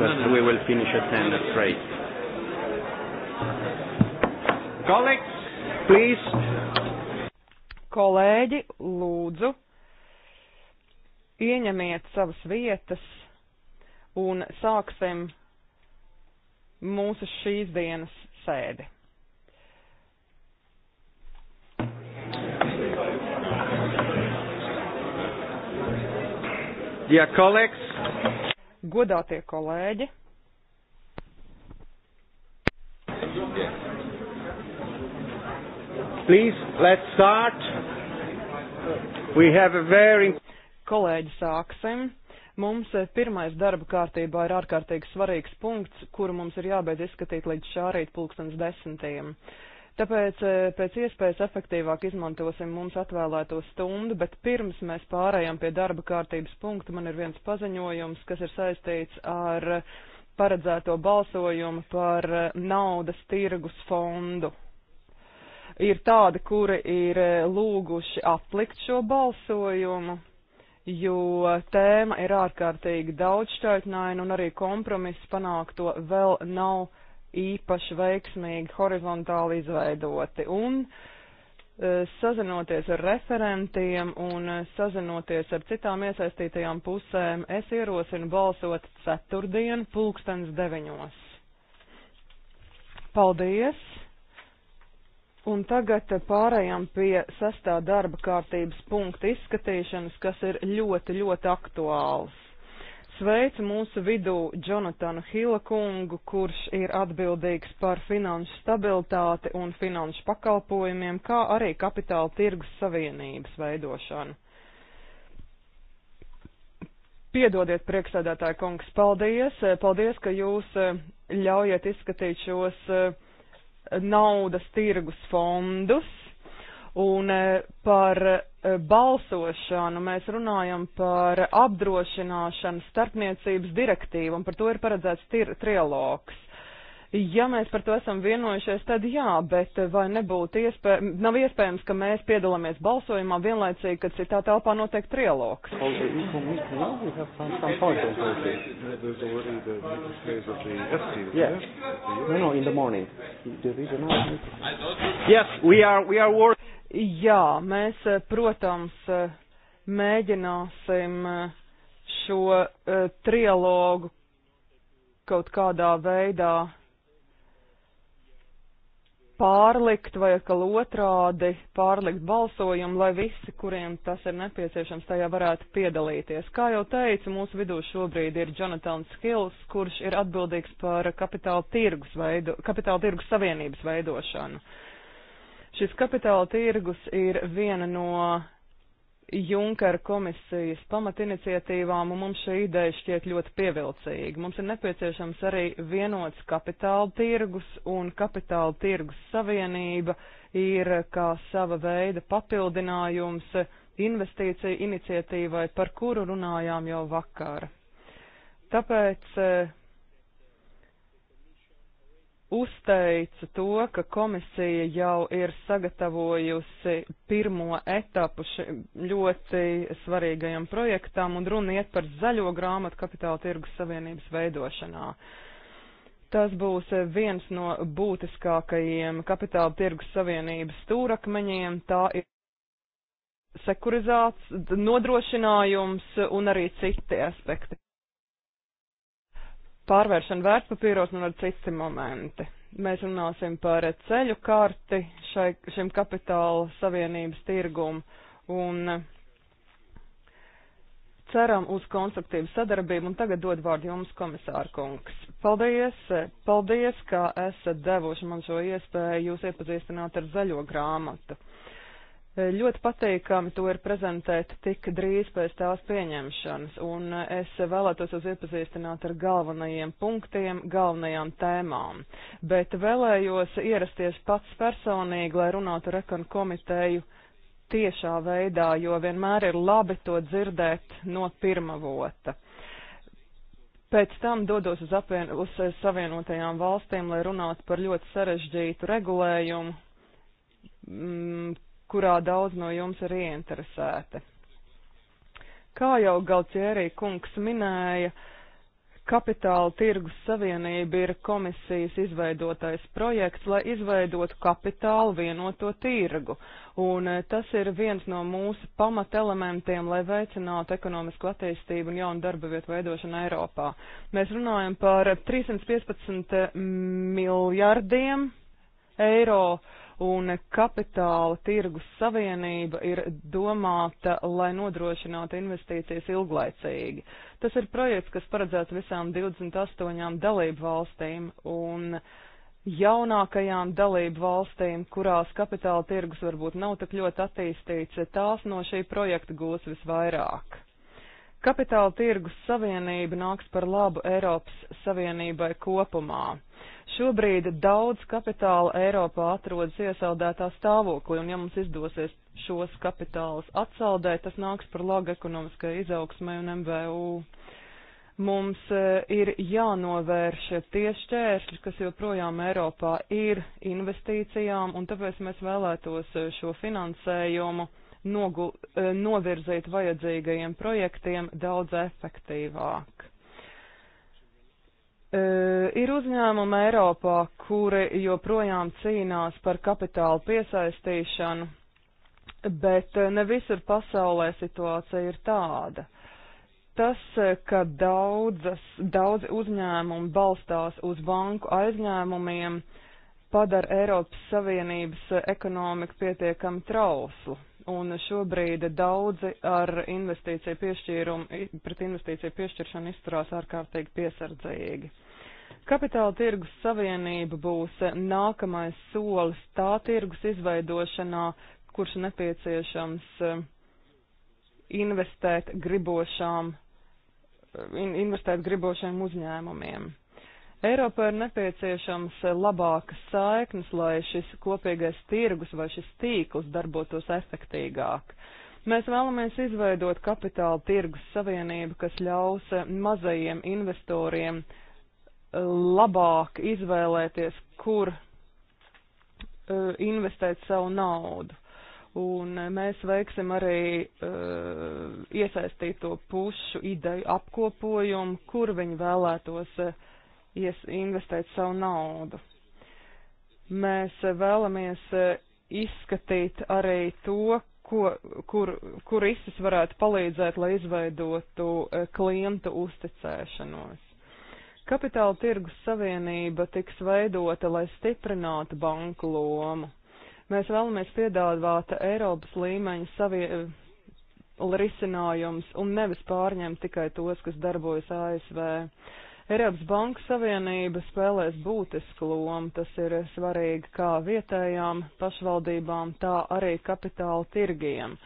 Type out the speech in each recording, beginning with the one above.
But we will finish at 10 at straight. Colleagues, please. Kolēģi, lūdzu, ieņemiet savas vietas un sāksim mūsu šīs dienas sēdi. Dear colleagues, godātie kolēģi, please let's start. We have a very Kolēģi, sāksim. Mums eh, pirmais darba kārtībā ir ārkārtīgi svarīgs punkts, kuru mums ir jābeidz izskatīt līdz šā rīta pulkstens desmitiem. Uh, Tāpēc eh, pēc iespējas efektīvāk izmantosim mums atvēlēto stundu, bet pirms mēs pārējām pie darba kārtības punkta, man ir viens paziņojums, kas ir saistīts ar paredzēto balsojumu par eh, naudas tirgus fondu. Ir tādi, kuri ir eh, lūguši atlikt šo balsojumu, jo tēma ir ārkārtīgi daudzšķaitnaina un arī kompromiss panākto vēl nav īpaši veiksmīgi horizontāli izveidoti. Un e, sazinoties ar referentiem un e, sazinoties ar citām iesaistītajām pusēm, es ierosinu balsot ceturtdien pulkstens deviņos. Paldies! Un tagad pārējām pie sastā darba kārtības punkta izskatīšanas, kas ir ļoti, ļoti aktuāls. Sveicu mūsu vidū Jonatanu Hila kungu, kurš ir atbildīgs par finanšu stabilitāti un finanšu pakalpojumiem, kā arī kapitāla tirgus savienības veidošanu. Piedodiet, priekšsēdētāja kungs, paldies, paldies, ka jūs eh, ļaujiet izskatīt šos eh, naudas tirgus fondus. Un eh, par eh, balsošanu mēs runājam par apdrošināšanu starpniecības direktīvu, un par to ir paredzēts tir, trialogs. Ja mēs par to esam vienojušies, tad jā, bet vai nebūtu iespējams, nav iespējams, ka mēs piedalāmies balsojumā vienlaicīgi, kad citā telpā notiek trialogs? Yes, we are, we are Jā, mēs, eh, protams, eh, mēģināsim eh, šo trialogu kaut kādā veidā pārlikt vai atkal otrādi pārlikt balsojumu, lai visi, kuriem tas ir nepieciešams, tajā varētu piedalīties. Kā jau teicu, mūsu vidū šobrīd ir Jonatans Hills, kurš ir atbildīgs par kapitāla tirgus, veido, kapitāla tirgus savienības veidošanu. Uh, Šis kapitāla tirgus ir viena no Junkera komisijas pamatiniciatīvām, un mums šī ideja šķiet ļoti pievilcīga. Mums ir nepieciešams arī vienots kapitāla tirgus, un kapitāla tirgus savienība ir kā sava veida papildinājums investīciju iniciatīvai, par kuru runājām jau vakar. Tāpēc eh, uzteicu to, ka komisija jau ir sagatavojusi pirmo etapu ļoti svarīgajam projektam un runa iet par zaļo grāmatu kapitāla tirgus savienības veidošanā. Tas būs viens no būtiskākajiem kapitāla tirgus savienības stūrakmeņiem. Tā ir sekurizāts, nodrošinājums un arī citi aspekti pārvēršana vērtpapīros un ar citi momenti. Mēs runāsim par ceļu karti šai, šim kapitāla savienības tirgumu un ceram uz konstruktīvu sadarbību un tagad dod vārdu jums, komisāra kungs. Paldies, paldies, ka esat devuši man šo iespēju jūs iepazīstināt ar zaļo grāmatu. Uh, Ļoti pateikami to ir prezentēt tik drīz pēc tās pieņemšanas, un es vēlētos jūs iepazīstināt ar galvenajiem punktiem, galvenajām tēmām. Bet vēlējos ierasties pats personīgi, lai runātu ar ekonu komiteju tiešā veidā, jo vienmēr ir labi to dzirdēt no pirmā vota. Pēc tam dodos uz, apvien, uz savienotajām valstīm, lai runātu par ļoti sarežģītu regulējumu, mm, kurā daudz no jums ir ieinteresēti. Kā jau Galtjērī kungs minēja, Kapitāla tirgus savienība ir komisijas izveidotais projekts, lai izveidotu kapitālu vienoto tirgu, un e, tas ir viens no mūsu pamatelementiem, lai veicinātu ekonomisku attīstību un jaunu darba vietu veidošanu Eiropā. Mēs runājam par 315 miljardiem eiro un kapitāla tirgus savienība ir domāta, lai nodrošinātu investīcijas ilglaicīgi. Tas ir projekts, kas paredzēts visām 28 dalību valstīm un jaunākajām dalību valstīm, kurās kapitāla tirgus varbūt nav tik ļoti attīstīts, tās no šī projekta gūs visvairāk. Kapitāla tirgus savienība nāks par labu Eiropas Savienībai kopumā. Šobrīd daudz kapitāla Eiropā atrodas iesaldētā stāvoklī, un ja mums izdosies šos kapitālus atsaldēt, tas nāks par labu ekonomiskai izaugsmai un MVU. Mums e, ir jānovērš tie šķēršļi, kas joprojām Eiropā ir investīcijām, un tāpēc mēs vēlētos e, šo finansējumu nogu, e, novirzīt vajadzīgajiem projektiem daudz efektīvāk. Uh, ir uzņēmumi Eiropā, kuri joprojām cīnās par kapitālu piesaistīšanu, bet e, ne visur pasaulē situācija ir tāda. Tas, ka daudzas, daudz uzņēmumu balstās uz banku aizņēmumiem, padara Eiropas Savienības ekonomiku pietiekami trauslu un šobrīd daudzi ar investīciju piešķīrumu, pret investīciju piešķiršanu izturās ārkārtīgi piesardzīgi. Kapitāla tirgus savienība būs nākamais solis tā tirgus izveidošanā, kurš nepieciešams e, investēt gribošām, e, investēt gribošiem uzņēmumiem. Eiropā ir nepieciešams labākas saiknes, lai šis kopīgais tirgus vai šis tīkls darbotos efektīgāk. Mēs vēlamies izveidot kapitāla tirgus savienību, kas ļaus mazajiem investoriem labāk izvēlēties, kur e, investēt savu naudu un mēs veiksim arī uh, iesaistīto pušu ideju apkopojumu, kur viņi vēlētos uh, investēt savu naudu. Mēs vēlamies e, izskatīt arī to, ko, kur, kur ISIS varētu palīdzēt, lai izveidotu e, klientu uzticēšanos. Kapitāla tirgus savienība tiks veidota, lai stiprinātu banku lomu. Mēs vēlamies piedāvāt Eiropas līmeņa savie... risinājums un nevis pārņemt tikai tos, kas darbojas ASV. Eiropas Banka Savienība spēlēs būtisku lomu. Tas ir svarīgi kā vietējām pašvaldībām, tā arī kapitāla tirgiem.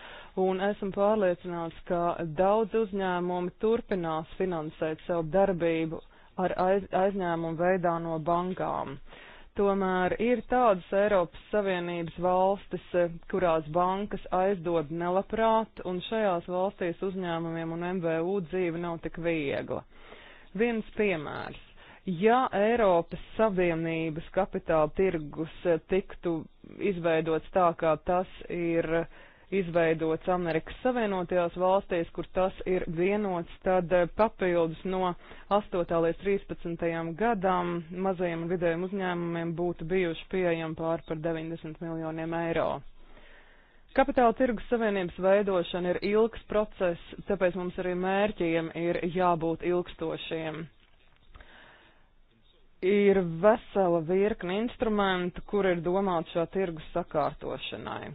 Un esmu pārliecināts, ka daudz uzņēmumi turpinās finansēt savu darbību ar aiz, aizņēmumu veidā no bankām. Tomēr ir tādas Eiropas Savienības valstis, kurās bankas aizdod nelabprāt, un šajās valstīs uzņēmumiem un MVU dzīve nav tik viegla. Viens piemērs. Ja Eiropas Savienības kapitāla tirgus tiktu izveidots tā, kā tas ir izveidots Amerikas Savienotajās valstīs, kur tas ir vienots, tad papildus no 8. līdz 13. gadam mazajiem un vidējiem uzņēmumiem būtu bijuši pieejami pār par 90 miljoniem eiro. Kapitāla tirgus savienības veidošana ir ilgs process, tāpēc mums arī mērķiem ir jābūt ilgstošiem. Ir vesela virkni instrumentu, kur ir domāts šā tirgus sakārtošanai.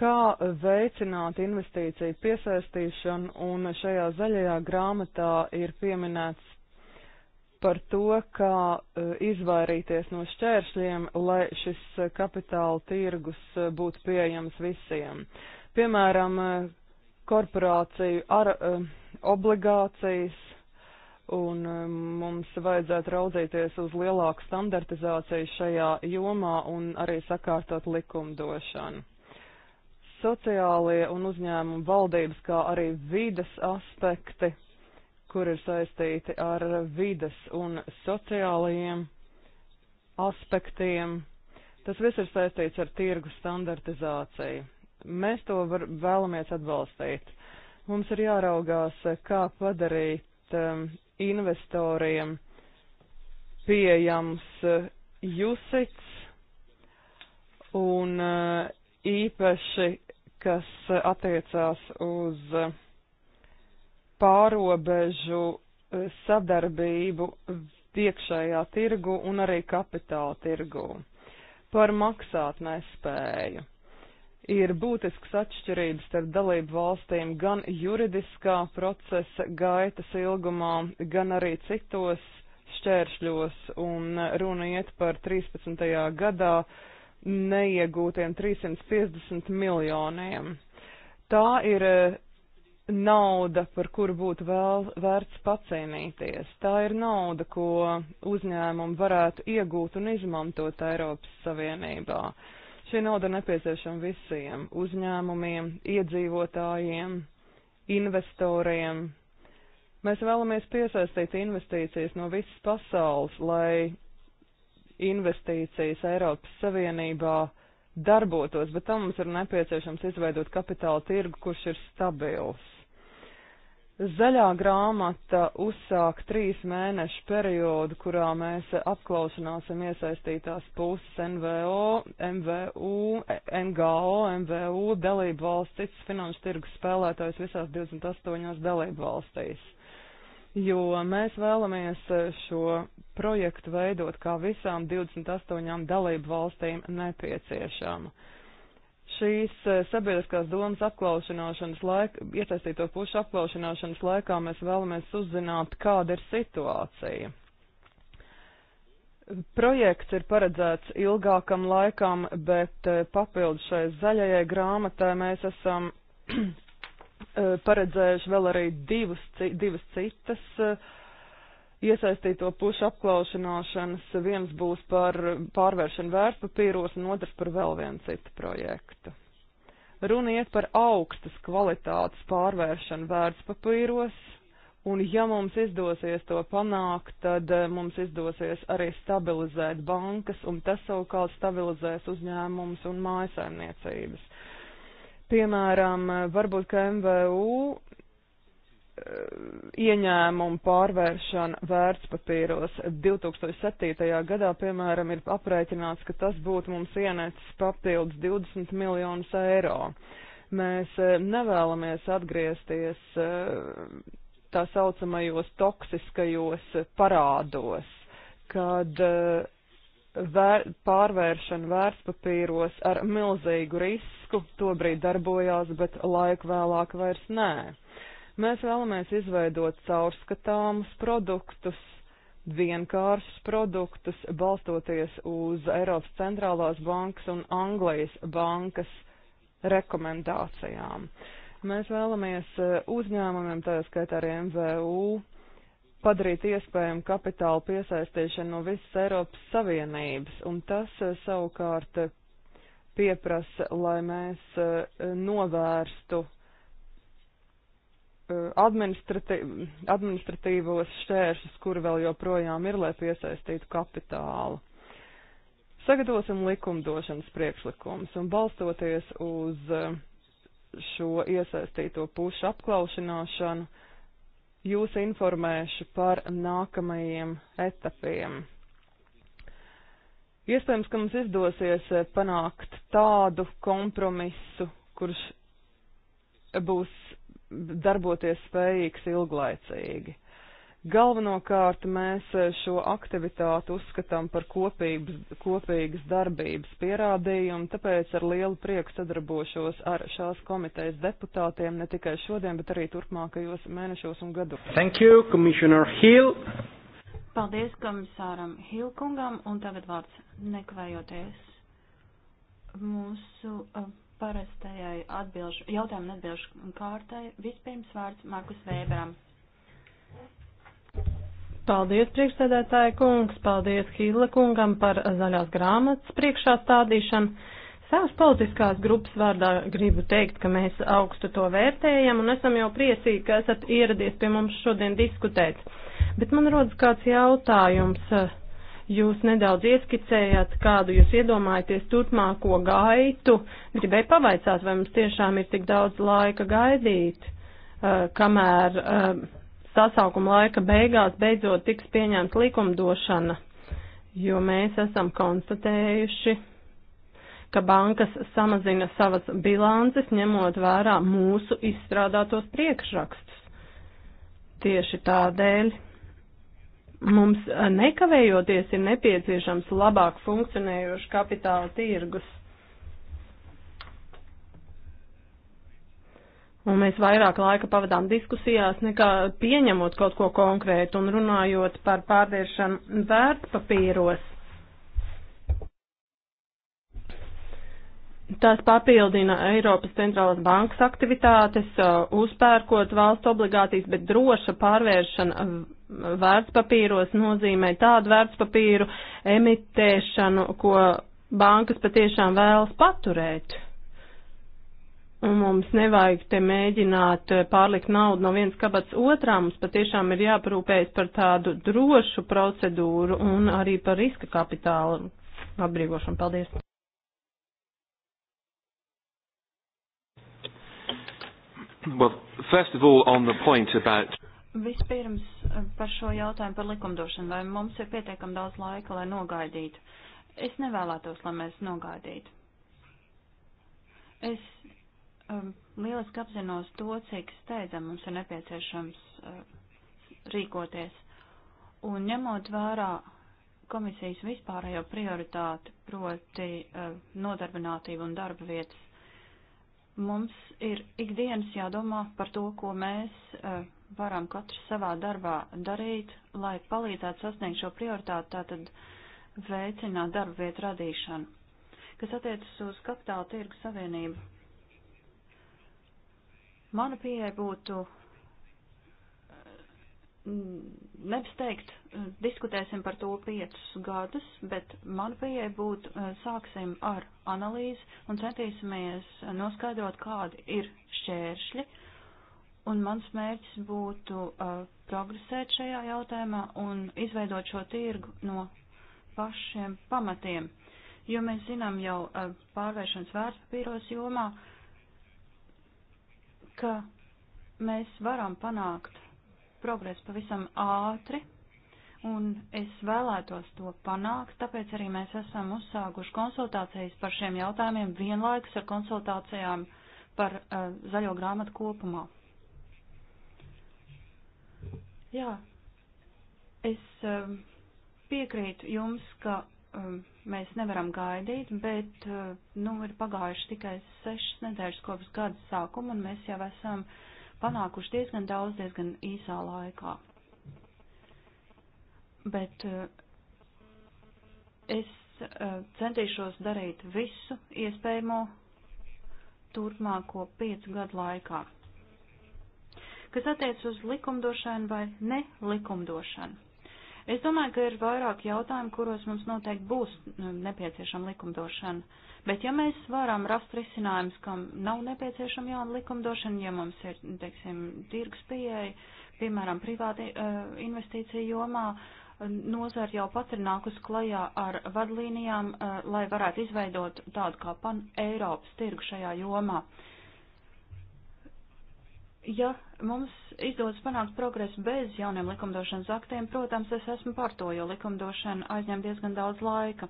Kā veicināt investīciju piesaistīšanu, un šajā zaļajā grāmatā ir pieminēts par to, kā e, izvairīties no šķēršļiem, lai šis e, kapitāla tirgus e, būtu pieejams visiem. Piemēram, korporāciju ar obligācijas, un mums vajadzētu raudzīties uz lielāku standartizāciju šajā jomā un arī sakārtot likumdošanu. Sociālie un uzņēmumu valdības, kā arī vides aspekti kur ir saistīti ar vides un sociālajiem aspektiem. Tas viss ir saistīts ar tirgu standartizāciju. Mēs to var, vēlamies atbalstīt. Mums ir jāraugās, kā padarīt um, investoriem pieejams uh, jusits un uh, īpaši, kas attiecās uz uh, pārobežu e, sadarbību iekšējā tirgu un arī kapitāla tirgu. Par maksāt nespēju. Ir būtisks atšķirības starp dalību valstīm gan juridiskā procesa gaitas ilgumā, gan arī citos šķēršļos, un runa iet par 13. gadā neiegūtiem 350 miljoniem. Tā ir e, nauda, par kuru būtu vēl vērts pacīnīties. Tā ir nauda, ko uzņēmumi varētu iegūt un izmantot Eiropas Savienībā. Šī nauda nepieciešama visiem uzņēmumiem, iedzīvotājiem, investoriem. Mēs vēlamies piesaistīt investīcijas no visas pasaules, lai investīcijas Eiropas Savienībā darbotos, bet tam mums ir nepieciešams izveidot kapitāla tirgu, kurš ir stabils. Zaļā grāmata uzsāk trīs mēnešu periodu, kurā mēs apklausināsim iesaistītās puses NVO, MVU, NGO, MVU, dalību valsts, citas finanšu tirgus spēlētājs visās 28 dalību valstīs jo mēs vēlamies eh, šo projektu veidot kā visām 28 dalību valstīm nepieciešama. Šīs eh, sabiedriskās domas apklaušanāšanas laikā, iesaistīto pušu apklaušanāšanas laikā mēs vēlamies uzzināt, kāda ir situācija. Projekts ir paredzēts ilgākam laikam, bet eh, papildus šai zaļajai grāmatai mēs esam Eh, paredzējuši vēl arī divas, divas citas eh, iesaistīto pušu apklaušanāšanas. Viens būs par pārvēršanu vērtspapīros un otrs par vēl vienu citu projektu. Runa iet par augstas kvalitātes pārvēršanu vērtspapīros, un ja mums izdosies to panākt, tad eh, mums izdosies arī stabilizēt bankas, un tas savukārt stabilizēs uzņēmumus un mājasaimniecības. Uh, Piemēram, eh, varbūt, ka MVU eh, ieņēmumu pārvēršana vērtspapīros 2007. gadā, piemēram, ir aprēķināts, ka tas būtu mums ienecis papildus 20 miljonus eiro. Mēs eh, nevēlamies atgriezties tā saucamajos toksiskajos parādos, kad vēr, pārvēršana vērtspapīros ar milzīgu risku tobrīd darbojās, bet laiku vēlāk vairs nē. Mēs vēlamies izveidot caurskatāmus produktus, vienkāršus produktus, balstoties uz Eiropas centrālās bankas un Anglijas bankas rekomendācijām. Mēs vēlamies eh, uzņēmumiem, tā skaitā arī MVU, padarīt iespējamu kapitālu piesaistīšanu no visas Eiropas Savienības, un tas eh, savukārt eh, pieprasa, lai mēs eh, novērstu administrati administratīvos šķēršus, kuri vēl joprojām ir, lai piesaistītu kapitālu. Sagatavosim likumdošanas priekšlikums un balstoties uz šo iesaistīto pušu apklaušanāšanu, uh, jūs informēšu par nākamajiem etapiem. Iespējams, ka mums izdosies panākt tādu kompromisu, kurš būs darboties spējīgs ilglaicīgi. Galvenokārt mēs eh, šo aktivitāti uzskatām par kopības, kopīgas darbības pierādījumu, tāpēc ar lielu prieku sadarbošos ar šās komitejas deputātiem ne tikai šodien, bet arī turpmākajos mēnešos un gadu. Thank you, Commissioner Hill. Paldies komisāram Hilkungam un tagad vārds nekavējoties mūsu uh, parastajai atbilžu, jautājumu atbilžu kārtai. Vispirms vārds Markus Vēberam. Paldies, priekšsēdētāja kungs, paldies Hīla kungam par zaļās grāmatas priekšā stādīšanu. Savas politiskās grupas vārdā gribu teikt, ka mēs augstu to vērtējam un esam jau priecīgi, ka esat ieradies pie mums šodien diskutēt. Bet man rodas kāds jautājums. Jūs nedaudz ieskicējāt, kādu jūs iedomājaties turpmāko gaitu. Gribēju pavaicāt, vai mums tiešām ir tik daudz laika gaidīt, eh, kamēr eh, sasaukuma laika beigās beidzot tiks pieņemta likumdošana, jo mēs esam konstatējuši, ka bankas samazina savas bilances, ņemot vērā mūsu izstrādātos priekšrakstus. Tieši tādēļ mums nekavējoties ir nepieciešams labāk funkcionējošs kapitāla tirgus Un mēs vairāk laika pavadām diskusijās, nekā pieņemot kaut ko konkrētu un runājot par pārdiešanu vērtpapīros. Tās papildina Eiropas centrālās bankas aktivitātes, uh, uzpērkot valsts obligācijas, bet droša pārvēršana vērtspapīros nozīmē tādu vērtspapīru emitēšanu, ko bankas patiešām vēlas paturēt. Un mums nevajag te mēģināt eh, pārlikt naudu no vienas kabatas otrā, mums patiešām ir jāparūpējas par tādu drošu procedūru un arī par riska kapitālu atbrīvošanu. Paldies! Well, first of all, on the point about Vispirms eh, par šo jautājumu par likumdošanu, vai mums ir pietiekam daudz laika, lai nogaidītu. Es nevēlētos, lai mēs nogaidītu. Es um, lieliski apzinos to, cik steidzam mums ir nepieciešams uh, rīkoties. Un ņemot vērā komisijas vispārējo prioritāti, proti uh, nodarbinātību un darba vietas, mums ir ikdienas jādomā par to, ko mēs uh, varam katrs savā darbā darīt, lai palīdzētu sasniegt šo prioritāti, tātad veicināt darba vietu radīšanu. Kas attiecas uz kapitāla tirgu savienību, Mana pieeja būtu mm, nevis teikt, mm, diskutēsim par to piecus gadus, bet man pieeja būtu mm, sāksim ar analīzi un centīsimies noskaidrot, kādi ir šķēršļi. Un mans mērķis būtu uh, progresēt šajā jautājumā un izveidot šo tirgu no pašiem pamatiem. Jo mēs zinām jau uh, pārvēršanas vērtspapīros jomā, uh, ka mēs varam panākt progresu pavisam ātri, un es vēlētos to panākt, tāpēc arī mēs esam uzsāguši konsultācijas par šiem jautājumiem vienlaikus ar konsultācijām par uh, zaļo grāmatu kopumā. Jā, es uh, piekrītu jums, ka Ehm, mēs nevaram gaidīt, bet eh, nu, ir pagājuši tikai sešas nedēļas kopš gada sākuma, un mēs jau esam panākuši diezgan daudz, diezgan īsā laikā. Bet eh, es eh, centīšos darīt visu iespējamo turpmāko piecu gadu laikā. Kas attiec uz likumdošanu vai nelikumdošanu? Es domāju, ka ir vairāk jautājumu, kuros mums noteikti būs mm, nepieciešama likumdošana. Bet ja mēs varam rast risinājumus, kam nav nepieciešama jauna likumdošana, ja mums ir, teiksim, tirgus pieeja, piemēram, privāti uh, investīcija jomā, e, nozara jau pats ir nākus klajā ar vadlīnijām, uh, lai varētu izveidot tādu kā pan Eiropas tirgu šajā jomā. Uh, Ja mums izdodas panākt progresu bez jauniem likumdošanas aktiem, protams, es esmu par to, jo likumdošana aizņem diezgan daudz laika.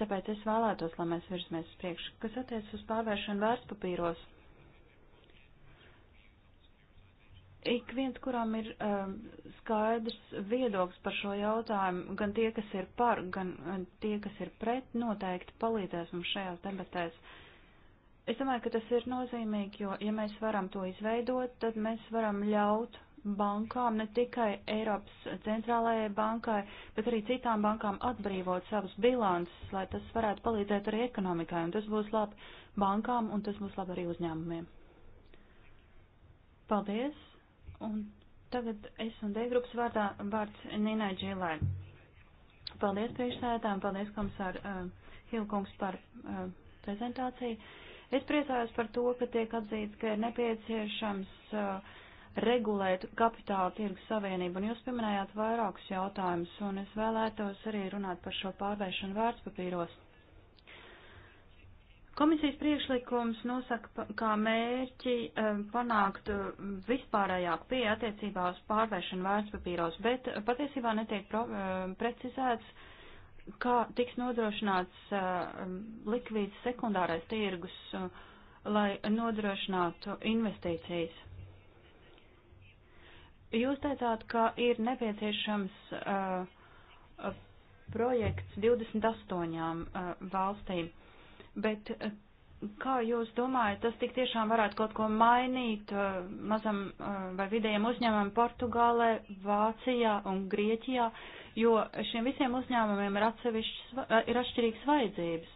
Tāpēc es vēlētos, lai mēs virzamies uz priekšu. Kas attiecas uz pārvēršanu vērtspapīros? Ik viens, kurām ir um, skaidrs viedoklis par šo jautājumu, gan tie, kas ir par, gan uh, tie, kas ir pret, noteikti palīdzēs mums šajās debatēs. Uh, Es domāju, ka tas ir nozīmīgi, jo, ja mēs varam to izveidot, tad mēs varam ļaut bankām, ne tikai Eiropas centrālajai bankai, bet arī citām bankām atbrīvot savus bilances, lai tas varētu palīdzēt arī ekonomikai, un tas būs labi bankām, un tas būs labi arī uzņēmumiem. Paldies, un tagad es un D grupas vārdā vārds Ninai Džilai. Paldies priekšsēdētām, paldies komisār uh, Hilkungs par uh, prezentāciju. Uh, Es priecājos par to, ka tiek atzīts, ka ir nepieciešams uh, regulēt kapitāla tirgus savienību, un jūs pieminējāt vairākus jautājumus, un es vēlētos arī runāt par šo pārvēršanu vērtspapīros. Komisijas priekšlikums nosaka kā mērķi um, panākt um, vispārējāku pieeja attiecībā uz pārvēršanu vērtspapīros, bet patiesībā netiek um, precizēts, kā tiks nodrošināts uh, likvīds sekundārais tirgus, uh, lai nodrošinātu investīcijas. Jūs teicāt, ka ir nepieciešams uh, projekts 28 uh, valstīm, bet uh, kā jūs domājat, tas tik tiešām varētu kaut ko mainīt uh, mazam uh, vai vidējiem uzņēmumam Portugālē, Vācijā un Grieķijā? Uh, jo šiem visiem uzņēmumiem ir, eh, ir atšķirīgas vajadzības.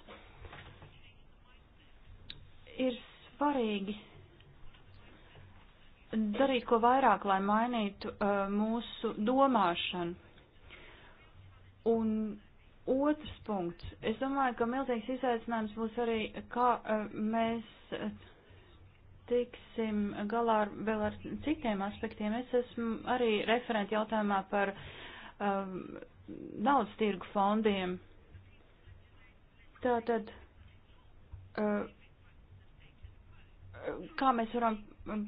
Ir svarīgi darīt ko vairāk, lai mainītu uh, mūsu domāšanu. Un otrs punkts. Es domāju, ka milzīgs izaicinājums būs arī, kā uh, mēs tiksim galā ar, vēl ar citiem aspektiem. Es esmu arī referenti jautājumā par uh, um, daudz tirgu fondiem. Tātad, uh, kā mēs varam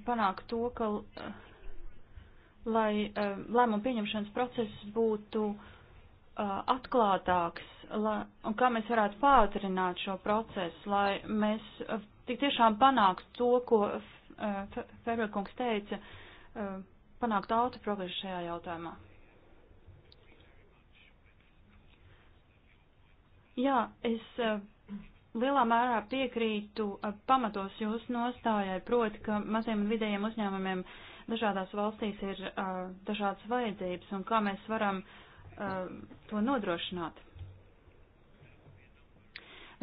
panākt to, ka, uh, lai uh, lēmumu pieņemšanas process būtu uh, atklātāks, lai, un kā mēs varētu pātrināt šo procesu, lai mēs uh, tik tiešām panāktu to, ko uh, Ferberkungs teica, uh, panākt autoprogresu šajā jautājumā. Jā, es eh, lielā mērā piekrītu eh, pamatos jūsu nostājai, proti, ka maziem un vidējiem uzņēmumiem dažādās valstīs ir eh, dažādas vajadzības un kā mēs varam to nodrošināt.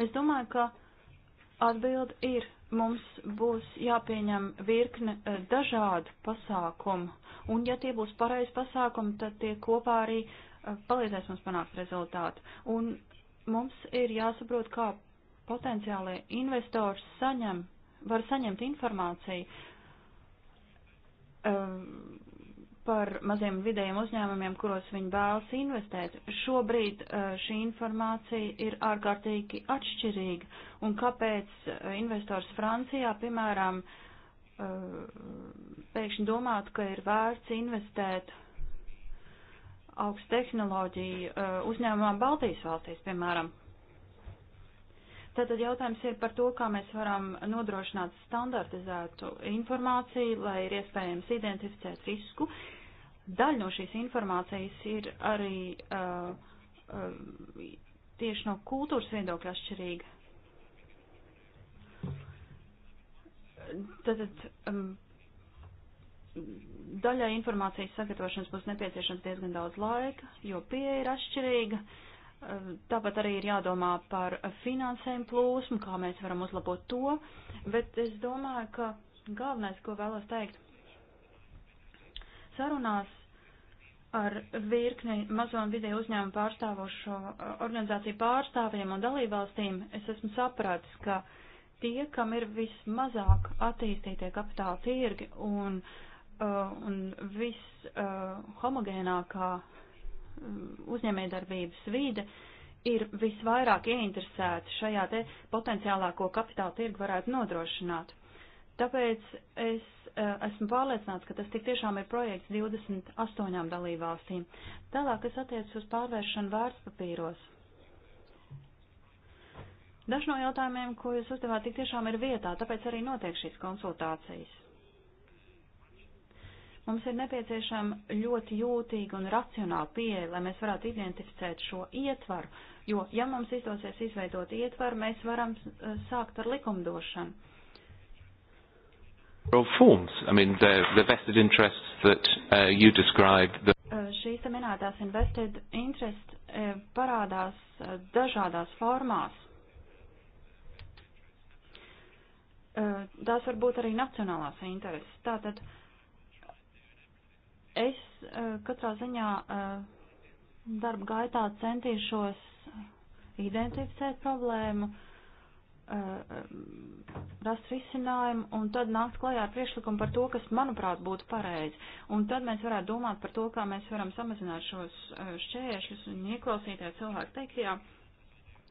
Es domāju, ka atbildi ir mums būs jāpieņem virkne dažādu pasākumu, un ja tie būs pareizi pasākumi, tad tie kopā arī palīdzēs mums panākt rezultātu. Un Mums ir jāsaprot, kā potenciālai investors saņem, var saņemt informāciju um, par maziem vidējiem uzņēmumiem, kuros viņi vēlas investēt. Šobrīd uh, šī informācija ir ārkārtīgi atšķirīga, un kāpēc uh, investors Francijā, piemēram, uh, pēkšņi domātu, ka ir vērts investēt augstu tehnoloģiju uh, uzņēmumam Baltijas valstīs, piemēram. Tātad jautājums ir par to, kā mēs varam nodrošināt standartizētu informāciju, lai ir iespējams identificēt risku. Daļa no šīs informācijas ir arī uh, uh, tieši no kultūras viedokļa atšķirīga. Tātad um, daļai informācijas sagatavošanas būs nepieciešams diezgan daudz laika, jo pieeja ir atšķirīga. Eh, tāpat arī ir jādomā par finansējumu plūsmu, kā mēs varam uzlabot to, bet es domāju, ka galvenais, ko vēlos teikt, sarunās ar virkni mazo un vidēju uzņēmumu pārstāvošo eh, organizāciju pārstāvjiem un dalībvalstīm, es esmu sapratis, ka tie, kam ir vismazāk attīstītie kapitāla tirgi un uh, Uh, un vishomogēnākā uh, uh, uzņēmējdarbības vīde ir visvairāk ieinteresēta šajā te potenciālā, ko kapitāla tirgu varētu nodrošināt. Tāpēc es esmu pārliecināts, ka tas tik tiešām ir projekts 28 dalībvalstīm. Tālāk, kas attiecas uz pārvēršanu vērtspapīros. Daži no jautājumiem, ko jūs uzdevāt, tik tiešām ir vietā, tāpēc arī notiek šīs konsultācijas. Mums ir nepieciešama ļoti jūtīga un racionāla pieeja, lai mēs varētu identificēt šo ietvaru, jo, ja mums izdosies izveidot ietvaru, mēs varam eh, sākt ar likumdošanu. Forms. I mean, the, the vested interests that uh, you describe. The... Eh, šīs te minētās invested interest eh, parādās dažādās formās. Tās var būt arī nacionālās intereses. Tātad uh, Es eh, katrā ziņā eh, darba gaitā centīšos eh, identificēt problēmu, rast risinājumu un tad nākt klajā ar priekšlikumu par to, kas, manuprāt, būtu pareizi. Un tad mēs varētu domāt par to, kā mēs varam samazināt šos šķēršļus un ieklausīties cilvēku teiktajā. Ja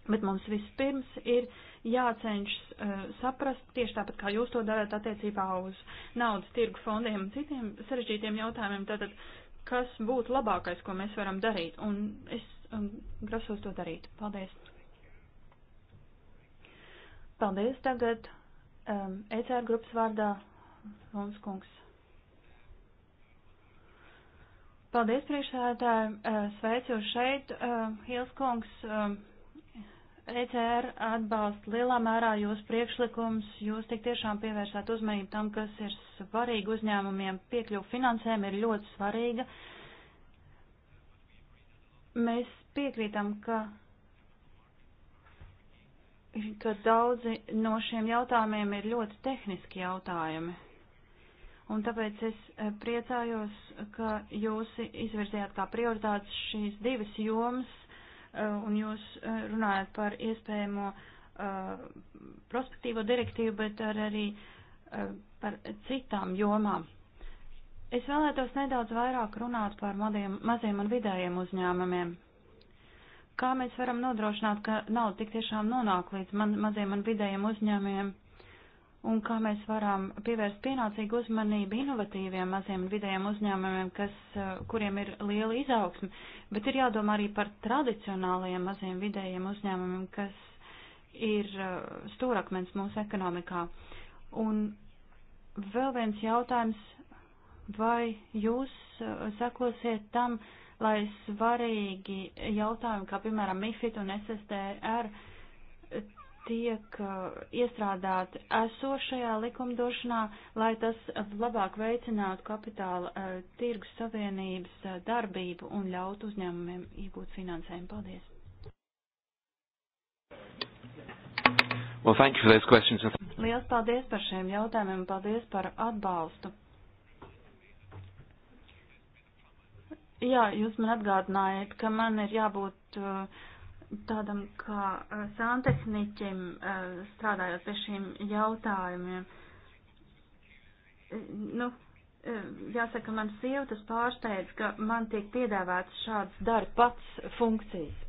Bet mums vispirms ir jācenšas uh, saprast, tieši tāpat kā jūs to darāt attiecībā uz naudas tirgu fondiem un citiem sarežģītiem jautājumiem, tātad, kas būtu labākais, ko mēs varam darīt. Un es um, grasos to darīt. Paldies. Paldies tagad um, ECR grupas vārdā Lons Kungs. Paldies priekšsēdētāji, uh, sveicu šeit, uh, Hils Kungs. Uh, um, ECR atbalsta lielā mērā jūs priekšlikums, jūs tik tiešām pievērsāt uzmanību tam, kas ir svarīgi uzņēmumiem, piekļuvu finansēm ir ļoti svarīga. Mēs piekrītam, ka, ka daudzi no šiem jautājumiem ir ļoti tehniski jautājumi. Un tāpēc es priecājos, ka jūs izvirzījāt kā prioritātes šīs divas jomas Eh, un jūs eh, runājat par iespējamo eh, prospektīvo direktīvu, bet ar arī par citām jomām. Es vēlētos nedaudz vairāk runāt par madiem, maziem un vidējiem uzņēmumiem. Kā mēs varam nodrošināt, ka nauda tik tiešām nonāk līdz man, maziem un vidējiem uzņēmumiem? un kā mēs varam pievērst pienācīgu uzmanību inovatīviem maziem un vidējiem uzņēmumiem, kas, eh, kuriem ir liela izaugsme, bet ir jādomā arī par tradicionālajiem maziem vidējiem uzņēmumiem, kas ir eh, stūrakmens mūsu ekonomikā. Un vēl viens jautājums, vai jūs eh, sekosiet tam, lai svarīgi jautājumi, kā piemēram MIFID un SSDR, tiek uh, iestrādāti esošajā likumdošanā, lai tas labāk veicinātu kapitāla uh, tirgus savienības uh, darbību un ļautu uzņēmumiem iegūt finansējumu. Paldies! Well, thank you for those questions. Liels paldies par šiem jautājumiem un paldies par atbalstu. Jā, jūs man atgādinājāt, ka man ir jābūt uh, tādam kā santehniķim strādājot pie šiem jautājumiem. Nu, jāsaka, man sieva tas pārsteidz, ka man tiek piedāvāts šāds darba pats funkcijas.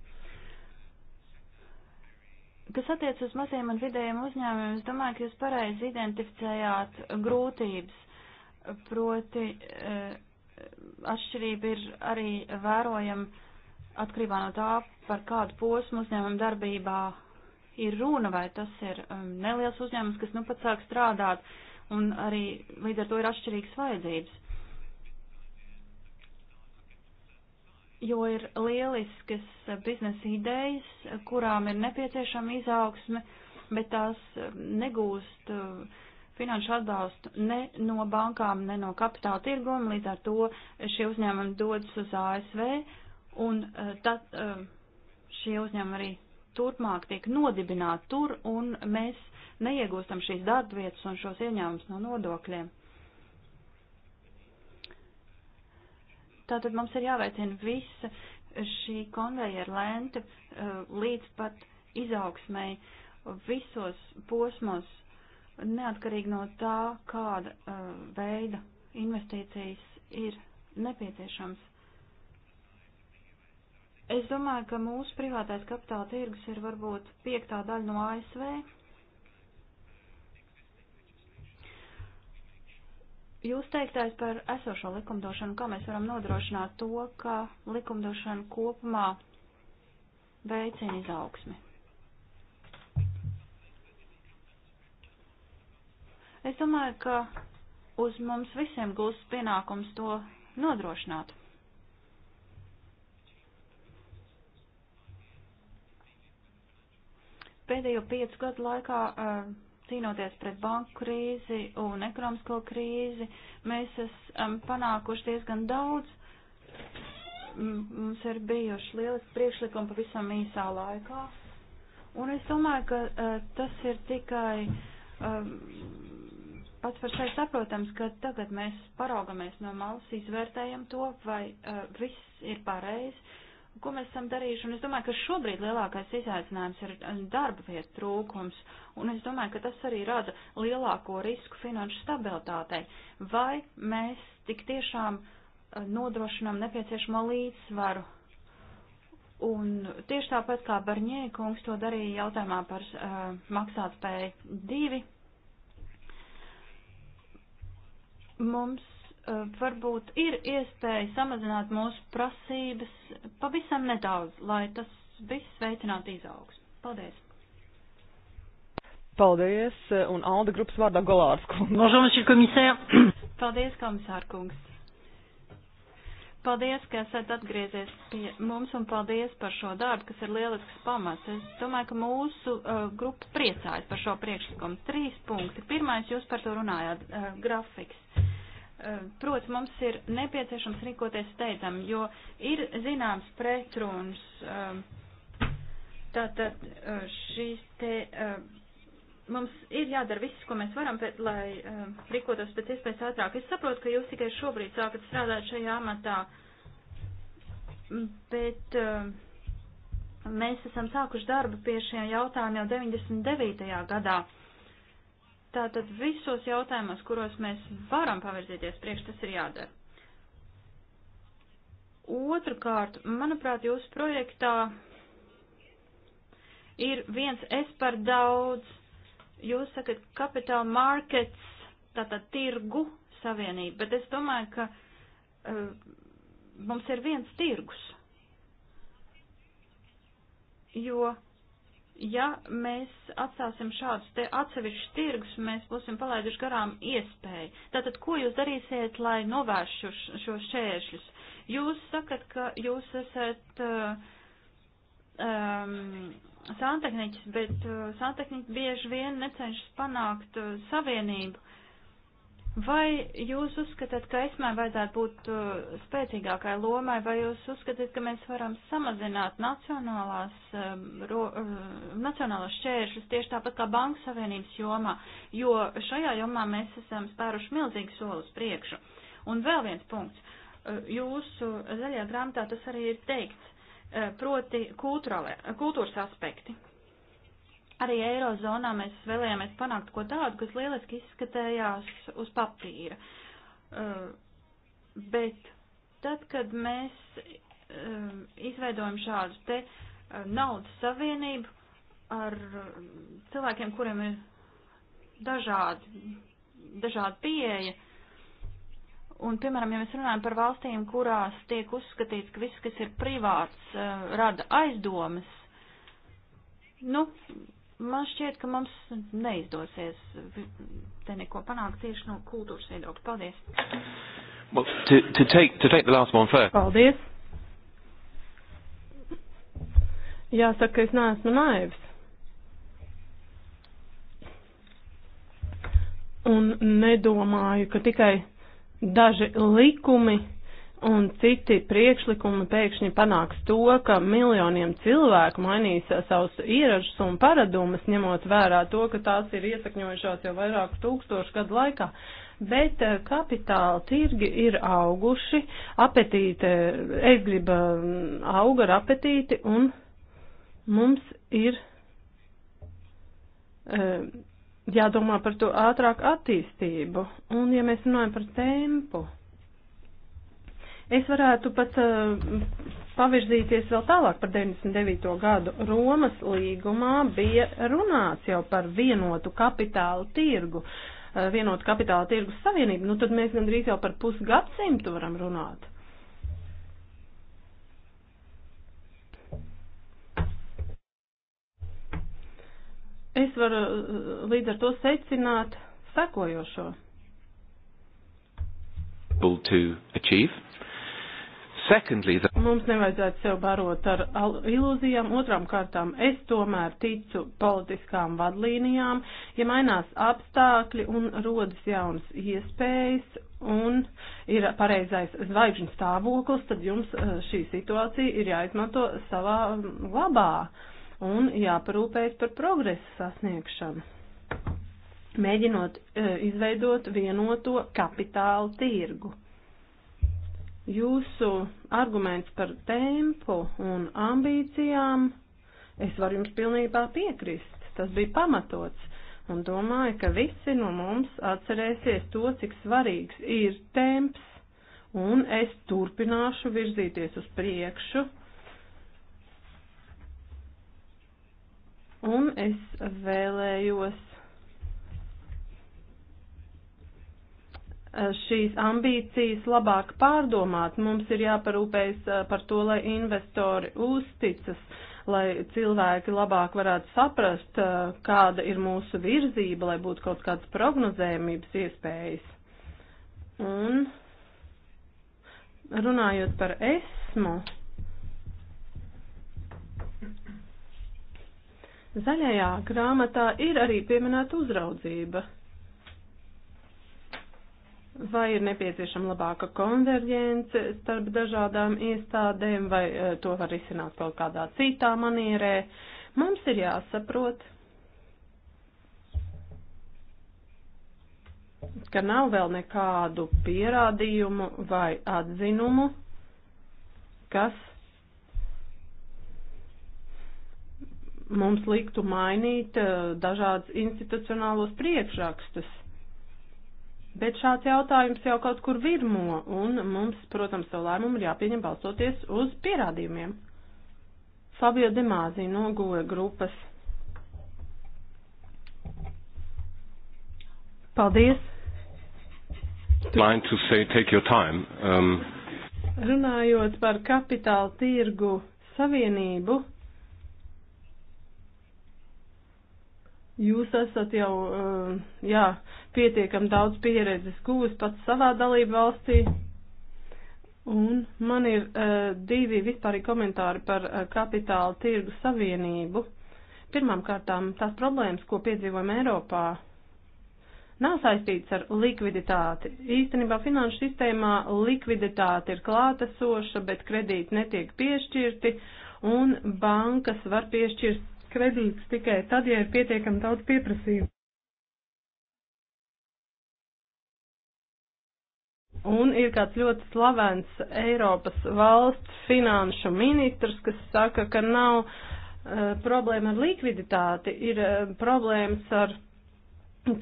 Kas attiec uz maziem un vidējiem uzņēmumiem, es domāju, ka jūs pareizi identificējāt grūtības, proti atšķirība ir arī vērojama atkarībā no tā, par kādu posmu uzņēmumu darbībā ir runa, vai tas ir um, neliels uzņēmums, kas nu pat sāk strādāt, un arī līdz ar to ir atšķirīgas vajadzības. Jo ir lieliskas biznesa idejas, kurām ir nepieciešama izaugsme, bet tās um, negūst uh, finanšu atbalstu ne no bankām, ne no kapitāla tirguma, līdz ar to šie uzņēmumi dodas uz ASV, un uh, tad uh, šie uzņēmumi arī turpmāk tiek nodibināti tur, un mēs neiegūstam šīs darbvietas un šos ieņēmumus no nodokļiem. Tātad mums ir jāveicina visa šī konvejera lente eh, līdz pat izaugsmēji visos posmos, neatkarīgi no tā, kāda eh, veida investīcijas ir nepieciešams. Es domāju, ka mūsu privātais kapitāla tirgus ir varbūt piektā daļa no ASV. Jūs teiktais par esošo likumdošanu, kā mēs varam nodrošināt to, ka likumdošana kopumā veicina izaugsmi. Es domāju, ka uz mums visiem gūst pienākums to nodrošināt. Pēdējo piecu gadu laikā, eh, cīnoties pret banku krīzi un ekonomisko krīzi, mēs esam panākuši diezgan daudz. Mums ir bijuši lieliski priekšlikumi pavisam īsā laikā. Un es domāju, ka uh, tas ir tikai um, pats par sevi saprotams, ka tagad mēs paraugamies no malas, izvērtējam to, vai uh, viss ir pareizi, ko mēs esam darījuši, un es domāju, ka šobrīd lielākais izaicinājums ir eh, darba vietu trūkums, un es domāju, ka tas arī rada lielāko risku finanšu stabilitātei. Vai mēs tik tiešām eh, nodrošinām nepieciešamo līdzsvaru? Un tieši tāpat kā Barņē kungs to darīja jautājumā par uh, maksātspēju divi, mums Eh, varbūt ir iespēja samazināt mūsu prasības pavisam nedaudz, lai tas viss veicinātu izaugsmu. Paldies! Paldies, eh, un Alda grupas vārdā Golārs kungs. Bonjour, monsieur komisār. Paldies, komisār kungs. Paldies, ka esat atgriezies pie mums un paldies par šo darbu, kas ir lielisks pamats. Es domāju, ka mūsu uh, grupa priecājas par šo priekšlikumu. Trīs punkti. Pirmais, jūs par to runājāt, uh, grafiks. Uh, Eh, Protams, mums ir nepieciešams rīkoties steidzam, jo ir zināms pretruns. Eh, tātad eh, šīs te. Mums ir jādara viss, ko mēs varam, bet, lai rīkotos pēc iespējas ātrāk. Es saprotu, ka jūs tikai šobrīd sākat strādāt šajā amatā, bet mēs esam sākuši darbu pie šiem jautājumiem jau 99. gadā. Tātad visos jautājumos, kuros mēs varam pavirzīties priekš, tas ir jādara. Otrakārt, manuprāt, jūsu projektā ir viens es par daudz. Jūs sakat kapitāla markets, tātad tirgu savienība, bet es domāju, ka uh, mums ir viens tirgus. Jo ja mēs atstāsim šādus te atsevišķus tirgus, mēs būsim palaiduši garām iespēju. Tātad, ko jūs darīsiet, lai novērstu šo, šo šķēršļus? Jūs sakat, ka jūs esat uh, um, santehniķis, bet uh, santehniķi bieži vien necenšas panākt uh, savienību. Vai jūs uzskatāt, ka esmai vajadzētu būt uh, spēcīgākai lomai, vai jūs uzskatāt, ka mēs varam samazināt nacionālās, uh, ro, uh, nacionālās šķēršļus tieši tāpat kā Banka Savienības jomā, jo šajā jomā mēs esam spēruši milzīgu soli uz priekšu. Un vēl viens punkts. Uh, jūsu zaļajā grāmatā tas arī ir teikts, uh, proti kultūras aspekti. Arī Eirozonā mēs vēlējāmies panākt ko tādu, kas lieliski izskatējās uz papīra. Uh, bet tad, kad mēs um, izveidojam šādu te uh, naudas savienību ar um, cilvēkiem, kuriem ir dažādi, dažādi pieeja, Un, piemēram, ja mēs runājam par valstīm, kurās tiek uzskatīts, ka viss, kas ir privāts, uh, rada aizdomas, nu, man šķiet, ka mums neizdosies te neko panākt tieši no kultūras viedokļa. Paldies! Well, to, to take, to take the last one first. Paldies! Jāsaka, es neesmu naivs. Un nedomāju, ka tikai daži likumi un citi priekšlikumi pēkšņi panāks to, ka miljoniem cilvēku mainīs savus ieražus un paradumus, ņemot vērā to, ka tās ir iesakņojušās jau vairāku tūkstošu gadu laikā. Bet eh, kapitāla tirgi ir auguši, apetīte, aizgriba mm, auga ar apetīti un mums ir eh, jādomā par to ātrāku attīstību. Un ja mēs runājam par tempu Es varētu pat uh, pavirzīties vēl tālāk par 99. gadu. Romas līgumā bija runāts jau par vienotu kapitālu tirgu, uh, vienotu kapitāla tirgus savienību, nu tad mēs gandrīz jau par pusgadsimtu varam runāt. Es varu eh, līdz ar to secināt sekojošo. To achieve Secondly, that... Mums nevajadzētu sev barot ar ilūzijām. Otrām kārtām es tomēr ticu politiskām vadlīnijām, ja mainās apstākļi un rodas jaunas iespējas un ir pareizais zvaigžņu stāvoklis, tad jums eh, šī situācija ir jāizmanto savā labā un jāparūpējas par progresu sasniegšanu. Mēģinot eh, izveidot vienoto kapitāla tirgu. Jūsu arguments par tempu un ambīcijām, es varu jums pilnībā piekrist, tas bija pamatots, un domāju, ka visi no mums atcerēsies to, cik svarīgs ir temps, un es turpināšu virzīties uz priekšu, un es vēlējos Eh, šīs ambīcijas labāk pārdomāt. Mums ir jāparūpējas eh, par to, lai investori uzticas, lai cilvēki labāk varētu saprast, eh, kāda ir mūsu virzība, lai būtu kaut kādas prognozējumības iespējas. Un runājot par esmu, zaļajā grāmatā ir arī pieminēta uzraudzība vai ir nepieciešama labāka konverģence starp dažādām iestādēm, vai e, to var izsināt kaut kādā citā manierē. Mums ir jāsaprot, ka nav vēl nekādu pierādījumu vai atzinumu, kas mums liktu mainīt e, dažādas institucionālos priekšrakstus. Bet šāds jautājums jau kaut kur virmo, un mums, protams, savu lēmumu ir jāpieņem balsoties uz pierādījumiem. Fabio Demāzī no GOE grupas. Paldies! Line to say, take your time. Um... Runājot par kapitāla tirgu savienību, jūs esat jau, uh, jā, pietiekam daudz pieredzes guvis pats savā dalību valstī. Un man ir uh, divi vispārīgi komentāri par uh, kapitāla tirgu savienību. Pirmām kārtām tās problēmas, ko piedzīvojam Eiropā, nav saistīts ar likviditāti. Īstenībā finanšu sistēmā likviditāte ir klātesoša, bet kredīti netiek piešķirti, un bankas var piešķirt kredītus tikai tad, ja ir pietiekami daudz pieprasījumu. Un ir kāds ļoti slavens Eiropas valsts finanšu ministrs, kas saka, ka nav uh, problēma ar likviditāti, ir uh, problēmas ar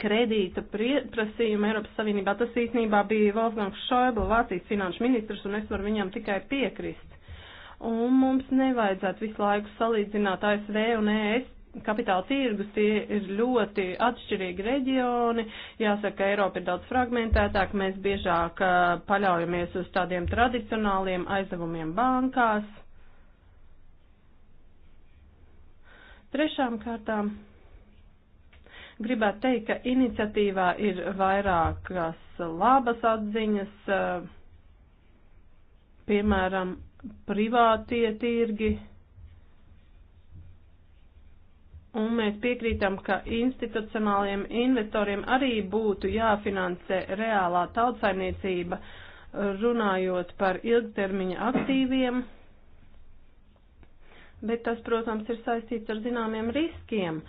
kredīta prasījumu Eiropas Savienībā. Tas īstenībā bija Wolfgangs Šoibla, Vācijas finanšu ministrs, un es varu viņam tikai piekrist. Un mums nevajadzētu visu laiku salīdzināt ASV un ES kapitāla tirgus, tie ir ļoti atšķirīgi reģioni. Jāsaka, Eiropa ir daudz fragmentētāk, mēs biežāk paļaujamies uz tādiem tradicionāliem aizdevumiem bankās. Trešām kārtām gribētu teikt, ka iniciatīvā ir vairākas labas atziņas, piemēram, privātie tirgi un mēs piekrītam, ka institucionāliem investoriem arī būtu jāfinansē reālā tautsaimniecība, runājot par ilgtermiņa aktīviem, bet tas, protams, ir saistīts ar zināmiem riskiem.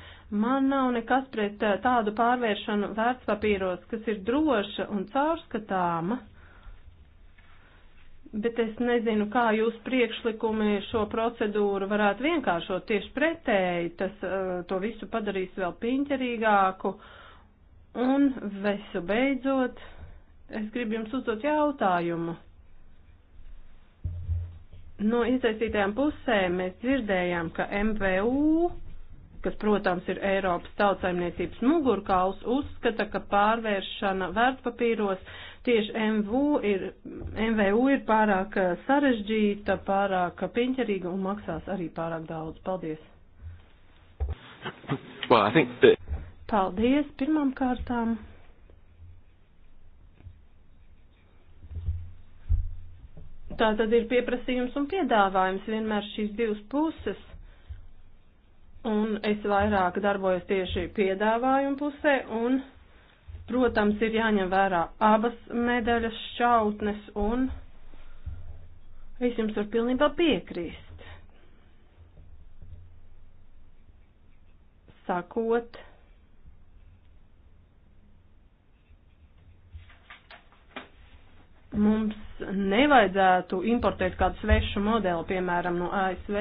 Man nav nekas pret eh, tādu pārvēršanu vērtspapīros, kas ir droša un caurskatāma Bet es nezinu, kā jūs priekšlikumi šo procedūru varētu vienkāršot tieši pretēji. Tas uh, to visu padarīs vēl piņķerīgāku. Un visu beidzot, es gribu jums uzdot jautājumu. No iesaistītajām pusēm mēs dzirdējām, ka MVU, kas, protams, ir Eiropas tautsaimniecības mugurkauls, uzskata, ka pārvēršana vērtpapīros tieši MVU ir, MVU ir pārāk eh, sarežģīta, pārāk piņķerīga un maksās arī pārāk daudz. Paldies! Well, I think that... Paldies pirmām kārtām! Tā tad ir pieprasījums un piedāvājums vienmēr šīs divas puses. Un es vairāk darbojos tieši piedāvājuma pusē un. Protams, ir jāņem vērā abas medaļas šķautnes un es jums varu pilnībā piekrīst. Sakot, mums nevajadzētu importēt kādu svešu modeli, piemēram, no ASV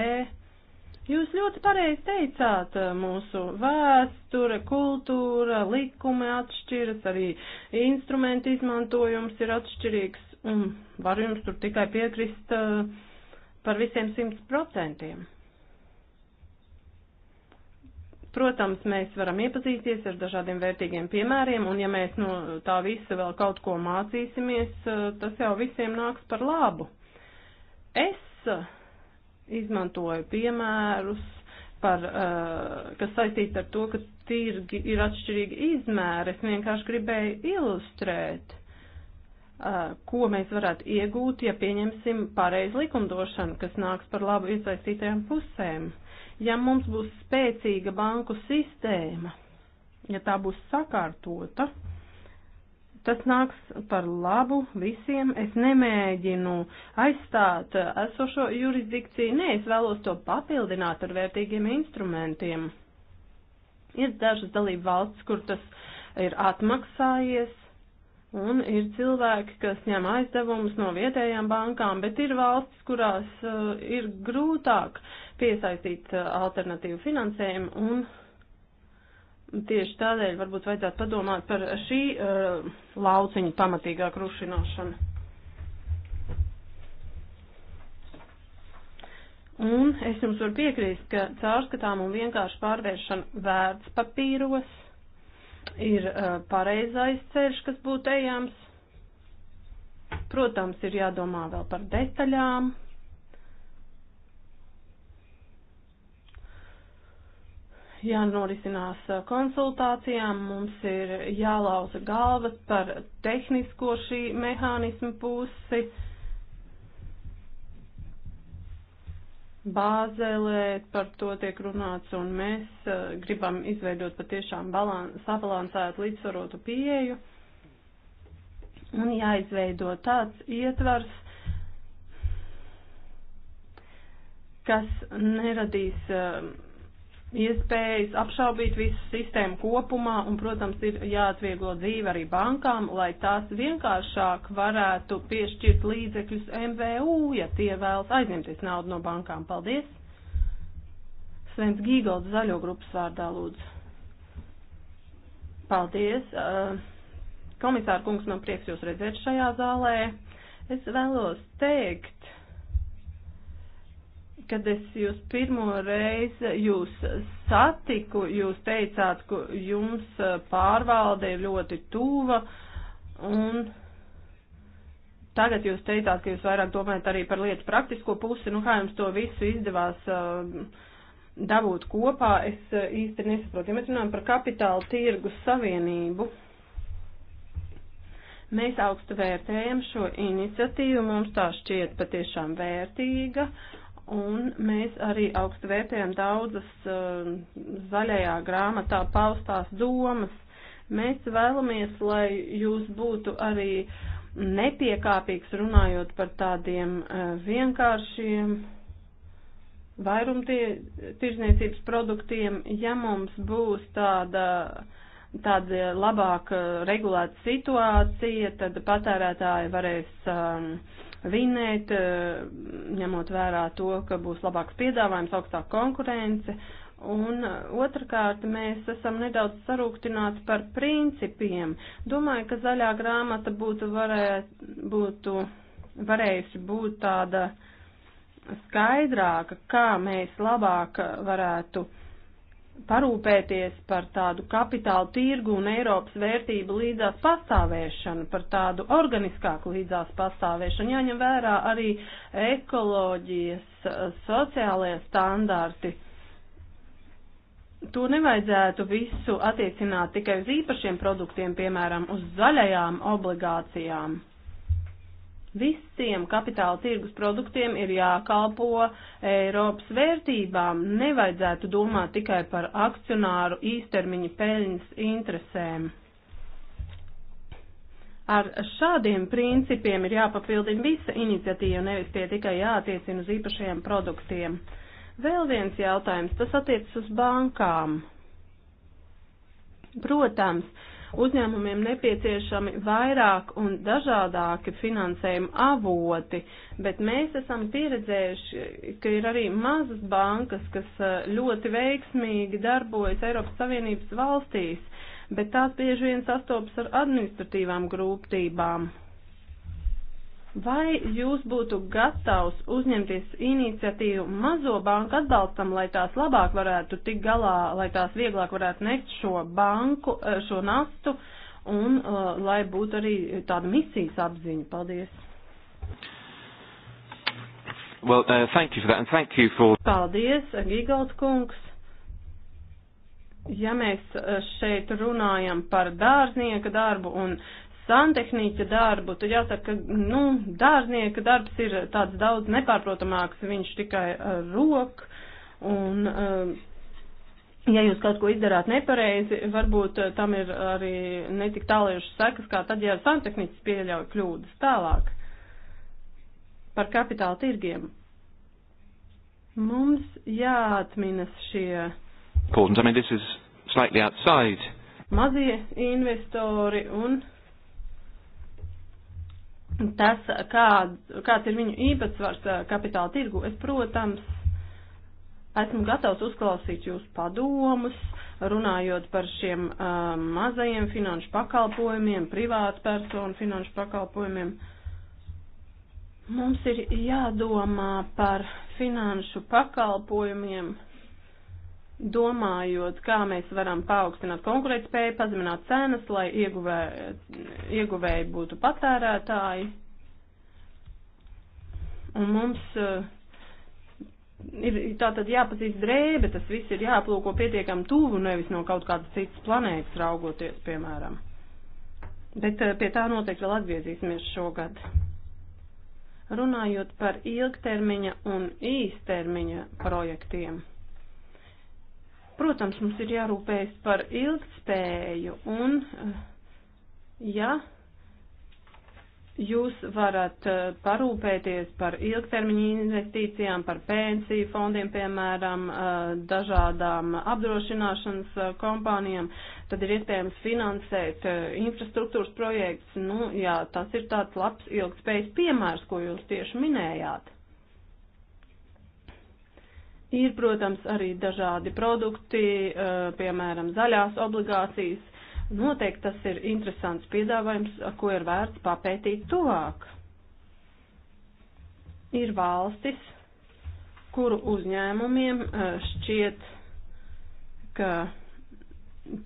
Jūs ļoti pareizi teicāt, eh, mūsu vēsture, kultūra, likumi atšķiras, arī instrumenti izmantojums ir atšķirīgs, un varu jums tur tikai piekrist uh, par visiem simts procentiem. Protams, mēs varam iepazīties ar dažādiem vērtīgiem piemēriem, un ja mēs no tā visa vēl kaut ko mācīsimies, uh, tas jau visiem nāks par labu. Es uh, izmantoju piemērus, par, uh, kas saistīts ar to, ka tirgi ir atšķirīgi izmēri. Es vienkārši gribēju ilustrēt, uh, ko mēs varētu iegūt, ja pieņemsim pareizu likumdošanu, kas nāks par labu iesaistītajām pusēm. Ja mums būs spēcīga banku sistēma, ja tā būs sakārtota, uh, Tas nāks par labu visiem. Es nemēģinu aizstāt esošo jurisdikciju. Nē, es vēlos to papildināt ar vērtīgiem instrumentiem. Ir dažas dalība valsts, kur tas ir atmaksājies, Un ir cilvēki, kas ņem aizdevumus no vietējām bankām, bet ir valstis, kurās uh, ir grūtāk piesaistīt uh, alternatīvu finansējumu, un Tieši tādēļ varbūt vajadzētu padomāt par šī uh, eh, lauciņa pamatīgāku rušināšanu. Un es jums varu piekrīst, ka caurskatām un vienkārši pārvēršana vērts papīros ir uh, pareizais ceļš, kas būtu ejams. Protams, ir jādomā vēl par detaļām, jānorisinās konsultācijām, mums ir jālauza galvas par tehnisko šī mehānismu pusi. Bāzelē par to tiek runāts un mēs gribam izveidot patiešām balans, sabalansētu līdzsvarotu pieeju un jāizveido tāds ietvars, kas neradīs uh, iespējas apšaubīt visu sistēmu kopumā un, protams, ir jāatvieglo dzīve arī bankām, lai tās vienkāršāk varētu piešķirt līdzekļus MVU, ja tie vēlas aizņemties naudu no bankām. Paldies! Svens Gīgolds zaļo grupas vārdā lūdzu. Paldies! Eh, komisāra kungs, man prieks jūs redzēt šajā zālē. Es vēlos teikt, kad es jūs pirmo reizi jūs satiku, jūs teicāt, ka jums eh, pārvalde ir ļoti tuva, un tagad jūs teicāt, ka jūs vairāk domājat arī par lietu praktisko pusi, nu kā jums to visu izdevās eh, dabūt kopā, es eh, īsti nesaprotu. Ja mēs runājam par kapitāla tirgus savienību, Mēs augstu vērtējam šo iniciatīvu, mums tā šķiet patiešām vērtīga, Un mēs arī augstu vērtējam daudzas uh, zaļajā grāmatā paustās domas. Mēs vēlamies, lai jūs būtu arī nepiekāpīgs runājot par tādiem uh, vienkāršiem vairumtirdzniecības produktiem, ja mums būs tāda, tāda labāk regulēta situācija, tad patērētāji varēs um, uh, vinēt, eh, ņemot vērā to, ka būs labāks piedāvājums, augstāka konkurence. Un eh, otrkārt, mēs esam nedaudz sarūktināti par principiem. Domāju, ka zaļā grāmata būtu, varē, būtu varējusi būt tāda skaidrāka, kā mēs labāk varētu uh, parūpēties par tādu kapitālu tirgu un Eiropas vērtību līdzās pastāvēšanu, par tādu organiskāku līdzās pastāvēšanu, jāņem vērā arī ekoloģijas, eh, sociālajie standarti. To nevajadzētu visu attiecināt tikai uz īpašiem produktiem, piemēram, uz zaļajām obligācijām. Visiem kapitāla tirgus produktiem ir jākalpo Eiropas vērtībām. Nevajadzētu domāt tikai par akcionāru īstermiņa peļņas interesēm. Ar šādiem principiem ir jāpapildina visa iniciatīva, nevis tie tikai jātiecina uz īpašiem produktiem. Vēl viens jautājums, tas attiecas uz bankām. Protams, uzņēmumiem nepieciešami vairāk un dažādāki finansējuma avoti, bet mēs esam pieredzējuši, ka ir arī mazas bankas, kas eh, ļoti veiksmīgi darbojas Eiropas Savienības valstīs, bet tās bieži vien sastopas ar administratīvām grūtībām. Vai jūs būtu gatavs uzņemties iniciatīvu mazo banku atbalstam, lai tās labāk varētu tik galā, lai tās vieglāk varētu nest šo banku, eh, šo nastu un eh, lai būtu arī tāda misijas apziņa? Paldies! Well, uh, thank you for that and thank you for... Paldies, Gigalds kungs! Ja mēs eh, šeit runājam par dārznieka darbu un uh, santehniķa darbu, tad jāsaka, ka, nu, dārznieka darbs ir tāds daudz nepārprotamāks, viņš tikai uh, rok, un, uh, ja jūs kaut ko izdarāt nepareizi, varbūt uh, tam ir arī netik tālieši sekas, kā tad, ja santehniķis pieļauj kļūdas tālāk par kapitāla tirgiem. Mums jāatminas šie. Cool. I mean, this is slightly outside. Mazie investori un tas, kā, kāds ir viņu īpatsvars eh, kapitāla tirgu. Es, protams, esmu gatavs uzklausīt jūsu padomus, runājot par šiem uh, mazajiem finanšu pakalpojumiem, privātu personu finanšu pakalpojumiem. Mums ir jādomā par finanšu pakalpojumiem domājot, kā mēs varam paaugstināt konkurētspēju, pazemināt cenas, lai ieguvē, ieguvēji būtu patērētāji. Un mums uh, ir tātad jāpazīst drēbe, tas viss ir jāplūko pietiekami tuvu, nevis no kaut kādas citas planētas raugoties, piemēram. Bet uh, pie tā noteikti vēl atgriezīsimies šogad. Runājot par ilgtermiņa un īstermiņa projektiem. Protams, mums ir jārūpējas par ilgtspēju un, eh, ja jūs varat eh, parūpēties par ilgtermiņa investīcijām, par pensiju fondiem, piemēram, eh, dažādām apdrošināšanas kompānijām, tad ir iespējams finansēt infrastruktūras projekts. Nu, jā, tas ir tāds labs ilgspējas piemērs, ko jūs tieši minējāt. Ir, protams, arī dažādi produkti, eh, piemēram, zaļās obligācijas. Noteikti tas ir interesants piedāvājums, ko ir vērts papētīt tuvāk. Ir valstis, kuru uzņēmumiem eh, šķiet, ka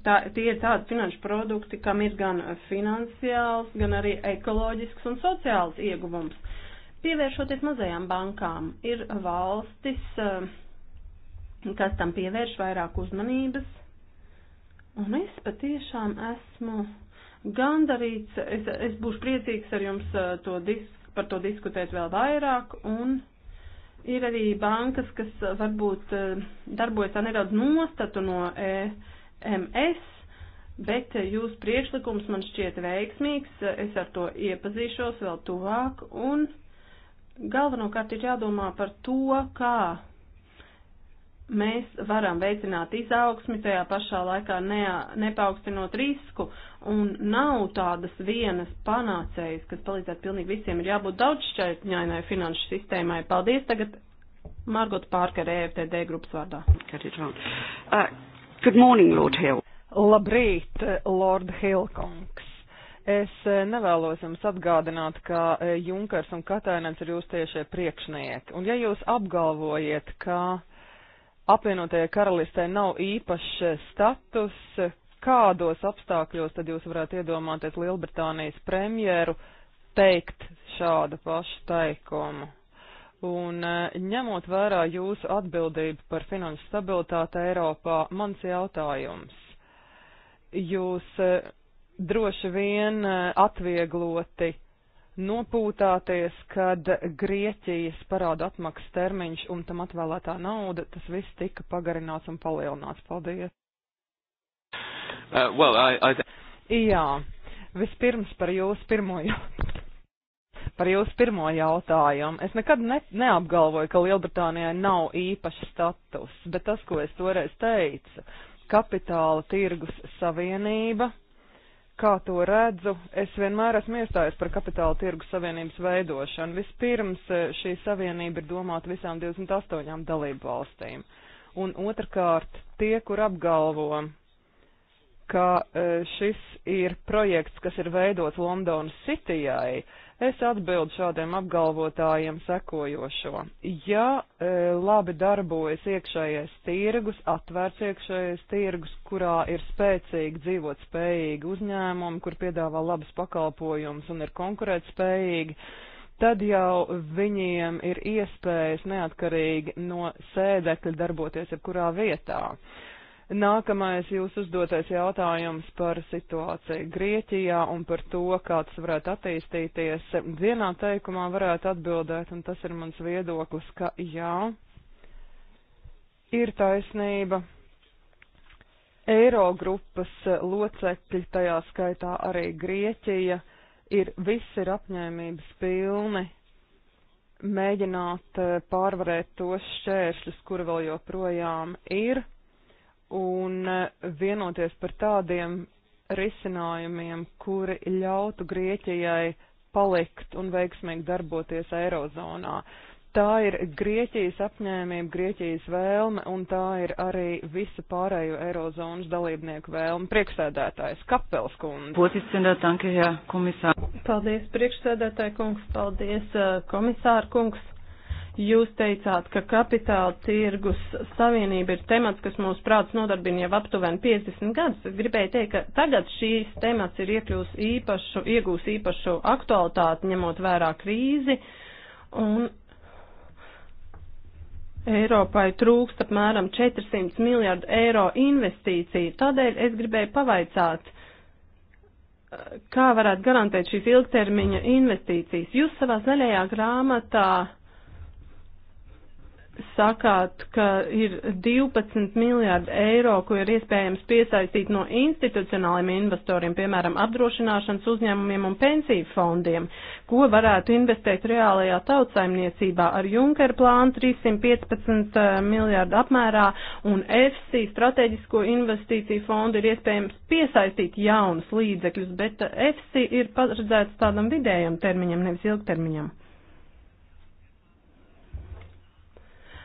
tā, tie ir tādi finanšu produkti, kam ir gan finansiāls, gan arī ekoloģisks un sociāls ieguvums. Pievēršoties mazajām bankām, ir valstis, eh, kas tam pievērš vairāk uzmanības. Un es patiešām esmu gandarīts, es, es būšu priecīgs ar jums uh, to disk, par to diskutēt vēl vairāk, un ir arī bankas, kas uh, varbūt uh, darbojas tā nedaudz nostatu no EMS, bet jūs priekšlikums man šķiet veiksmīgs, es ar to iepazīšos vēl tuvāk, un galvenokārt ir jādomā par to, kā mēs varam veicināt izaugsmi, tajā pašā laikā ne, nepaukstinot risku, un nav tādas vienas panācējas, kas palīdzētu pilnīgi visiem, ir jābūt daudzšķaitņainai finanšu sistēmai. Paldies tagad Margot Parker, EFTD grupas vārdā. Uh, good morning, Lord Hill. Labrīt, Lord Hillkongs. Es eh, nevēlos jums atgādināt, ka eh, Junkers un Katainens ir jūs tiešie priekšnieki. Un ja jūs apgalvojiet, ka apvienotajai karalistē nav īpašs eh, status, kādos apstākļos tad jūs varētu iedomāties Lielbritānijas premjeru teikt šādu pašu teikumu? Un eh, ņemot vērā jūsu atbildību par finanšu stabilitāti Eiropā, mans jautājums. Jūs eh, droši vien atviegloti nopūtāties, kad Grieķijas parāda atmaksas termiņš un tam atvēlētā nauda, tas viss tika pagarināts un palielināts. Paldies! Uh, well, I, I... Jā, vispirms par jūsu pirmo, par jūsu pirmo jautājumu. Es nekad ne, neapgalvoju, ka Lielbritānijai nav īpašs status, bet tas, ko es toreiz teicu, kapitāla tirgus savienība kā to redzu, es vienmēr esmu iestājies par kapitāla tirgu savienības veidošanu. Vispirms e, šī savienība ir domāta visām 28 dalību valstīm. Un otrkārt, tie, kur apgalvo, ka e, šis ir projekts, kas ir veidots Londonas Cityjai, Es atbildu šādiem apgalvotājiem sekojošo. Ja e, labi darbojas iekšējais tirgus, atvērts iekšējais tirgus, kurā ir spēcīgi dzīvot spējīgi uzņēmumi, kur piedāvā labas pakalpojumus un ir konkurēt spējīgi, tad jau viņiem ir iespējas neatkarīgi no sēdekļa darboties jebkurā vietā. E, Nākamais jūs uzdotais jautājums par situāciju Grieķijā un par to, kā tas varētu attīstīties. Vienā teikumā varētu atbildēt, un tas ir mans viedoklis, ka jā, ir taisnība. Eirogrupas locekļi, tajā skaitā arī Grieķija, ir viss ir apņēmības pilni mēģināt eh, pārvarēt tos šķēršļus, kuri vēl joprojām ir un eh, vienoties par tādiem risinājumiem, kuri ļautu Grieķijai palikt un veiksmīgi darboties Eirozonā. Tā ir Grieķijas apņēmība, Grieķijas vēlme, un tā ir arī visa pārējo Eirozonas dalībnieku vēlme. Priekšsēdētājs Kapels kundze. Pozicionēt, Ankejā, komisār. Paldies, priekšsēdētāji kungs, paldies, eh, komisār kungs. Jūs teicāt, ka kapitāla tirgus savienība ir temats, kas mūsu prāts nodarbina jau aptuveni 50 gadus. Es gribēju teikt, ka tagad šīs temats ir iekļūs īpašu, iegūs īpašu aktualitāti, ņemot vērā krīzi. Un Eiropai trūkst apmēram 400 miljārdu eiro investīciju. Tādēļ es gribēju pavaicāt, kā varētu garantēt šīs ilgtermiņa investīcijas. Jūs savā zaļajā grāmatā sakāt, ka ir 12 miljārdi eiro, ko ir iespējams piesaistīt no institucionāliem investoriem, piemēram, apdrošināšanas uzņēmumiem un pensiju fondiem, ko varētu investēt reālajā tautsaimniecībā ar Junker plānu 315 eh, miljārdu apmērā un EFSI strateģisko investīciju fondu ir iespējams piesaistīt jaunus līdzekļus, bet EFSI ir paredzēts tādam vidējam termiņam, nevis ilgtermiņam.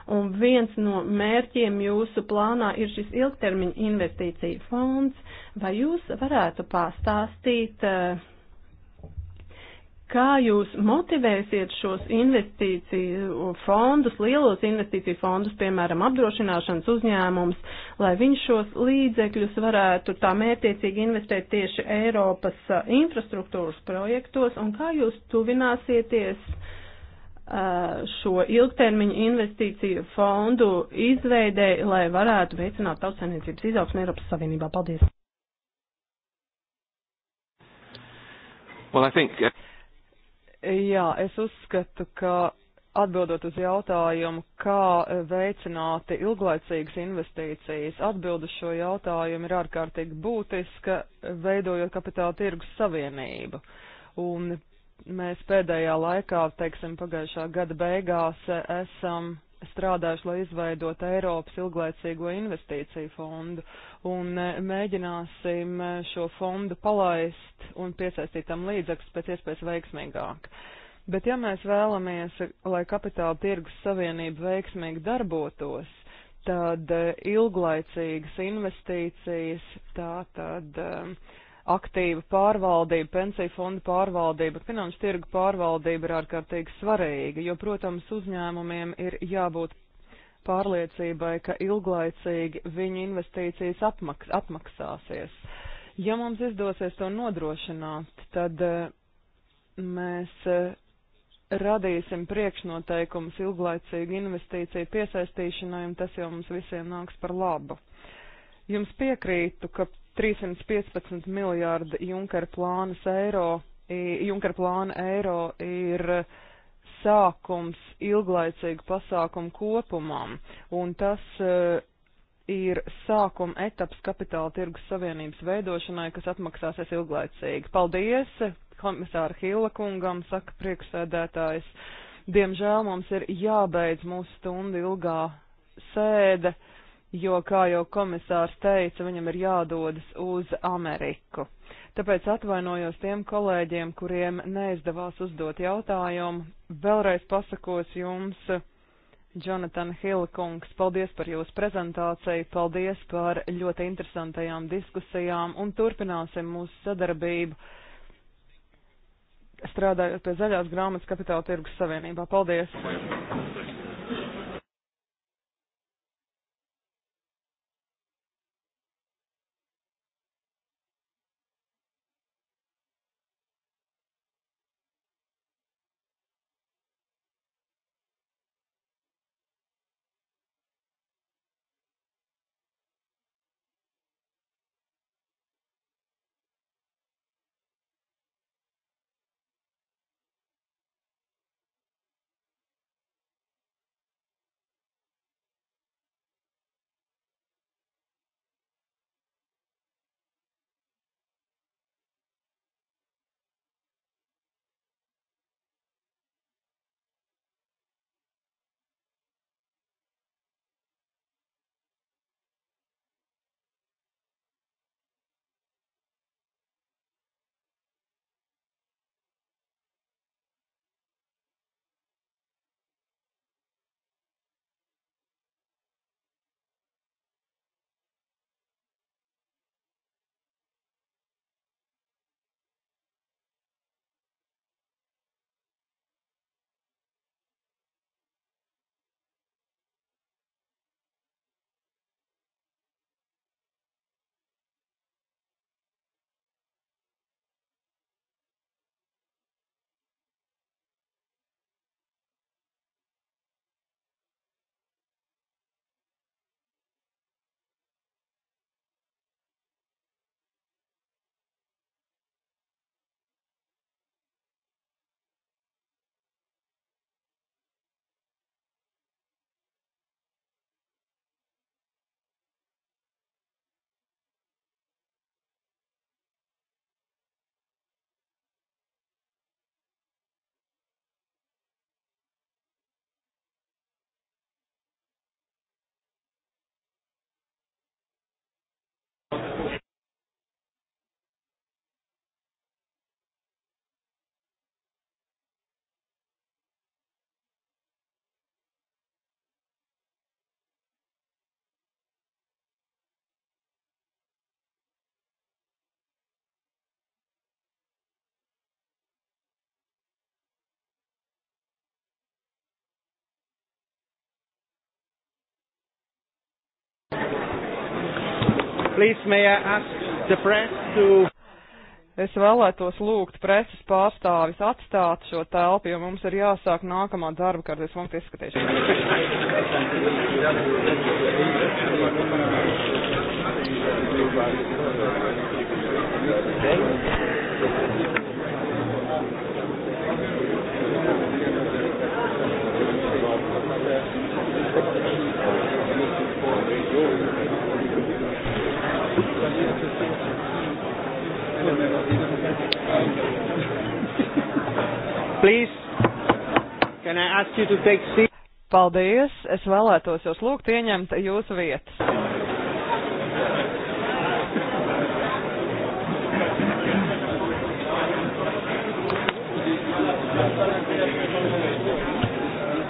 Un viens no mērķiem jūsu plānā ir šis ilgtermiņa investīcija fonds. Vai jūs varētu pastāstīt, eh, kā jūs motivēsiet šos investīciju fondus, lielos investīciju fondus, piemēram, apdrošināšanas uzņēmums, lai viņš šos līdzekļus varētu tā mērtiecīgi investēt tieši Eiropas eh, infrastruktūras projektos, un kā jūs tuvināsieties uh, šo ilgtermiņu investīciju fondu izveidē, lai varētu veicināt tautsēmniecības izaugsmu Eiropas Savienībā. Paldies! Well, I think... Uh, Jā, es uzskatu, ka atbildot uz jautājumu, kā veicināti ilglaicīgas investīcijas, atbildu šo jautājumu ir ārkārtīgi būtiska, veidojot kapitāla tirgus savienību. Un Mēs pēdējā laikā, teiksim, pagājušā gada beigās e, esam strādājuši, lai izveidot Eiropas ilglaicīgo investīciju fondu, un e, mēģināsim e, šo fondu palaist un piesaistīt tam līdzekļus pēc iespējas veiksmīgāk. Bet ja mēs vēlamies, lai kapitāla tirgus savienība veiksmīgi darbotos, tad ilglaicīgas investīcijas, tā tad uh, aktīva pārvaldība, pensiju fondu pārvaldība, finanšu tirgu pārvaldība ir ārkārtīgi svarīga, jo, protams, uzņēmumiem ir jābūt pārliecībai, ka ilglaicīgi viņu investīcijas apmaks apmaksāsies. Ja mums izdosies to nodrošināt, tad eh, mēs eh, radīsim priekšnoteikumus ilglaicīgu investīciju piesaistīšanai, un tas jau mums visiem nāks par labu. Jums piekrītu, ka 315 miljārdi Junkera plānas eiro, Junkera plāna eiro ir sākums ilglaicīgu pasākumu kopumam, un tas e, ir sākuma etaps kapitāla tirgus savienības veidošanai, kas atmaksāsies ilglaicīgi. Paldies komisāra Hilla kungam, saka priekšsēdētājs. Diemžēl mums ir jābeidz mūsu stundu ilgā sēde jo, kā jau komisārs teica, viņam ir jādodas uz Ameriku. Tāpēc atvainojos tiem kolēģiem, kuriem neizdevās uzdot jautājumu. Vēlreiz pasakos jums, Jonathan Hilkungs, paldies par jūsu prezentāciju, paldies par ļoti interesantajām diskusijām un turpināsim mūsu sadarbību strādājot pie zaļās grāmatas kapitāla tirgus savienībā. Paldies! Please may I ask the press to. Es vēlētos lūgt preses pārstāvis atstāt šo telpu, jo mums ir jāsāk nākamā darba kārtas punkta izskatīšana. Please, can I ask you to take seat? Paldies, es vēlētos jūs lūgt ieņemt jūsu vietas.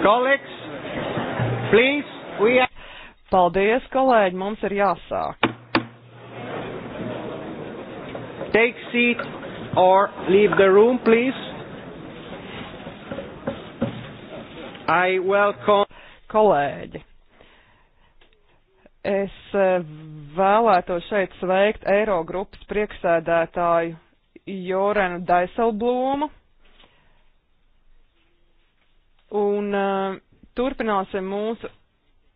Colleagues, please, we are... Paldies, kolēģi, mums ir jāsāk. take seat or leave the room, please. I welcome. Kolēģi, es eh, vēlētos šeit sveikt Eirogrupas prieksēdētāju Jorenu Daiselblūmu. Un uh, turpināsim mūsu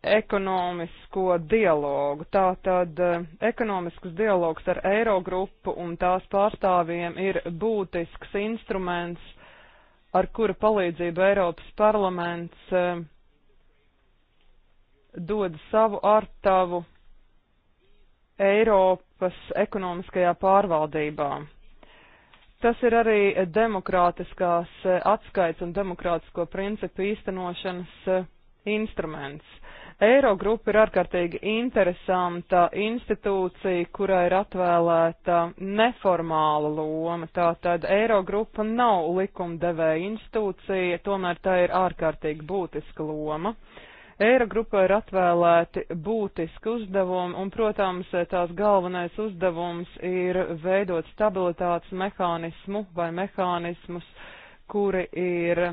ekonomisko dialogu. Tātad eh, ekonomisks dialogs ar Eirogrupu un tās pārstāvjiem ir būtisks instruments, ar kura palīdzību Eiropas parlaments eh, dod savu artavu Eiropas ekonomiskajā pārvaldībā. Tas ir arī demokrātiskās eh, atskaits un demokrātisko principu īstenošanas instruments. Eirogrupa ir ārkārtīgi interesanta institūcija, kurai ir atvēlēta neformāla loma. Tātad Eirogrupa nav likumdevēja institūcija, tomēr tā ir ārkārtīgi būtiska loma. Eirogrupai ir atvēlēti būtiski uzdevumi, un, protams, tās galvenais uzdevums ir veidot stabilitātes mehānismu vai mehānismus, kuri ir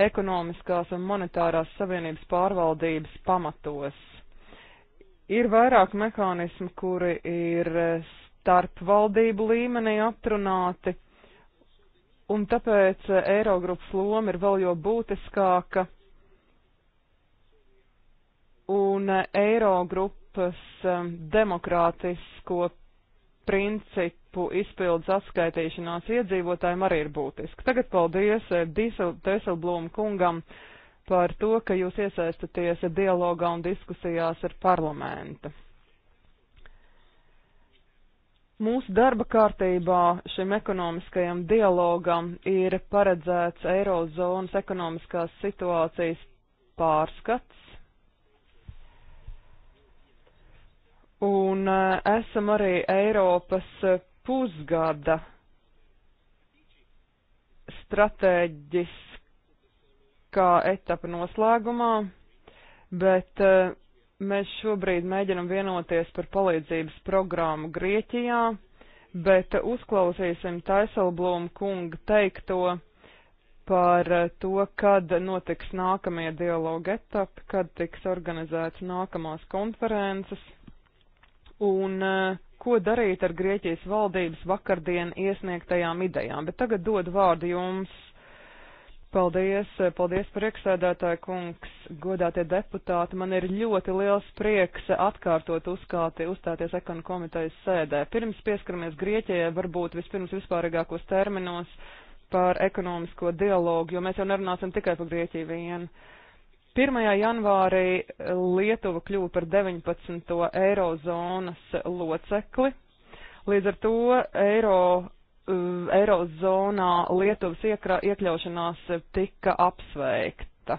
ekonomiskās un monetārās savienības pārvaldības pamatos. Ir vairāk mehānismu, kuri ir starp valdību līmenī atrunāti, un tāpēc Eirogrupas loma ir vēl jo būtiskāka, un Eirogrupas um, demokrātisko principu izpildes atskaitīšanās iedzīvotājiem arī ir būtiski. Tagad paldies eh, Dīselblūmu kungam par to, ka jūs iesaistaties dialogā un diskusijās ar parlamentu. Mūsu darba kārtībā šim ekonomiskajam dialogam ir paredzēts Eirozonas ekonomiskās situācijas pārskats, Un eh, esam arī Eiropas eh, pusgada stratēģiskā etapa noslēgumā, bet eh, mēs šobrīd mēģinam vienoties par palīdzības programmu Grieķijā, bet uzklausīsim Taiselblūmu kunga teikto par to, kad notiks nākamie dialoga etapi, kad tiks organizēts nākamās konferences un eh, ko darīt ar Grieķijas valdības vakardien iesniegtajām idejām. Bet tagad dodu vārdu jums. Paldies, eh, paldies priekšsēdētāji kungs, godātie deputāti. Man ir ļoti liels prieks atkārtot uzkāti uzstāties ekonu komitejas sēdē. Pirms pieskaramies Grieķijai, varbūt vispirms vispārīgākos terminos par ekonomisko dialogu, jo mēs jau nerunāsim tikai par Grieķiju vienu. 1. janvārī eh, Lietuva kļuva par 19. eirozonas locekli, līdz ar to eiro, eh, eirozonā Lietuvas iekra, iekļaušanās tika apsveikta.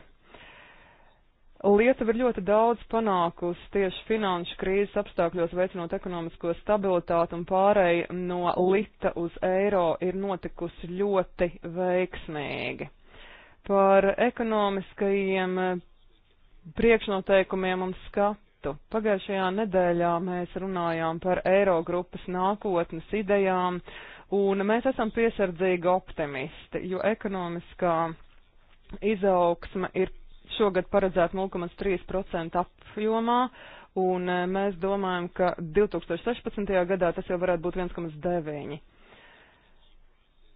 Lietuva ir ļoti daudz panākusi tieši finanšu krīzes apstākļos, veicinot ekonomisko stabilitāti un pārēju no lita uz eiro ir notikusi ļoti veiksmīgi par ekonomiskajiem eh, priekšnoteikumiem un skatu. Pagājušajā nedēļā mēs runājām par Eirogrupas nākotnes idejām, un mēs esam piesardzīgi optimisti, jo ekonomiskā izaugsme ir šogad paredzēta 0,3% apjomā, un eh, mēs domājam, ka 2016. gadā tas jau varētu būt 1,9%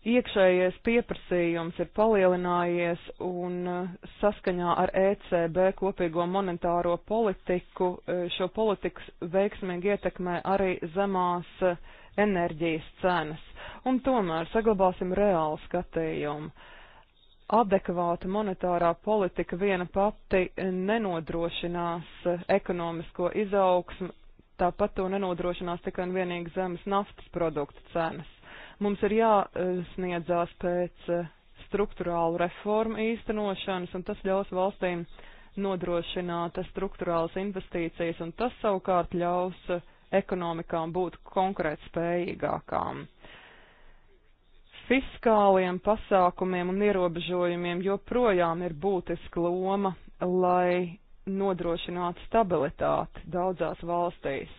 iekšējais pieprasījums ir palielinājies un eh, saskaņā ar ECB kopīgo monetāro politiku eh, šo politiku veiksmīgi ietekmē arī zemās eh, enerģijas cenas. Un tomēr saglabāsim reālu skatījumu. Adekvāta monetārā politika viena pati nenodrošinās ekonomisko izaugsmu, tāpat to nenodrošinās tikai un vienīgi zemes naftas produktu cenas. Mums ir jāsniedzās pēc eh, struktūrālu reformu īstenošanas, un tas ļaus valstīm nodrošināt struktūrālas investīcijas, un tas savukārt ļaus eh, ekonomikām būt konkrēt spējīgākām. Fiskāliem pasākumiem un ierobežojumiem joprojām ir būtiska loma, lai nodrošinātu stabilitāti daudzās valstīs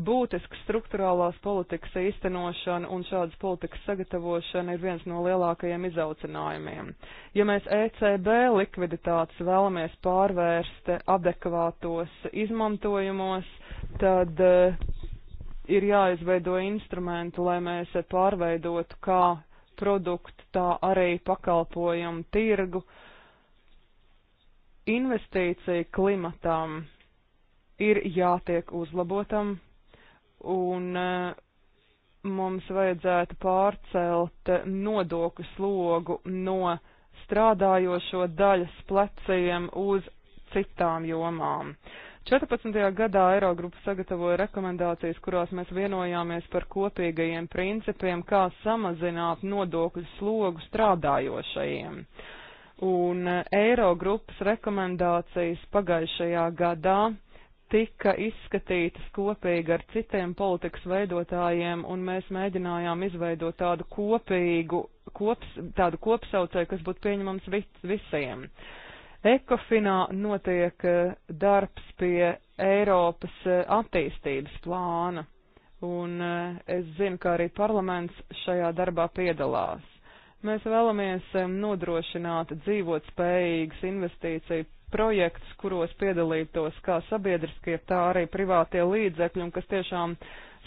būtiska struktūrālās politikas īstenošana un šādas politikas sagatavošana ir viens no lielākajiem izaucinājumiem. Ja mēs ECB likviditātes vēlamies pārvērst adekvātos izmantojumos, tad eh, ir jāizveido instrumenti, lai mēs pārveidotu kā produktu, tā arī pakalpojumu tirgu. Investīcija klimatam ir jātiek uzlabotam, un eh, mums vajadzētu pārcelt nodokļu slogu no strādājošo daļas pleciem uz citām jomām. 14. gadā Eirogrupa sagatavoja rekomendācijas, kurās mēs vienojāmies par kopīgajiem principiem, kā samazināt nodokļu slogu strādājošajiem. Un eh, Eirogrupas rekomendācijas pagājušajā gadā uh, tika izskatītas kopīgi ar citiem politikas veidotājiem, un mēs mēģinājām izveidot tādu kopīgu, kops, tādu kopsaucēju, kas būtu pieņemams vis, visiem. Ekofinā notiek eh, darbs pie Eiropas eh, attīstības plāna, un eh, es zinu, ka arī parlaments šajā darbā piedalās. Mēs vēlamies nodrošināt dzīvot spējīgas investīciju projekts, kuros piedalītos kā sabiedriskie, tā arī privātie līdzekļi un kas tiešām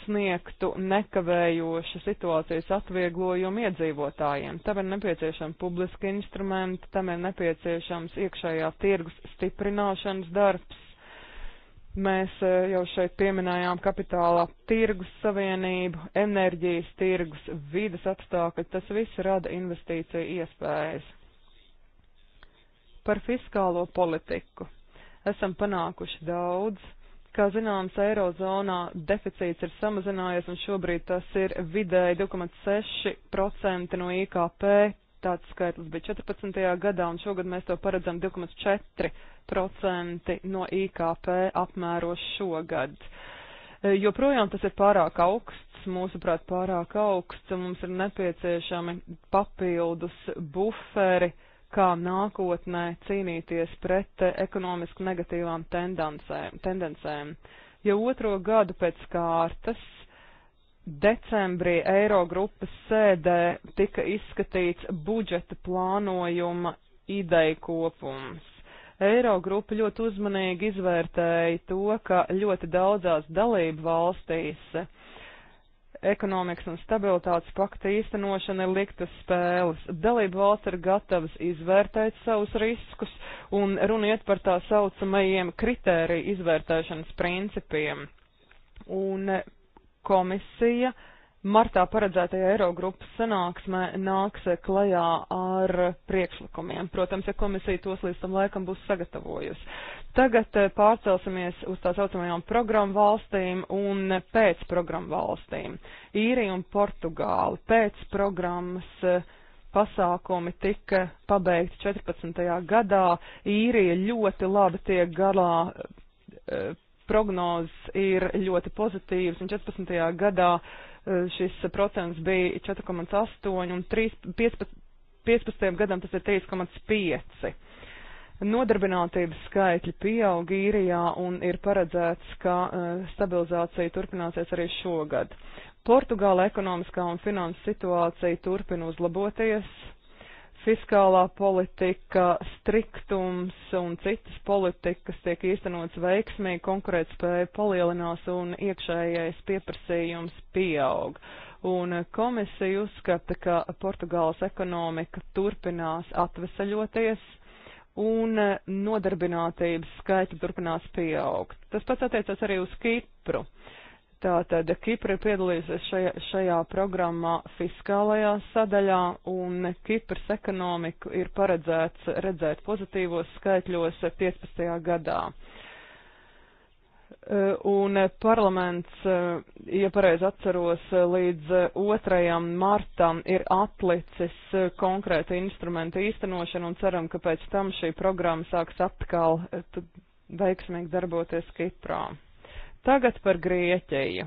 sniegtu nekavējošu situācijas atvieglojumu iedzīvotājiem. Tam ir nepieciešama publiska instrumenta, tam ir nepieciešams iekšējā tirgus stiprināšanas darbs, Mēs e, jau šeit pieminējām kapitālā tirgus savienību, enerģijas tirgus, vidas apstākļi, tas viss rada investīciju iespējas. Par fiskālo politiku. Esam panākuši daudz. Kā zināms, Eirozonā deficīts ir samazinājies un šobrīd tas ir vidēji 2,6% no IKP, tāds skaitlis bija 14. gadā, un šogad mēs to paredzam 2,4% no IKP apmēros šogad. E, joprojām tas ir pārāk augsts, mūsuprāt, pārāk augsts, un mums ir nepieciešami papildus buferi, kā nākotnē cīnīties pret e, ekonomiski negatīvām tendencēm. tendencēm. Ja otro gadu pēc kārtas decembrī Eirogrupas sēdē tika izskatīts budžeta plānojuma ideja kopums. Eirogrupa ļoti uzmanīgi izvērtēja to, ka ļoti daudzās dalību valstīs ekonomikas un stabilitātes pakta īstenošana ir liktas spēles. Dalību valsts ir gatavas izvērtēt savus riskus un runiet par tā saucamajiem kritēriju izvērtēšanas principiem. Un komisija martā paredzētajā Eirogrupas sanāksmē nāks klajā ar priekšlikumiem. Protams, ja komisija tos līdz tam laikam būs sagatavojusi. Tagad eh, pārcelsimies uz tā saucamajām programmu valstīm un pēc programmu valstīm. Īrija un Portugāla pēc programmas eh, pasākumi tika pabeigti 14. gadā. Īrija ļoti labi tiek galā eh, prognozes ir ļoti pozitīvas, un 14. gadā eh, šis procents bija 4,8 un 3, 15, 15. gadam tas ir 3,5. Nodarbinātības skaitļi pieaug īrijā un ir paredzēts, ka eh, stabilizācija turpināsies arī šogad. Portugāla ekonomiskā un finanses situācija turpina uzlaboties, fiskālā politika, striktums un citas politikas tiek īstenots veiksmīgi, konkurētspēja palielinās un iekšējais pieprasījums pieaug. Un komisija uzskata, ka Portugāles ekonomika turpinās atvesaļoties un nodarbinātības skaita turpinās pieaugt. Tas pats attiecas arī uz Kipru. Uh, Tātad Kipra piedalīsies šajā, šajā programmā fiskālajā sadaļā, un Kipras ekonomiku ir paredzēts redzēt pozitīvos skaitļos 15. gadā. E, un parlaments, e, ja pareizi atceros, līdz 2. martam ir atlicis konkrēta instrumenta īstenošanu un ceram, ka pēc tam šī programma sāks atkal e, veiksmīgi darboties Kiprā. Tagad par Grieķiju.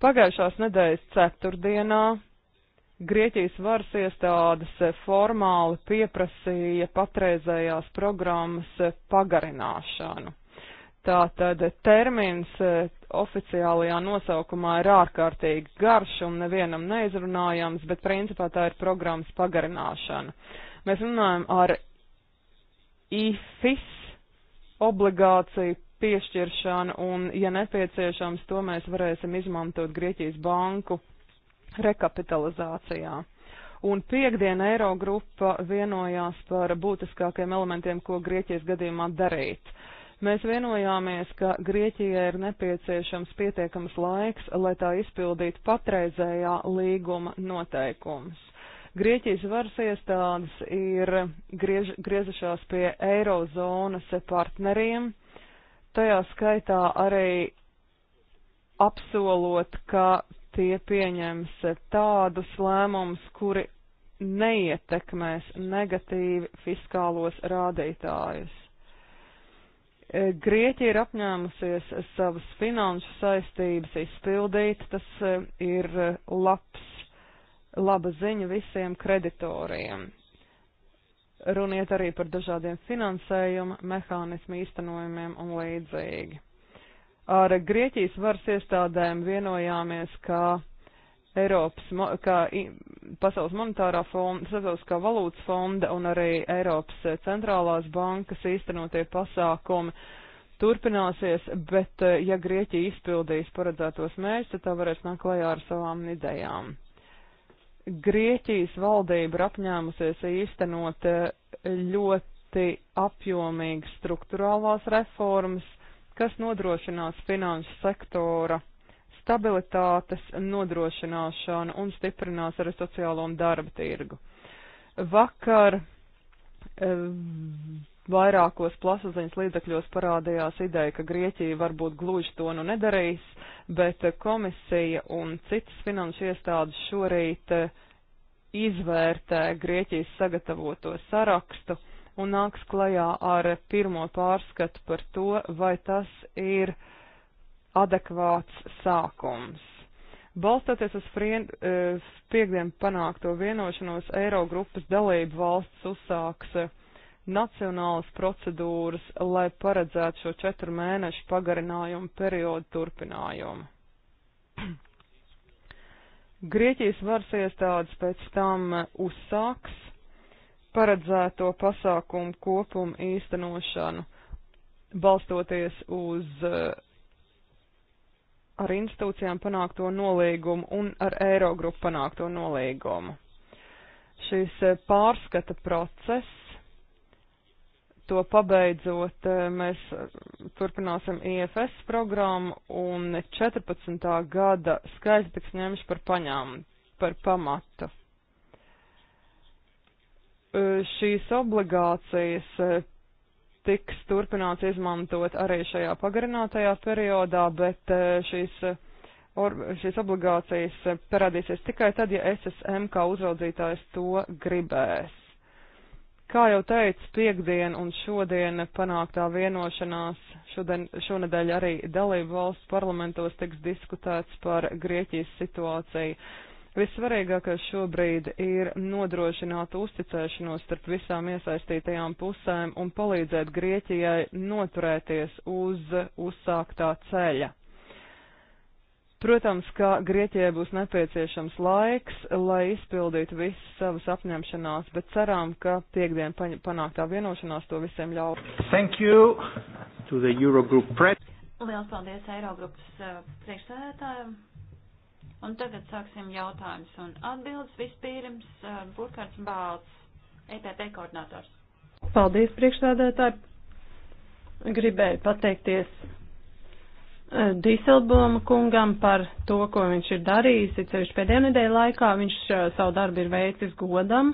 Pagājušās nedēļas ceturtdienā Grieķijas varas iestādes formāli pieprasīja patreizējās programmas pagarināšanu. Tātad termins oficiālajā nosaukumā ir ārkārtīgi garš un nevienam neizrunājams, bet principā tā ir programmas pagarināšana. Mēs runājam ar IFIS obligāciju piešķiršanu, un, ja nepieciešams, to mēs varēsim izmantot Grieķijas banku rekapitalizācijā. Un piekdien Eirogrupa vienojās par būtiskākiem elementiem, ko Grieķijas gadījumā darīt. Mēs vienojāmies, ka Grieķijai ir nepieciešams pietiekams laiks, lai tā izpildītu patreizējā līguma noteikumus. Grieķijas varas iestādes ir griež, griezušās pie Eirozonas partneriem, uh, tajā skaitā arī apsolot, ka tie pieņems tādus lēmumus, kuri neietekmēs negatīvi fiskālos rādītājus. E, Grieķija ir apņēmusies savas finanšu saistības izpildīt, tas e, ir e, labs, laba ziņa visiem kreditoriem. Runiet arī par dažādiem finansējuma mehānismu īstenojumiem un līdzīgi. Ar Grieķijas varas iestādēm vienojāmies, ka Eiropas, kā Pasaules monetārā fonda, Starptautiskā valūtas fonda un arī Eiropas centrālās bankas īstenotie pasākumi turpināsies, bet ja Grieķija izpildīs paredzētos mērķus, tad tā varēs nākt klajā ar savām idejām. Grieķijas valdība ir apņēmusies īstenot eh, ļoti apjomīgas struktūrālās reformas, kas nodrošinās finanšu sektora stabilitātes nodrošināšanu un stiprinās arī sociālo un darba tirgu. Vakar eh, vairākos plasaziņas līdzakļos parādījās ideja, ka Grieķija varbūt gluži to nu nedarīs, bet komisija un citas finanšu iestādes šorīt eh, izvērtē Grieķijas sagatavoto sarakstu un nāks klajā ar pirmo pārskatu par to, vai tas ir adekvāts sākums. Balstoties uz frien, eh, piekdien panākto vienošanos, Eirogrupas dalību valsts uzsāks eh, nacionālas procedūras, lai paredzētu šo četru mēnešu pagarinājumu periodu turpinājumu. Grieķijas varas iestādes pēc tam uzsāks paredzēto pasākumu kopumu īstenošanu, balstoties uz eh, ar institūcijām panākto nolīgumu un ar Eirogrupu panākto nolīgumu. Šis eh, pārskata process to pabeidzot, eh, mēs turpināsim IFS e programmu un 14. gada skaidri tiks ņemts par paņām, par pamatu. Eh, šīs obligācijas eh, tiks turpināts izmantot arī šajā pagarinātajā periodā, bet šīs, or, šīs obligācijas parādīsies tikai tad, ja SSM kā uzraudzītājs to gribēs. Kā jau teicu, piekdien un šodien panāktā vienošanās, šodien, šonadēļ arī dalību valsts parlamentos tiks diskutēts par Grieķijas situāciju. Vissvarīgākais šobrīd ir nodrošināt uzticēšanos starp visām iesaistītajām pusēm un palīdzēt Grieķijai noturēties uz uzsāktā ceļa. Protams, ka Grieķijai būs nepieciešams laiks, lai izpildītu visas savas apņemšanās, bet cerām, ka piekdien panāktā vienošanās to visiem ļaus. Thank you to the Eurogroup press. Liels paldies Eirogrupas uh, priekšsēdētājiem. Un tagad sāksim jautājumus un atbildes. Vispirms uh, Burkhards Bāls, EPP koordinators. Paldies priekšsēdētāji. Gribēju pateikties Dīselbloma kungam par to, ko viņš ir darījis, ir cevišķi pēdējo nedēļu laikā, viņš savu darbu ir veicis godam.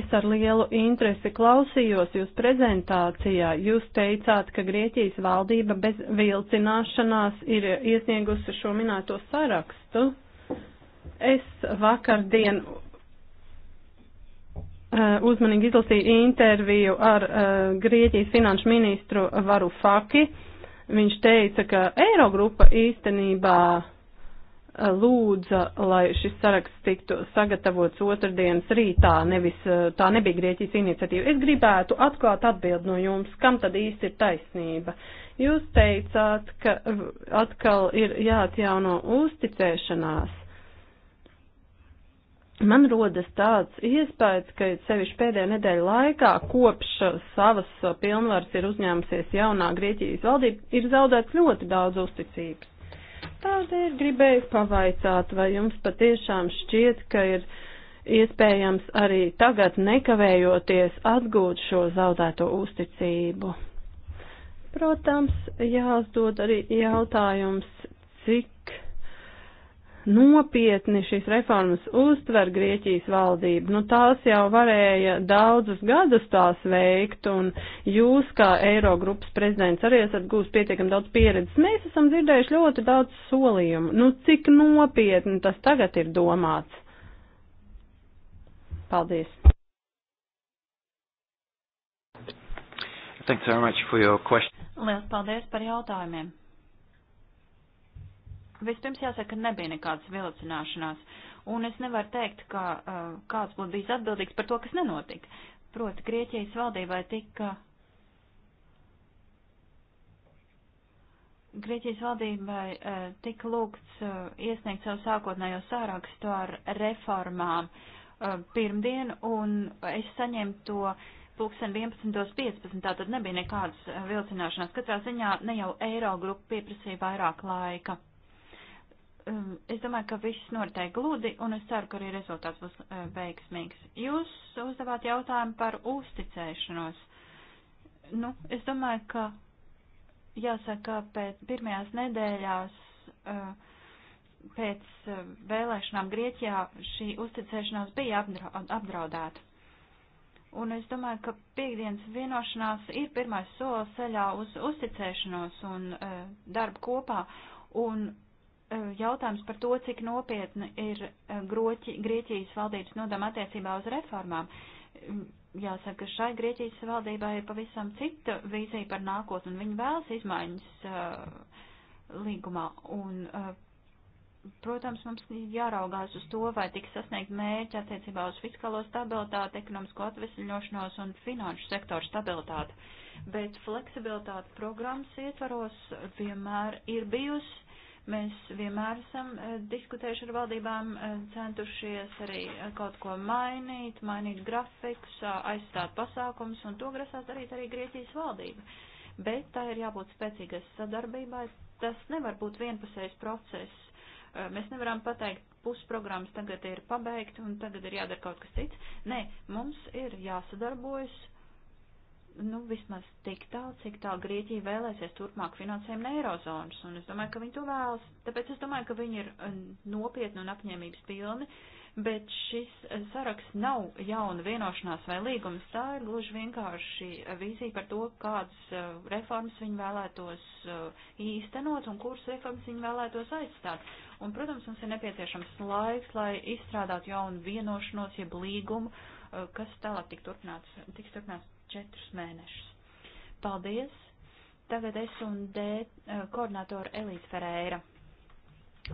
Es ar lielu interesi klausījos jūs prezentācijā. Jūs teicāt, ka Grieķijas valdība bez vilcināšanās ir iesniegusi šo minēto sarakstu. Es vakardien uzmanīgi izlasīju interviju ar Grieķijas finanšu ministru Varu Faki. Viņš teica, ka Eirogrupa īstenībā eh, lūdza, lai šis saraksts tiktu sagatavots otrdienas rītā, nevis eh, tā nebija Grieķijas iniciatīva. Es gribētu atklāt atbildi no jums, kam tad īsti ir taisnība. Jūs teicāt, ka atkal ir jāatjauno uzticēšanās Man rodas tāds iespējas, ka sevišķi pēdējā nedēļa laikā, kopš uh, savas uh, pilnvaras ir uzņēmusies jaunā Grieķijas valdība, ir zaudēts ļoti daudz uzticības. Tādēļ gribēju pavaicāt, vai jums patiešām šķiet, ka ir iespējams arī tagad nekavējoties atgūt šo zaudēto uzticību. Protams, jāuzdod arī jautājums, cik nopietni šīs reformas uztver Grieķijas valdība. Nu, tās jau varēja daudzus gadus tās veikt, un jūs, kā Eirogrupas prezidents, arī esat gūst pietiekam daudz pieredzes. Mēs esam dzirdējuši ļoti daudz solījumu. Nu, cik nopietni tas tagad ir domāts? Paldies! Thanks very much for your question. Lielas paldies par jautājumiem. Vispirms jāsaka, ka nebija nekādas vilcināšanās, un es nevaru teikt, ka uh, kāds būtu bijis atbildīgs par to, kas nenotika. Proti, Grieķijas valdībai tika. Grieķijas valdībai uh, tika lūgts uh, iesniegt savu sākotnējo sārakstu ar reformām uh, pirmdien, un es saņēmu to uh, pulksten 11.15, tātad nebija nekādas uh, vilcināšanās. Katrā ziņā ne jau Eirogrupa pieprasīja vairāk laika. Um, es domāju, ka viss noritēja gludi, un es ceru, ka arī rezultāts būs uh, veiksmīgs. Jūs uzdevāt jautājumu par uzticēšanos. Nu, es domāju, ka jāsaka, pēc pirmajās nedēļās uh, pēc uh, vēlēšanām Grieķijā šī uzticēšanās bija apdraudēta. Un es domāju, ka piekdienas vienošanās ir pirmais solis ceļā uz uzticēšanos un darbu kopā. Un E, jautājums par to, cik nopietni ir e, Groķi, Grieķijas valdības nodama attiecībā uz reformām. Jāsaka, ka šai Grieķijas valdībai ir pavisam cita vīzija par nākotni, un viņi vēlas izmaiņas uh, līgumā. Un, uh, protams, mums jāraugās uz to, vai tiks sasniegt mērķi attiecībā uz fiskālo stabilitāti, ekonomisko atvesļošanos un finanšu sektoru stabilitāti. Bet fleksibilitāte programmas ietvaros vienmēr ir bijusi Mēs vienmēr esam e, diskutējuši ar valdībām, e, centušies arī e, kaut ko mainīt, mainīt grafikus, aizstāt pasākums, un to grasās darīt arī Grieķijas valdība. Bet tā ir jābūt spēcīgas sadarbībai. Tas nevar būt vienpusējs process. Mēs nevaram pateikt, pusprogrammas tagad ir pabeigta un tagad ir jādara kaut kas cits. Nē, mums ir jāsadarbojas nu, vismaz tik tālu, cik tālu Grieķija vēlēsies turpmāk finansējumu neirozonas, un es domāju, ka viņi to vēlas. Tāpēc es domāju, ka viņi ir eh, nopietni un apņēmības pilni, bet šis eh, saraksts nav jauna vienošanās vai līgums, tā ir gluži vienkārši vīzija par to, kādas eh, reformas viņi vēlētos īstenot un kuras reformas viņi vēlētos aizstāt. Un, protams, mums ir nepieciešams laiks, lai izstrādātu jaunu vienošanos, jeb līgumu, kas tālāk tik turpināts, tiks turpināts četrus mēnešus. Paldies! Tagad es un D eh, koordinātori Elīte Ferēra.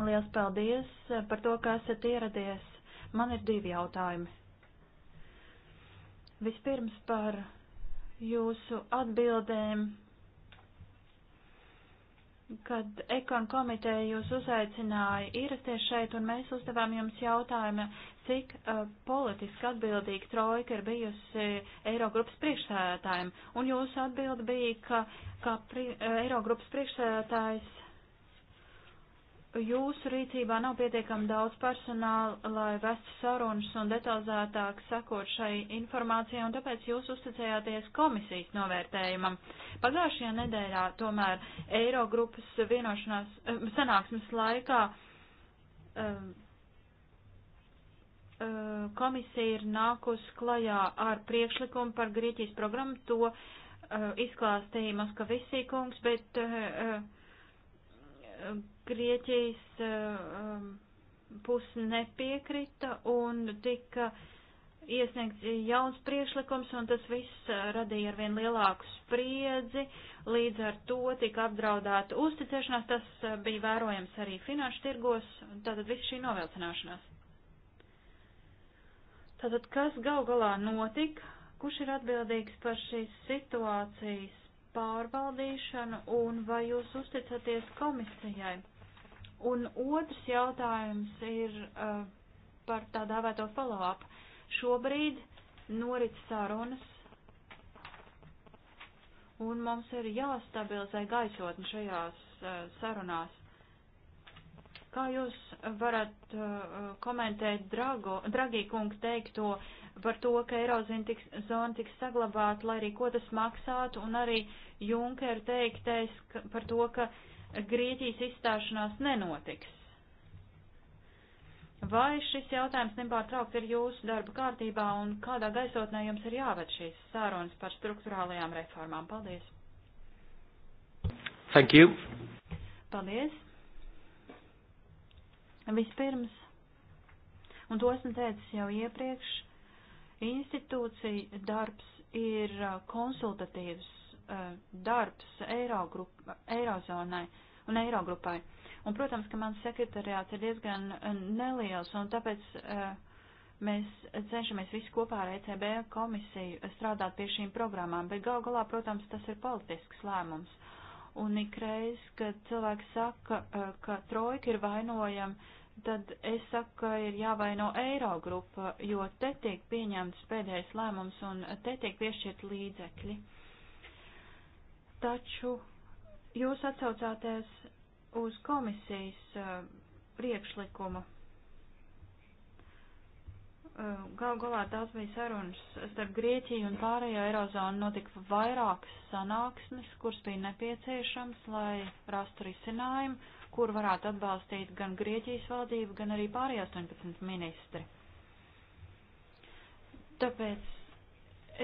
Liels paldies eh, par to, ka esat ieradies. Man ir divi jautājumi. Vispirms par jūsu atbildēm, kad ekon komiteja jūs uzaicināja ierasties šeit un mēs uzdevām jums jautājumu, cik uh, politiski atbildīga trojka ir bijusi Eirogrupas priekšsēdētājiem. Un jūsu atbilde bija, ka, ka pri, uh, Eirogrupas priekšsēdētājs jūsu rīcībā nav pietiekami daudz personāla, lai vestu sarunas un detalizētāk sakot šai informācijai, un tāpēc jūs uzticējāties komisijas novērtējumam. Pagājušajā nedēļā tomēr Eirogrupas vienošanās sanāksmes laikā um, komisija ir nākus klajā ar priekšlikumu par Grieķijas programmu, to izklāstīja Moskavisī kungs, bet Grieķijas pusi nepiekrita un tika iesniegts jauns priešlikums, un tas viss radīja arvien lielāku spriedzi, līdz ar to tika apdraudēta uzticēšanās, tas bija vērojams arī finanšu tirgos, tātad viss šī novilcināšanās. Tātad, kas gal galā notika, kurš ir atbildīgs par šīs situācijas pārvaldīšanu un vai jūs uzticaties komisijai? Un otrs jautājums ir uh, par tā dēvēto follow-up. Šobrīd norit sarunas un mums ir jāstabilizē gaisotni šajās uh, sarunās. Kā jūs varat uh, komentēt Drago, Dragī kungu teikto par to, ka Eirozona tiks, tiks saglabāta, lai arī ko tas maksātu, un arī Junker teiktais ka, par to, ka Grieķijas izstāšanās nenotiks. Vai šis jautājums nepārtraukti ir jūsu darba kārtībā un kādā gaisotnē jums ir jāved šīs sārunas par struktūrālajām reformām? Paldies! Thank you! Paldies! Vispirms, un to esmu teicis jau iepriekš, institūcija darbs ir uh, konsultatīvs uh, darbs Eirogrupa, Eirozonai un Eirogrupai. Un, protams, ka mans sekretariāts ir diezgan uh, neliels, un tāpēc mēs cenšamies visi kopā ar ECB komisiju strādāt pie šīm programmām, bet gal galā, protams, tas ir politisks lēmums. Un ikreiz, kad cilvēki saka, ka trojka ir vainojama, tad es saku, ka ir jāvaino Eirogrupa, jo te tiek pieņemts pēdējais lēmums un te tiek piešķirt līdzekļi. Taču jūs atsaucāties uz komisijas eh, priekšlikumu. Eh, gal galā tās bija sarunas starp Grieķiju un pārējo Eirozonu notika vairākas sanāksmes, kuras bija nepieciešams, lai rastu risinājumu kur varētu atbalstīt gan Grieķijas valdība, gan arī pārējie 18 ministri. Tāpēc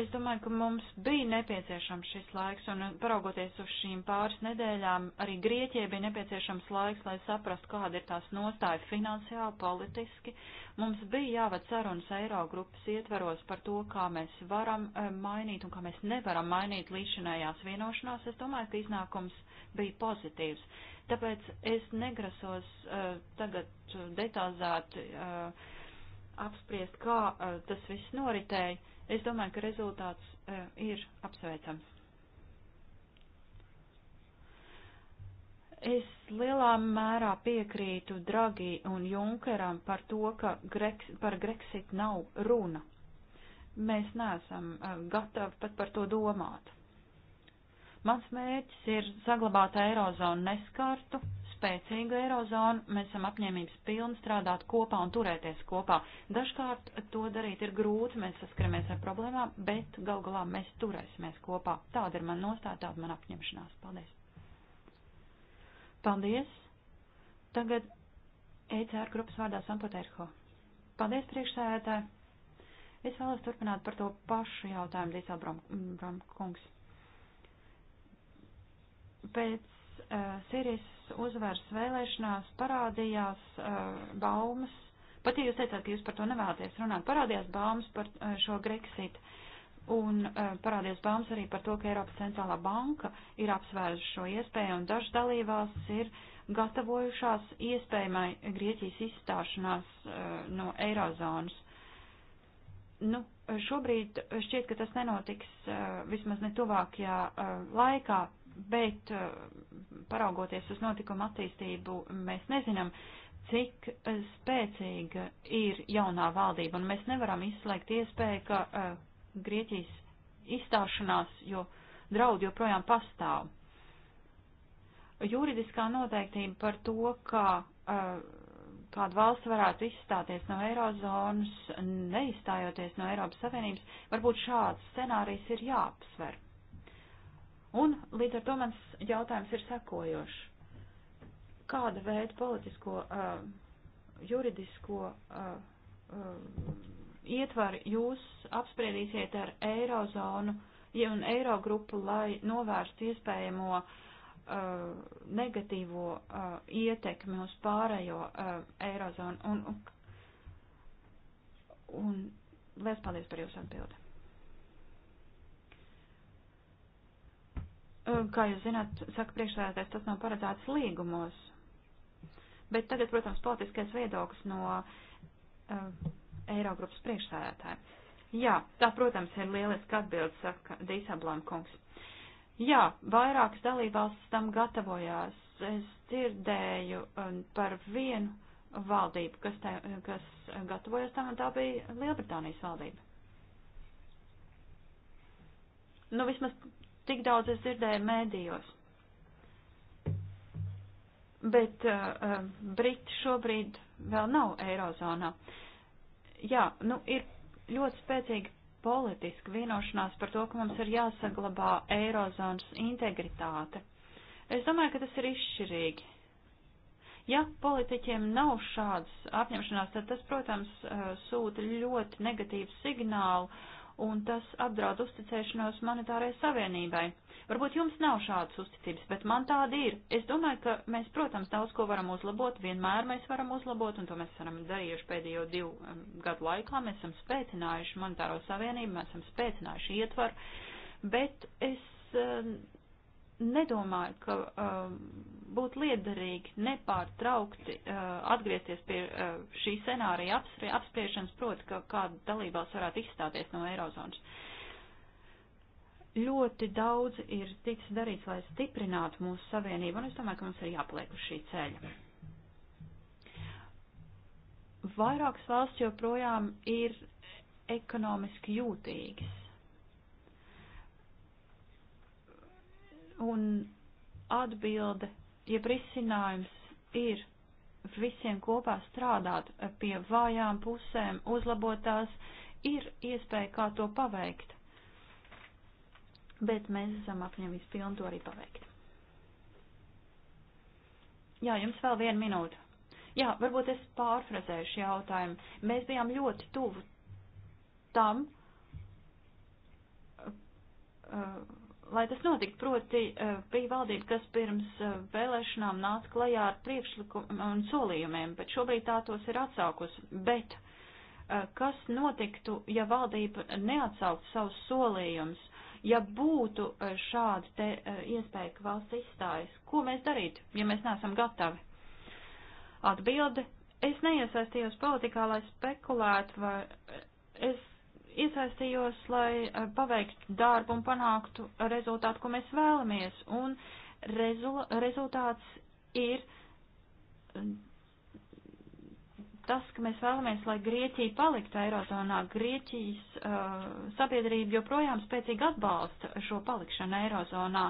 es domāju, ka mums bija nepieciešams šis laiks, un paraugoties uz šīm pāris nedēļām, arī Grieķijai bija nepieciešams laiks, lai saprastu, kāda ir tās nostāja finansiāli, politiski. Mums bija jāved sarunas Eirogrupas ietveros par to, kā mēs varam eh, mainīt un kā mēs nevaram mainīt līdzinājās vienošanās. Es domāju, ka iznākums bija pozitīvs. Tāpēc es negrasos uh, tagad detalizēti uh, apspriest, kā uh, tas viss noritēja. Es domāju, ka rezultāts uh, ir apsveicams. Es lielā mērā piekrītu Dragi un Junkeram par to, ka Greks, par Grexit nav runa. Mēs neesam uh, gatavi pat par to domāt. Mans mērķis ir saglabāt eirozonu neskartu, spēcīgu eirozonu. Mēs esam apņēmības pilni strādāt kopā un turēties kopā. Dažkārt to darīt ir grūti, mēs saskaramies ar problēmām, bet gal galā mēs turēsimies kopā. Tāda ir man nostāja, tāda man apņemšanās. Paldies! Paldies! Tagad ECR grupas vārdā Sampoterho. Paldies, priekšsēdētāji! Es vēlos turpināt par to pašu jautājumu, Dīsel Brom, Brom kungs. Brom, Pēc uh, Sīrijas uzvaras vēlēšanās parādījās uh, baumas, pat ja jūs teicāt, ka jūs par to nevēlaties runāt, parādījās baumas par uh, šo Grexit un uh, parādījās baumas arī par to, ka Eiropas centrālā banka ir apsvērusi šo iespēju un dažas dalībās ir gatavojušās iespējamai Grieķijas izstāšanās uh, no Eirozonas. Nu, šobrīd šķiet, ka tas nenotiks uh, vismaz netuvākajā uh, laikā, bet eh, paraugoties uz notikumu attīstību, mēs nezinām, cik eh, spēcīga ir jaunā valdība, un mēs nevaram izslēgt iespēju, ka uh, Grieķijas izstāšanās, jo draudi joprojām pastāv. Juridiskā noteiktība par to, kā uh, kāda valsts varētu izstāties no Eirozonas, neizstājoties no Eiropas Savienības, varbūt šāds scenārijs ir jāapsver. Un līdz ar to mans jautājums ir sekojošs. Kāda veida politisko, uh, juridisko uh, uh, ietvaru jūs apspriedīsiet ar Eirozonu ja un Eirogrupu, lai novērstu iespējamo uh, negatīvo uh, ietekmi uz pārējo uh, Eirozonu? Un, un, un liels paldies par jūsu atbildi. Eh, kā jūs zināt, saka priekšsēdētājs, tas nav paredzēts līgumos. Bet tagad, protams, politiskais viedoklis no uh, Eirogrupas priekšsēdētāja. Jā, tā, protams, ir lieliski atbildes, saka Dīsablām kungs. Jā, vairākas dalībvalstis tam gatavojās. Es dzirdēju um, par vienu valdību, kas, te, kas gatavojas tam, un tā bija Lielbritānijas valdība. Nu, vismaz Tik daudz es dzirdēju mēdījos. Bet uh, uh Briti šobrīd vēl nav Eirozonā. Jā, nu ir ļoti spēcīga politiska vienošanās par to, ka mums ir jāsaglabā Eirozonas integritāte. Es domāju, ka tas ir izšķirīgi. Ja politiķiem nav šādas apņemšanās, tad tas, protams, uh, sūta ļoti negatīvu signālu un tas apdraud uzticēšanos monetārai savienībai. Varbūt jums nav šādas uzticības, bet man tāda ir. Es domāju, ka mēs, protams, daudz ko varam uzlabot, vienmēr mēs varam uzlabot, un to mēs esam darījuši pēdējo divu um, gadu laikā. Mēs esam spēcinājuši monetāro savienību, mēs esam spēcinājuši ietvaru, bet es um, nedomāju, ka um, būt liederīgi nepārtraukti uh, atgriezties pie uh, šī scenārija apspriešanas, proti, ka kāda dalībās varētu izstāties no Eirozonas. Ļoti daudz ir ticis darīts, lai stiprinātu mūsu savienību, un es domāju, ka mums ir jāpaliek uz šī ceļa. Vairākas valsts joprojām ir ekonomiski jūtīgas. Un atbilde jeb risinājums ir visiem kopā strādāt pie vājām pusēm, uzlabot tās, ir iespēja kā to paveikt. Bet mēs esam apņēmīgi pilni to arī paveikt. Jā, jums vēl viena minūte. Jā, varbūt es pārfrazēšu jautājumu. Mēs bijām ļoti tuvu tam, uh, lai tas notiktu, proti eh, bija valdība, kas pirms eh, vēlēšanām nāca klajā ar priekšlikumiem un solījumiem, bet šobrīd tā tos ir atsaukus. Bet eh, kas notiktu, ja valdība neatsaukt savus solījumus, ja būtu šāda te iespēja, ka valsts izstājas? Ko mēs darītu, ja mēs neesam gatavi? Atbilde. Es neiesaistījos politikā, lai spekulētu, vai es iesaistījos, lai eh, paveiktu darbu un panāktu rezultātu, ko mēs vēlamies. Un rezu, rezultāts ir eh, tas, ka mēs vēlamies, lai Grieķija paliktu Eirozonā. Grieķijas uh, sabiedrība joprojām spēcīgi atbalsta šo palikšanu Eirozonā.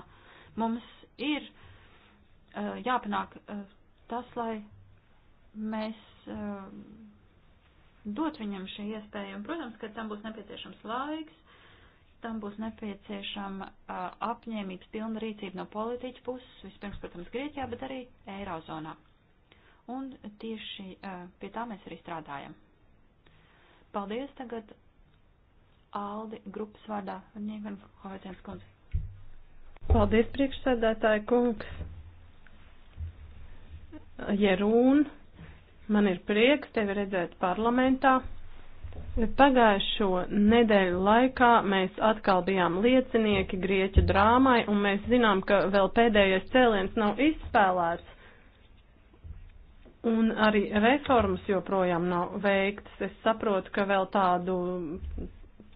Mums ir uh, jāpanāk uh, tas, lai mēs. Uh, dot viņam šī iespēja. Un, protams, ka tam būs nepieciešams laiks, tam būs nepieciešama apņēmības pilna rīcība no politiķa puses, vispirms, protams, Grieķijā, bet arī Eirozonā. Un tieši pie tā mēs arī strādājam. Paldies tagad Aldi grupas vārdā. Niegan Hoizēns kundze. Paldies priekšsēdētāji kungs. Jerūn. Ja Man ir prieks tevi redzēt parlamentā. Pagājušo nedēļu laikā mēs atkal bijām liecinieki grieķu drāmai, un mēs zinām, ka vēl pēdējais cēliens nav izspēlēts. Un arī reformas joprojām nav veiktas. Es saprotu, ka vēl tādu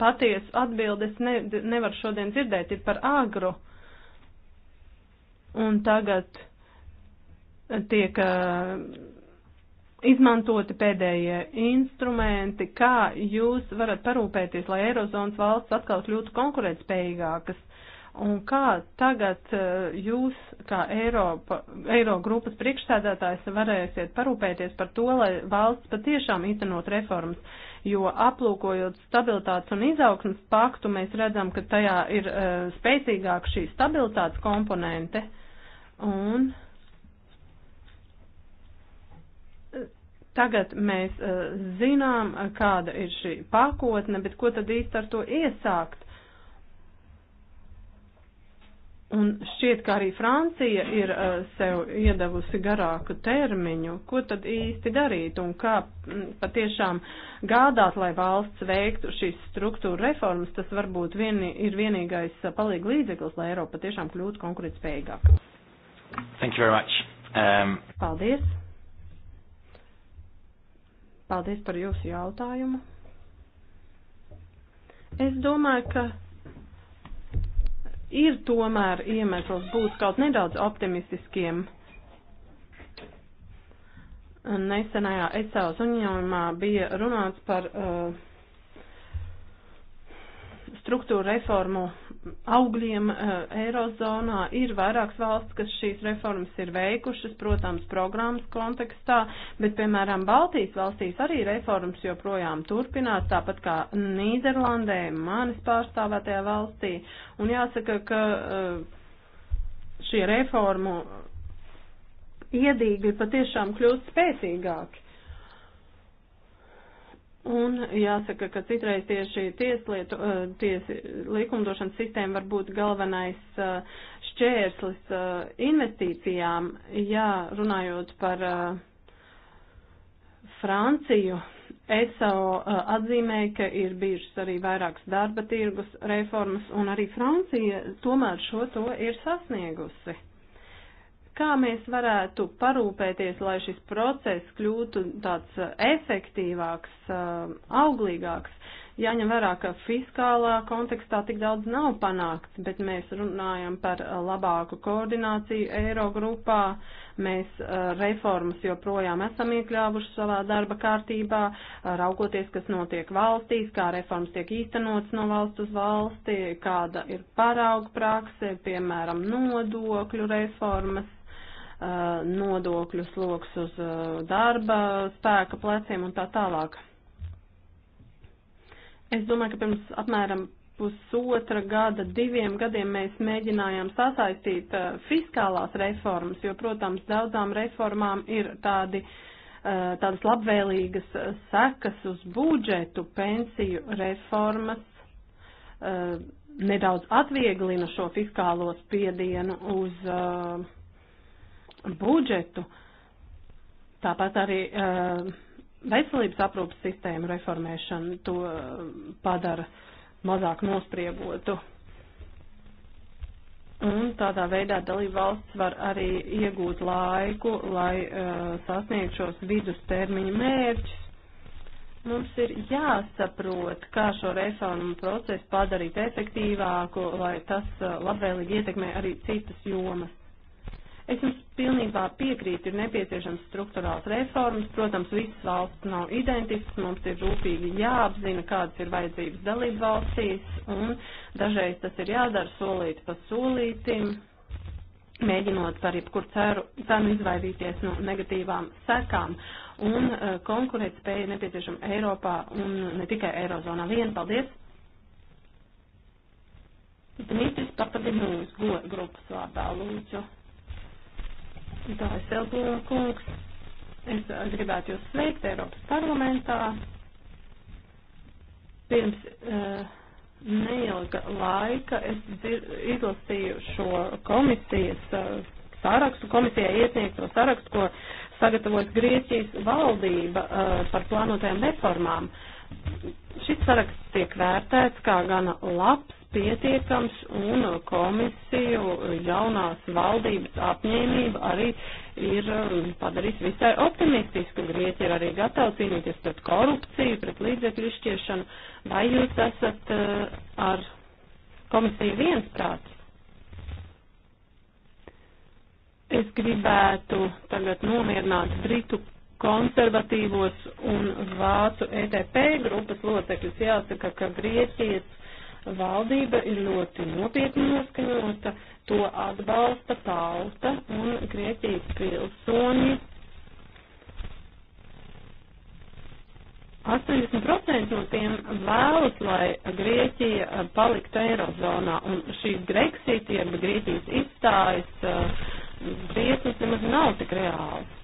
patiesu atbildes ne, nevar šodien dzirdēt, ir par agru. Un tagad tiek. Uh, izmantoti pēdējie instrumenti, kā jūs varat parūpēties, lai Eirozonas valsts atkal kļūtu konkurētspējīgākas, un kā tagad eh, jūs, kā Eiropa, Eiro grupas priekšsēdētājs, varēsiet parūpēties par to, lai valsts patiešām īstenot reformas, jo aplūkojot stabilitātes un izaugsmas paktu, mēs redzam, ka tajā ir uh, spēcīgāk šī stabilitātes komponente, un. Uh, Tagad mēs uh, zinām, eh, kāda ir šī pakotne, bet ko tad īsti ar to iesākt? Un šķiet, ka arī Francija ir uh, sev iedavusi garāku termiņu. Ko tad īsti darīt un kā mm, patiešām gādāt, lai valsts veiktu šīs struktūra reformas, tas varbūt vien, ir vienīgais palīga līdzeklis, lai Eiropa patiešām kļūtu konkurētspējīgāk. Thank you very much. Um... Paldies. Paldies par jūsu jautājumu. Es domāju, ka ir tomēr iemesls būt kaut nedaudz optimistiskiem. Nesenajā ECO ziņojumā bija runāts par uh, struktūra reformu augļiem eh, Eirozonā ir vairākas valsts, kas šīs reformas ir veikušas, protams, programmas kontekstā, bet, piemēram, Baltijas valstīs arī reformas joprojām turpinās, tāpat kā Nīderlandē, manis pārstāvētajā valstī. Un jāsaka, ka eh, šie reformu iedīgļi patiešām kļūst spēcīgāki. Un jāsaka, ka citreiz tieši tieslietu, eh, tiesi, likumdošanas sistēma var būt galvenais eh, šķērslis eh, investīcijām. Jā, runājot par Franciju, ESO atzīmēja, ka ir bijušas arī vairākas darba tirgus reformas, un arī Francija tomēr šo to ir sasniegusi. Kā mēs varētu parūpēties, lai šis process kļūtu tāds uh, efektīvāks, um, auglīgāks? Jāņem vērā, ka fiskālā kontekstā tik daudz nav panākts, bet mēs runājam par uh, labāku koordināciju Eirogrupā, mēs uh, reformas joprojām esam iekļāvuši savā darba kārtībā, raugoties, kas notiek valstīs, kā reformas tiek īstenotas no valsts uz valsti, kāda ir parauga prakse, piemēram, nodokļu reformas nodokļu sloks uz darba spēka pleciem un tā tālāk. Es domāju, ka pirms apmēram pusotra gada, diviem gadiem mēs mēģinājām sasaistīt fiskālās reformas, jo, protams, daudzām reformām ir tādi, tādas labvēlīgas sekas uz budžetu, pensiju reformas nedaudz atvieglina šo fiskālo spiedienu uz uh, budžetu, tāpat arī uh, veselības aprūpas sistēmu reformēšanu to uh, padara mazāk nospriegotu. Un tādā veidā dalība valsts var arī iegūt laiku, lai uh, eh, sasniegtu šos vidustermiņa mērķus. Mums ir jāsaprot, kā šo reformu procesu padarīt efektīvāku, lai tas uh, labvēlīgi ietekmē arī citas jomas. Es jums pilnībā piekrītu, ir nepieciešams struktūrāls reformas. Protams, visas valsts nav identiskas, mums ir rūpīgi jāapzina, kādas ir vajadzības dalību valstīs, un dažreiz tas ir jādara solīti pa solītim, mēģinot par jebkuru ceru, cenu izvairīties no negatīvām sekām. Un uh, eh, konkurētspēja nepieciešama Eiropā un ne tikai Eirozonā. Vien, paldies! Dmitris Papadinūs grupas vārdā lūdzu. Tā es Elpīla kungs. Es eh, gribētu jūs sveikt Eiropas parlamentā. Pirms uh, neilga laika es izlasīju šo komisijas uh, sarakstu, komisijai iesniegto sarakstu, ko sagatavos Grieķijas valdība uh, par plānotajām reformām. Šis saraksts tiek vērtēts kā gana labs pietiekams un komisiju jaunās valdības apņēmība arī ir um, padarījis visai optimistisku. Grieķi ir arī gatavi cīnīties pret korupciju, pret līdzekļu izšķiešanu. Vai jūs esat uh, ar komisiju viensprāts? Es gribētu tagad nomierināt Britu konservatīvos un vācu ETP grupas locekļus. Jāsaka, ka Grieķijas Valdība ir ļoti nopietni noskaņota, to atbalsta tauta un Grieķijas pilsoņi. 80% no tiem vēlas, lai Grieķija paliktu Eirozonā, un šī Brexit, jeb Grieķijas izstājas, briesmas eh, nemaz nav tik reāls.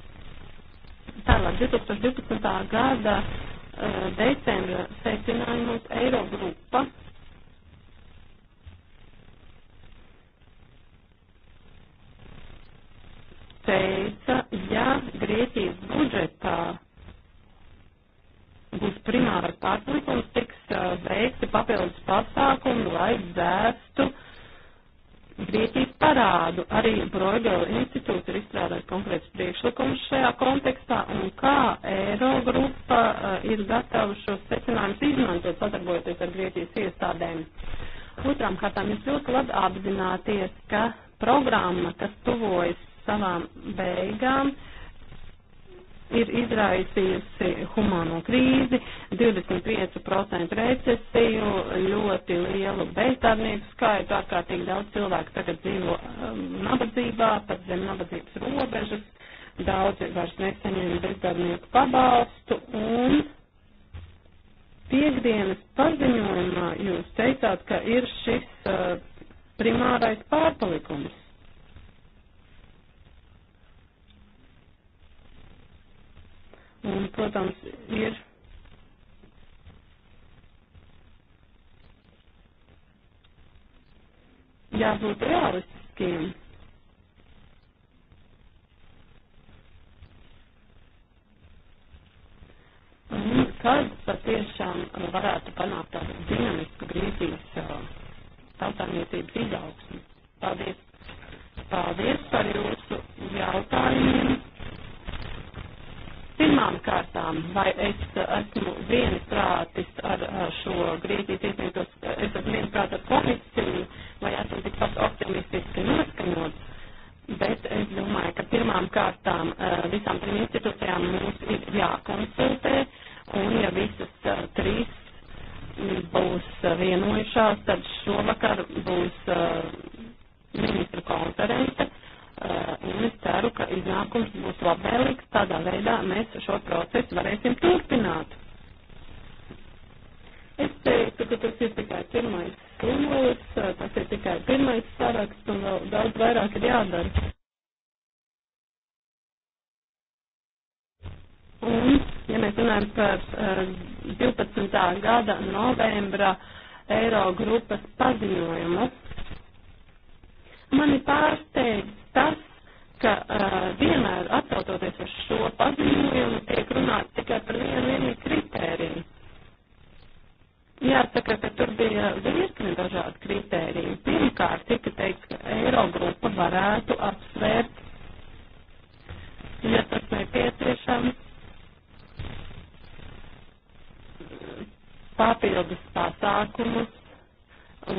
Tālāk, 2012. gada eh, decembra secinājumos Eirogrupa teica, ja Grieķijas budžetā būs primāra pārpalikums, tiks uh, veikti papildus pasākumi, lai dzēstu Grieķijas parādu. Arī Broigela institūts ir izstrādājis konkrēts priekšlikums šajā kontekstā, un kā Eirogrupa uh, ir gatava šos secinājumus izmantot, sadarbojoties ar Grieķijas iestādēm. Otrām kārtām jūs ļoti labi apzināties, ka programma, kas tuvojas savām beigām ir izraisījusi humāno krīzi, 25% recesiju, ļoti lielu bezdarbnieku skaitu, ārkārtīgi daudz cilvēku tagad dzīvo um, nabadzībā, pat zem nabadzības robežas, daudzi vairs nesaņem bezdarbnieku pabalstu un piekdienas paziņojumā jūs teicāt, ka ir šis uh, primārais pārpalikums. Un, protams, ir jābūt realistiskiem. Un kad patiešām varētu panākt tādu dinamisku Grīzijas tautāmniecības izaugsmu? Paldies! Paldies par jūsu jautājumiem! Pirmām kārtām, vai es esmu vienprātis ar šo Grieķijas iesniegtos, es esmu vienprāt ar komisiju, vai esmu tikpat optimistiski noskaņots, bet es domāju, ka pirmām kārtām eh, visām trim institūcijām mums ir jākonsultē, un ja visas eh, trīs mm, būs vienojušās, tad šovakar būs eh, ministru konference Eh, un es ceru, ka iznākums būs labvēlīgs. Tādā veidā mēs šo procesu varēsim turpināt. Es teiktu, ka tas ir tikai pirmais solis, eh, tas ir tikai pirmais saraksts un vēl daudz vairāk ir jādara. Un, ja mēs runājam par uh, eh, 12. gada novembra Eiro grupas paziņojumu, mani pārsteidz tas, ka uh, vienmēr atsaucoties uz šo paziņojumu, tiek runāts tikai par vienu vienīgu kritēriju. Jāsaka, ka tur bija virkni dažādi kritēriji. Pirmkārt, tika teikts, ka Eirogrupa varētu apsvērt, ja tas nepieciešams, papildus pasākumus,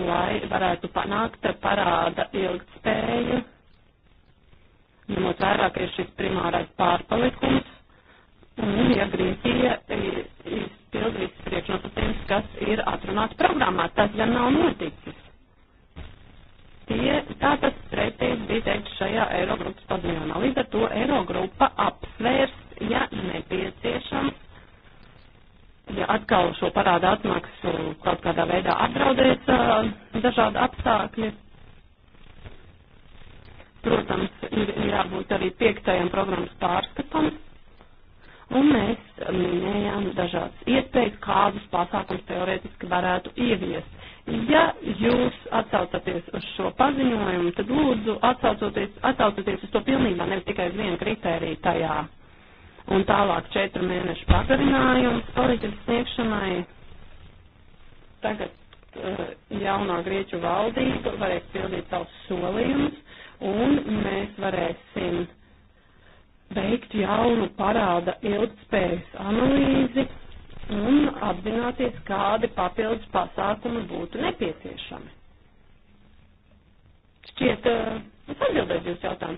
lai varētu panākt parāda ilgtspēju ņemot vērā, ka ir šis primārais pārpalikums, un ja Grieķija izpildīs priekšnosacījums, kas ir atrunāts programmā, tas gan nav noticis. Tie, tā tas pretēji bija teikt šajā Eirogrupas paziņojumā. Līdz ar to Eirogrupa apsvērs, ja nepieciešams, ja atkal šo parādu atmaksu uh, kaut kādā veidā apdraudēs uh, dažādi apstākļi ir jābūt arī piektajam programmas pārskatam, un mēs minējām dažādas iespējas, kādas pasākums teorētiski varētu ieviest. Ja jūs atsaucaties uz šo paziņojumu, tad lūdzu atsaucoties, atsaucoties uz to pilnībā, nevis tikai uz vienu kritēriju tajā. Un tālāk četru mēnešu pagarinājums palīdzības sniegšanai. Tagad eh, jaunā grieķu valdība varēs pildīt savus solījumus, un mēs varēsim veikt jaunu parāda ilgspējas analīzi un apzināties, kādi papildus pasākumi būtu nepieciešami. Šķiet, eh, es atbildēju jūs jautājumu.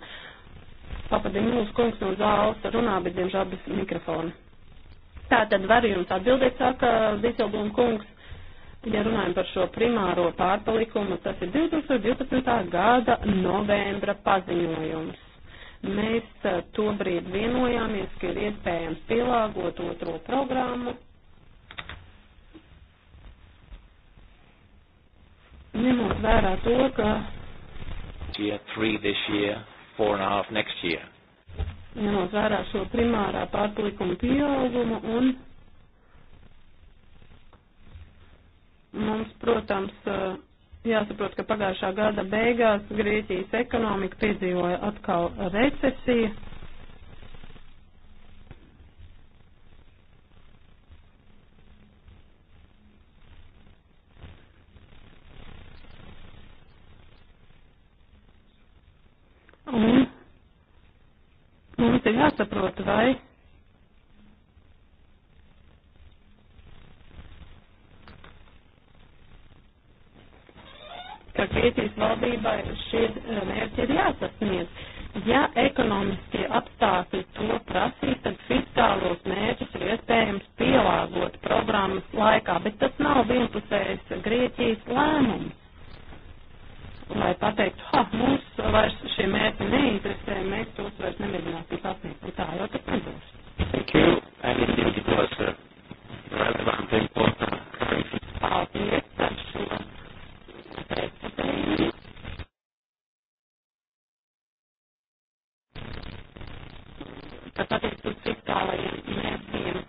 Papadim mūsu kungs no zāles runā, bet diemžēl bez mikrofona. Tā tad varu jums atbildēt, saka Dīselblūma kungs ja runājam par šo primāro pārpalikumu, tas ir 2012. gada novembra paziņojums. Mēs tobrīd vienojāmies, ka ir iespējams pielāgot otro programmu. Ņemot vērā to, ka. Year, three this year, four and a half next year. Ņemot vērā šo primārā pārpalikuma pieaugumu un Mums, protams, eh, jāsaprot, ka pagājušā gada beigās Grieķijas ekonomika piedzīvoja atkal recesiju. Un mums ir jāsaprot, vai ka Grieķijas valdībai šie eh, mērķi ir jāsasniedz. Ja ekonomiskie apstākļi to prasīs, tad fiskālos mērķus ir iespējams pielāgot programmas laikā, bet tas nav vienpusējs Grieķijas lēmums. Lai pateiktu, ha, mums vairs šie mērķi neinteresē, mēs tos vairs nemēģināsim sasniegt, un tā jau tas nebūs. Thank you. I think it was a uh, relevant, important conference. Paldies par šo pēcpusdienā. Tad attiecībā uz fiskālajiem mērķiem.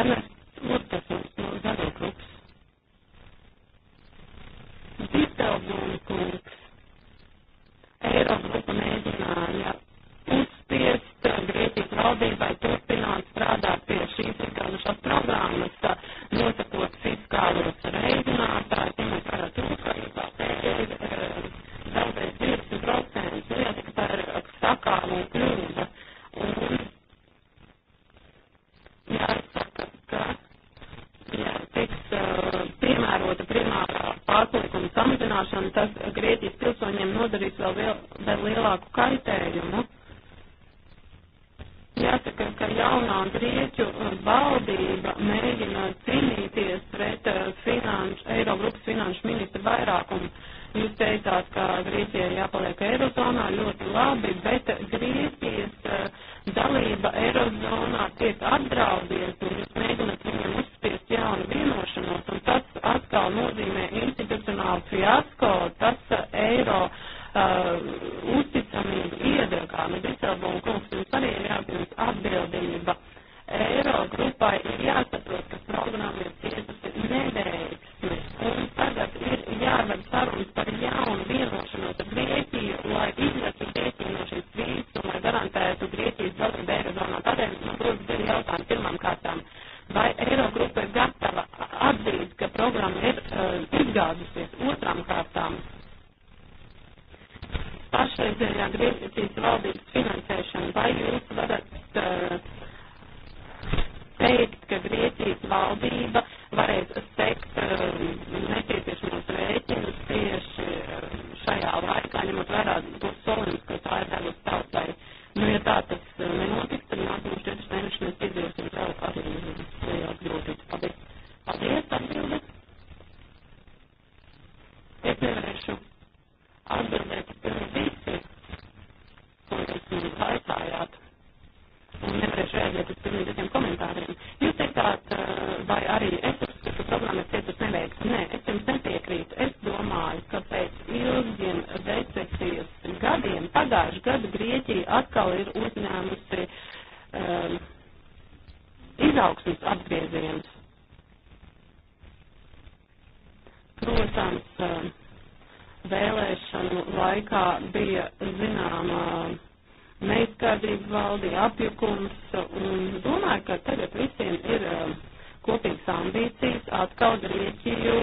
Ernests Urtasons no Zaļo grupas. Dīsteldūna kungs. Eirogrupa mēģināja uzspiest Grieķijas valdībai turpināt strādāt pie šīs izgājušās programmas, nosakot fiskālos reizinātājus, ja mēs varētu uzvairītāt eh, zaudēt 20%, nu, ja tik par sakām un kļūda. Un jāsaka, ka ja tiks uh, piemērota primārā pārpalikuma samazināšana, tas Grieķijas pilsoņiem nodarīs vēl, liel, vēl lielāku kaitējumu. Jāsaka, ka jaunā Grieķu uh, valdība mēģina cīnīties pret uh, finanšu, Eirogrupas finanšu ministru vairākumu. Jūs teicāt, ka Grieķijai jāpaliek Eirozonā ļoti labi, bet Grieķijas uh, dalība Eirozonā tiek apdraudies, un jūs mēģināt viņiem uzspiest jaunu vienošanos, un tas atkal nozīmē institucionālu fiasko, tas Eiro. Uh, uh, uzticamību iedragāmi. Diselbona kungs jums arī ir jāpilns atbildība. Eiro grupai ir jāsaprot, ka programma ir cietusi neveiksmi. Un tagad ir jāved sarunas par jaunu vienošanos ar Grieķiju, lai izvestu Grieķiju no šīs krīzes un lai garantētu Grieķijas dalību Eirozonā. Tādēļ man rodas divi jautājumi pirmām kārtām. Vai Eiro grupa ir gatava atzīt, ka programma ir uh, izgāzusies otrām kārtām? pašreizējā Grieķijas valdības finansēšanu, vai jūs varat uh, teikt, ka Grieķijas valdība varēs sekt uh, eh, nepieciešamos rēķinus tieši eh, šajā laikā, ņemot vērā tos solījumus, ko tā ir devusi tautai. Nu, ja tā tas nenotiks, tad nākamos četrus mēnešus mēs piedzīvosim vēl arī liels grūtības. Paldies! Paldies, atbildes! Es nevarēšu atbildēt uz visu, ko jūs vaicājāt. Un nevarēšu reaģēt uz pilnīgi visiem komentāriem. Jūs teicāt, eh, vai arī es uzskatu, ka programma ir cietusi neveiksmi. Nē, es jums nepiekrītu. Es domāju, ka pēc ilgiem recesijas gadiem, pagājuši gadu Grieķija atkal ir uzņēmusi um, ehm, izaugsmas apgriezienus. Protams, um, vēlēšanu laikā bija zināma neizkārtība valdīja apjukums un domāju, ka tagad visiem ir eh, kopīgas ambīcijas atkal Grieķiju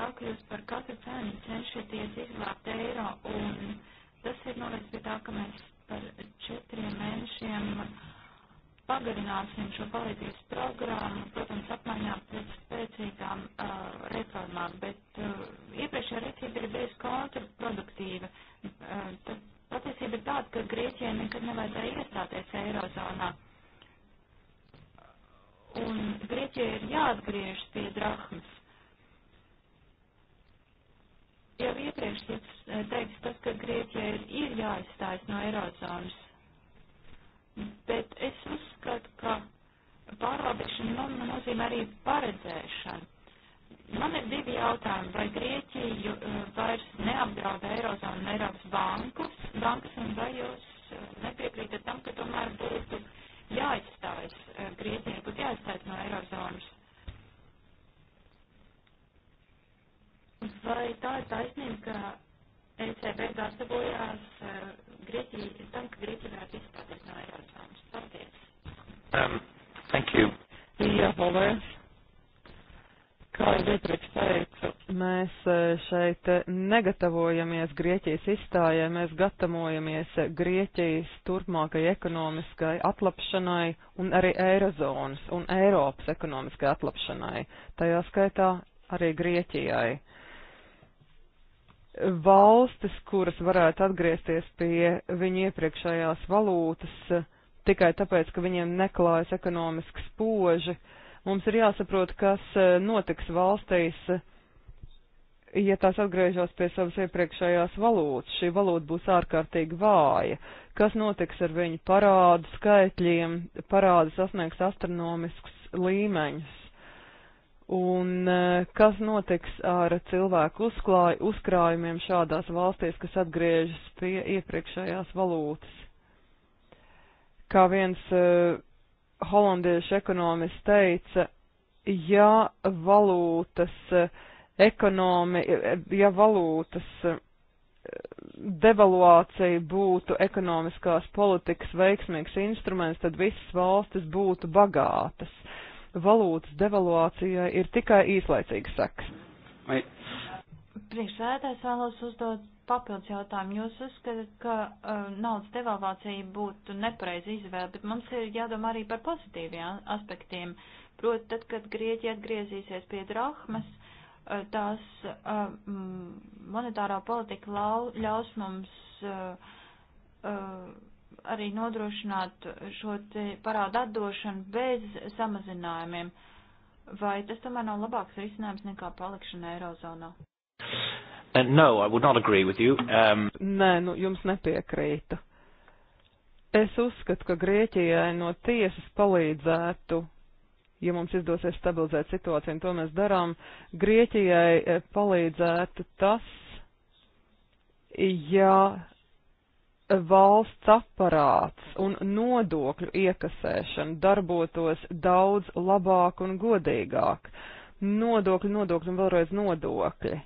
tā, ka jūs par katru cenu cenšaties izglābt eiro, un tas ir novedis pie tā, ka mēs par četriem mēnešiem pagarināsim šo palīdzības programmu negatavojamies Grieķijas izstājai, mēs gatavojamies Grieķijas turpmākai ekonomiskai atlapšanai un arī Eirozonas un Eiropas ekonomiskai atlapšanai, tajā skaitā arī Grieķijai. Valstis, kuras varētu atgriezties pie viņu iepriekšējās valūtas tikai tāpēc, ka viņiem neklājas ekonomiski spoži, mums ir jāsaprot, kas eh, notiks valstīs, ja tās atgriežas pie savas iepriekšējās valūtas, šī valūta būs ārkārtīgi vāja. Kas notiks ar viņu parādu skaitļiem? Parādi sasniegs astronomisks līmeņus. Un e, kas notiks ar cilvēku uzklāj, uzkrājumiem šādās valstīs, kas atgriežas pie iepriekšējās valūtas? Kā viens uh, holandiešu ekonomists teica, ja valūtas uh, ekonomi, ja valūtas eh, devaluācija būtu ekonomiskās politikas veiksmīgs instruments, tad visas valstis būtu bagātas. Valūtas devaluācijai ir tikai īslaicīgs seks. Priekšsēdētājs vēlos uzdot papildus jautājumu. Jūs uzskatāt, ka uh, naudas devalvācija būtu nepareiza izvēle, bet mums ir jādomā arī par pozitīviem aspektiem. Proti, tad, kad Grieķija atgriezīsies pie drahmas, uh, tās monetārā politika lau, ļaus mums arī nodrošināt šo parādu atdošanu bez samazinājumiem. Vai tas tomēr nav labāks risinājums nekā palikšana Eirozonā? Uh, no, I would not agree with you. Um... Nē, nu, jums nepiekrītu. Es uzskatu, ka Grieķijai no tiesas palīdzētu ja mums izdosies stabilizēt situāciju, un to mēs darām, Grieķijai eh, palīdzētu tas, ja valsts aparāts un nodokļu iekasēšana darbotos daudz labāk un godīgāk. Nodokļi, nodokļi un vēlreiz nodokļi.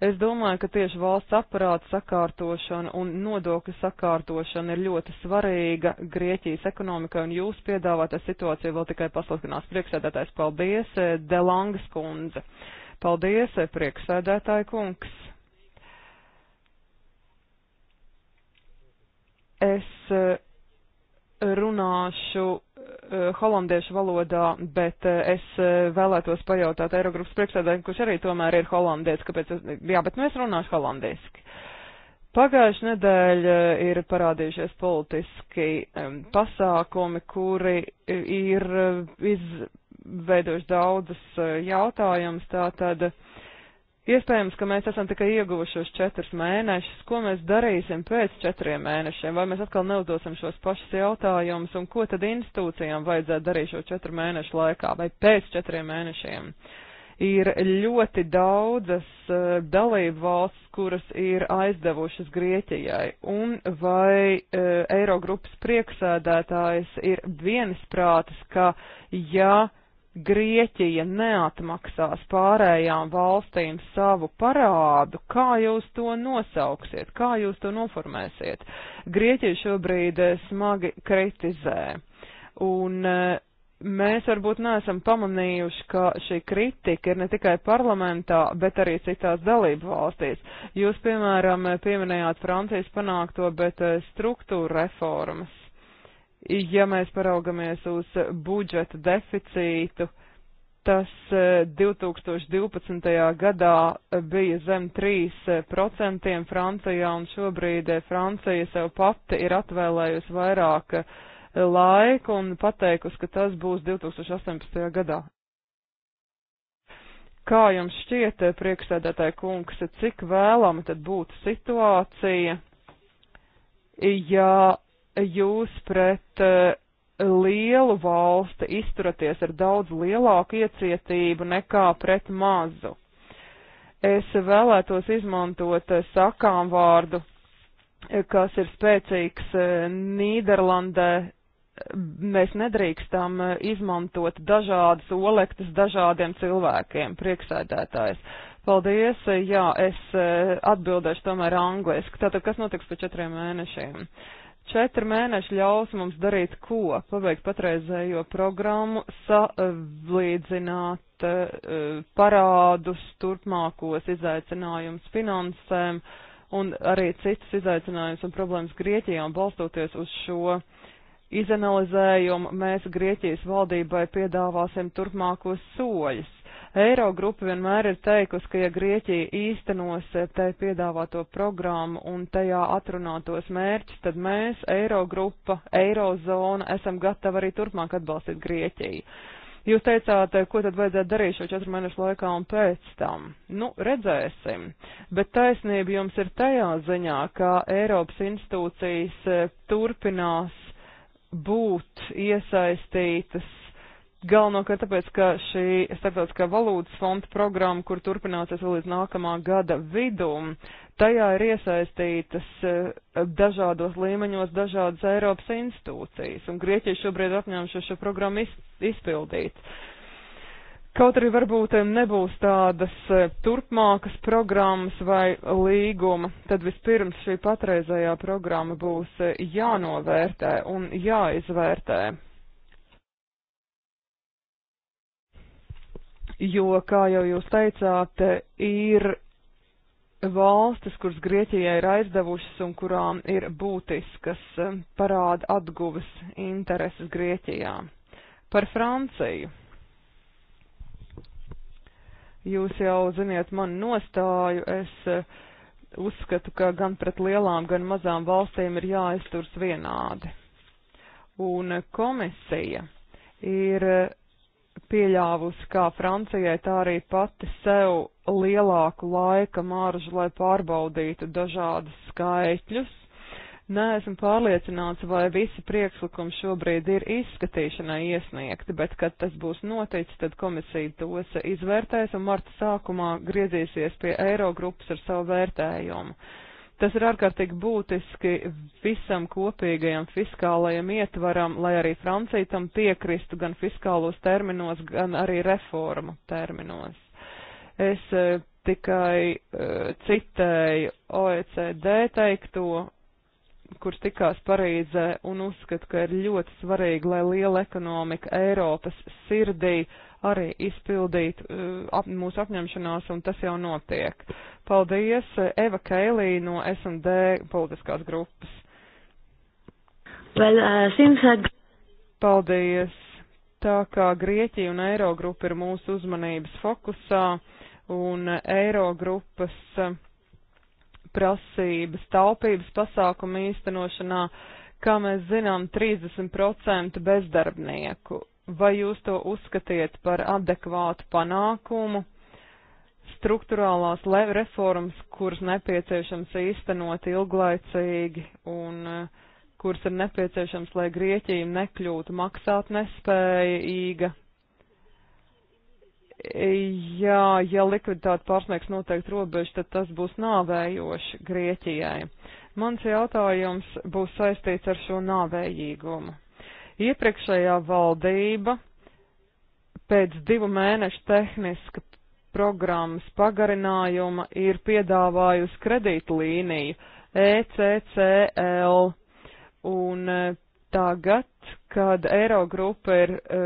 Es domāju, ka tieši valsts aparāta sakārtošana un nodokļu sakārtošana ir ļoti svarīga Grieķijas ekonomikai, un jūs piedāvātā situācija vēl tikai pasliktinās. Prieksēdētājs, paldies, Delangas kundze. Paldies, prieksēdētāja kungs. Es runāšu eh, holandiešu valodā, bet eh, es eh, vēlētos pajautāt Eirogrupas priekšsēdājiem, kurš arī tomēr ir holandietis, kāpēc es, jā, bet nu es runāšu holandiski. Pagājuši nedēļa ir parādījušies politiski pasākumi, kuri ir izveidojuši daudzas jautājumus, tātad. Uh, Iespējams, ka mēs esam tikai ieguvušos četrus mēnešus. Ko mēs darīsim pēc četriem mēnešiem? Vai mēs atkal neuzdosim šos pašus jautājumus? Un ko tad institūcijām vajadzētu darīt šo četru mēnešu laikā vai pēc četriem mēnešiem? Ir ļoti daudzas uh, dalību valsts, kuras ir aizdevušas Grieķijai, un vai uh, Eirogrupas prieksēdētājs ir viensprātis, ka ja uh, Grieķija neatmaksās pārējām valstīm savu parādu, kā jūs to nosauksiet, kā jūs to noformēsiet? Grieķija šobrīd eh, smagi kritizē. Un eh, mēs varbūt neesam pamanījuši, ka šī kritika ir ne tikai parlamentā, bet arī citās dalību valstīs. Jūs, piemēram, pieminējāt Francijas panākto, bet eh, struktūra reformas Ja mēs paraugamies uz budžeta deficītu, tas 2012. E, gadā bija zem 3% Francijā, un šobrīd e, Francija sev pati ir atvēlējusi vairāk e, laiku un pateikusi, ka tas būs 2018. gadā. Kā jums šķiet, priekšsēdētāji kungs, cik vēlama tad būtu situācija, ja jūs pret eh, lielu valsti izturaties ar daudz lielāku iecietību nekā pret mazu. Es vēlētos izmantot eh, sakām vārdu, eh, kas ir spēcīgs Nīderlandē. Mēs nedrīkstam izmantot dažādas olektas dažādiem cilvēkiem, prieksēdētājs. Paldies, jā, es atbildēšu tomēr angliski. Tātad, kas notiks pēc četriem mēnešiem? Uh, Četri mēneši ļaus mums darīt ko? Pabeigt patreizējo programmu, salīdzināt eh, parādus, turpmākos izaicinājumus finansēm un arī citas izaicinājumus un problēmas Grieķijā un balstoties uz šo izanalizējumu mēs Grieķijas valdībai piedāvāsim turpmākos soļus. Eirogrupa vienmēr ir teikusi, ka ja Grieķija īstenos eh, tai piedāvāto programmu un tajā atrunātos mērķus, tad mēs, Eirogrupa, Eirozona, esam gatavi arī turpmāk atbalstīt Grieķiju. Jūs teicāt, eh, ko tad vajadzētu darīt šo četru mēnešu laikā un pēc tam? Nu, redzēsim. Bet taisnība jums ir tajā ziņā, ka Eiropas institūcijas eh, turpinās būt iesaistītas Galvenokārt tāpēc, ka šī starptautiskā valūtas fonda programma, kur turpināsies vēl līdz nākamā gada vidum, tajā ir iesaistītas eh, dažādos līmeņos dažādas Eiropas institūcijas, un Grieķija šobrīd ir apņēmušies šo programmu izpildīt. Kaut arī varbūt nebūs tādas eh, turpmākas programmas vai līguma, tad vispirms šī patreizējā programma būs eh, jānovērtē un jāizvērtē. jo, kā jau jūs teicāt, ir valstis, kuras Grieķijai ir aizdevušas un kurām ir būtiskas parāda atguves intereses Grieķijā. Par Franciju. Jūs jau ziniet manu nostāju, es uzskatu, ka gan pret lielām, gan mazām valstīm ir jāizturs vienādi. Un komisija ir pieļāvusi kā Francijai, tā arī pati sev lielāku laika māržu, lai pārbaudītu dažādus skaitļus. Neesmu pārliecināts, vai visi priekšlikumi šobrīd ir izskatīšanai iesniegti, bet, kad tas būs noticis, tad komisija tos izvērtēs un marta sākumā griezīsies pie Eirogrupas ar savu vērtējumu. Tas ir ārkārtīgi būtiski visam kopīgajam fiskālajam ietvaram, lai arī Francija tam piekristu gan fiskālos terminos, gan arī reformu terminos. Es e, tikai uh, citēju OECD teikto, kurš tikās Parīzē un uzskatu, ka ir ļoti svarīgi, lai liela ekonomika Eiropas sirdī uh, arī izpildīt eh, ap, mūsu apņemšanās, un tas jau notiek. Paldies, eh, Eva Keilī no S&D politiskās grupas. Well, uh, seems like... Paldies. Tā kā Grieķija un Eirogrupa ir mūsu uzmanības fokusā, un Eirogrupas eh, prasības taupības pasākumu īstenošanā, kā mēs zinām, 30% bezdarbnieku Vai jūs to uzskatiet par adekvātu panākumu? struktūrālās reformas, kuras nepieciešams īstenot ilglaicīgi un eh, kuras ir nepieciešams, lai Grieķija nekļūtu maksāt nespējīga. Jā, ja likviditāte pārsniegs noteikti robežu, tad tas būs nāvējoši Grieķijai. Mans jautājums būs saistīts ar šo nāvējīgumu. Iepriekšējā valdība pēc divu mēnešu tehniska programmas pagarinājuma ir piedāvājusi kredītlīniju ECCL. Un e, tagad, kad Eirogrupa ir e,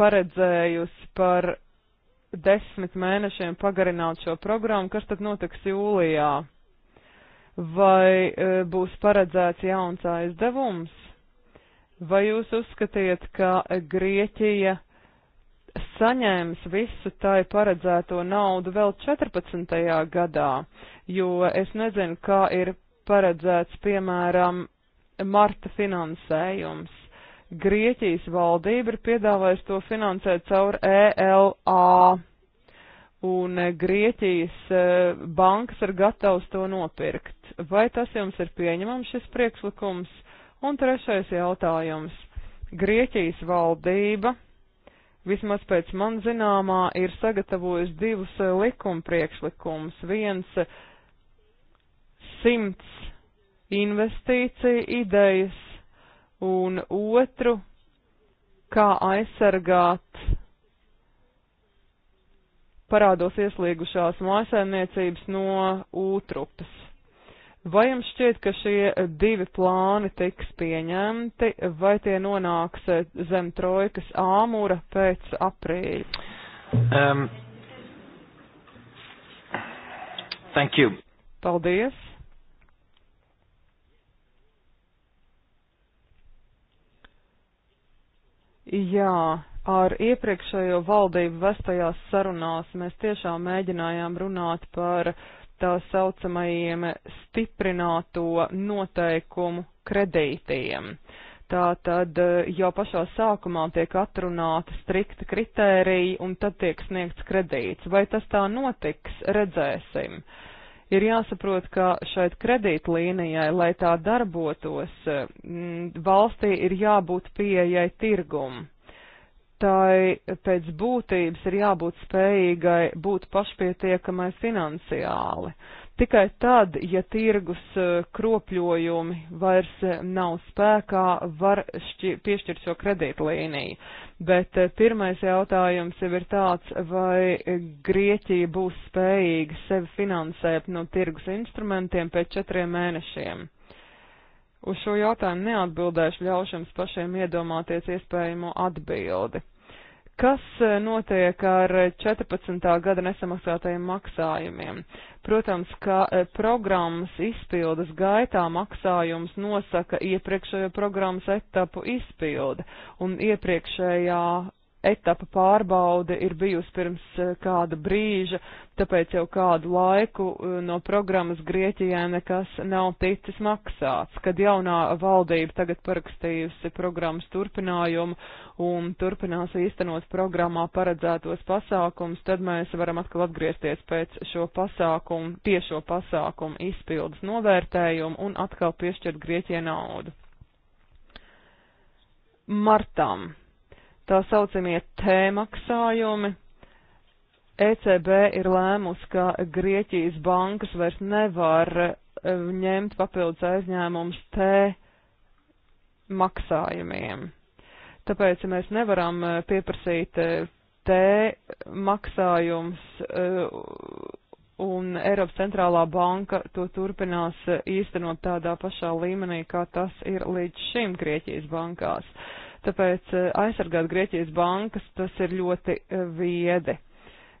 paredzējusi par desmit mēnešiem pagarināt šo programmu, kas tad notiks jūlijā? Vai e, būs paredzēts jauns aizdevums? Vai jūs uzskatiet, ka Grieķija saņēmis visu tai paredzēto naudu vēl 14. gadā, jo es nezinu, kā ir paredzēts, piemēram, marta finansējums. Grieķijas valdība ir piedāvājusi to finansēt caur ELA, un Grieķijas e, bankas ir gatavs to nopirkt. Vai tas jums ir pieņemams šis priekšlikums? Un trešais jautājums. Grieķijas valdība, vismaz pēc man zināmā, ir sagatavojusi divus eh, likuma priekšlikumus. Viens eh, simts investīciju idejas un otru, kā aizsargāt parādos ieslīgušās mājasēmniecības no ūtrupas. Vai jums šķiet, ka šie divi plāni tiks pieņemti, vai tie nonāks eh, zem trojkas āmura pēc aprīļa? Um, thank you. Paldies. Jā, ar iepriekšējo valdību vestajās sarunās mēs tiešām mēģinājām runāt par uh, tā saucamajiem stiprināto noteikumu kredītiem. Tātad eh, jau pašā sākumā tiek atrunāta strikta kritērija un tad tiek sniegts kredīts. Vai tas tā notiks, redzēsim. Ir jāsaprot, ka šeit kredītlīnijai, lai tā darbotos, mm, valstī ir jābūt pieejai tirgumu tai pēc būtības ir jābūt spējīgai būt pašpietiekamai finansiāli. Tikai tad, ja tirgus eh, kropļojumi vairs eh, nav spēkā, var šķi, piešķirt šo kredītlīniju. Bet eh, pirmais jautājums jau ir tāds, vai Grieķija būs spējīga sevi finansēt no tirgus instrumentiem pēc četriem mēnešiem. Uz šo jautājumu neatbildēšu, ļaušams pašiem iedomāties iespējamo atbildi. Kas e, notiek ar 14. gada nesamaksātajiem maksājumiem? Protams, ka e, programmas izpildes gaitā maksājums nosaka iepriekšējo programmas etapu izpildi, un iepriekšējā etapa pārbaude ir bijusi pirms eh, kāda brīža, tāpēc jau kādu laiku eh, no programmas Grieķijai nekas nav ticis maksāts, kad jaunā valdība tagad parakstījusi programmas turpinājumu un turpinās īstenot programmā paredzētos pasākums, tad mēs varam atkal atgriezties pēc šo pasākumu, tiešo pasākumu izpildes novērtējumu un atkal piešķirt Grieķijai naudu. Martam tā saucamie tēmaksājumi. ECB ir lēmusi, ka Grieķijas bankas vairs nevar eh, ņemt papildus aizņēmumus T maksājumiem. Tāpēc ja mēs nevaram eh, pieprasīt eh, T maksājums un Eiropas centrālā banka to turpinās īstenot tādā pašā līmenī, kā tas ir līdz šim Grieķijas bankās. Uh, Tāpēc eh, aizsargāt Grieķijas bankas tas ir ļoti eh, viedi.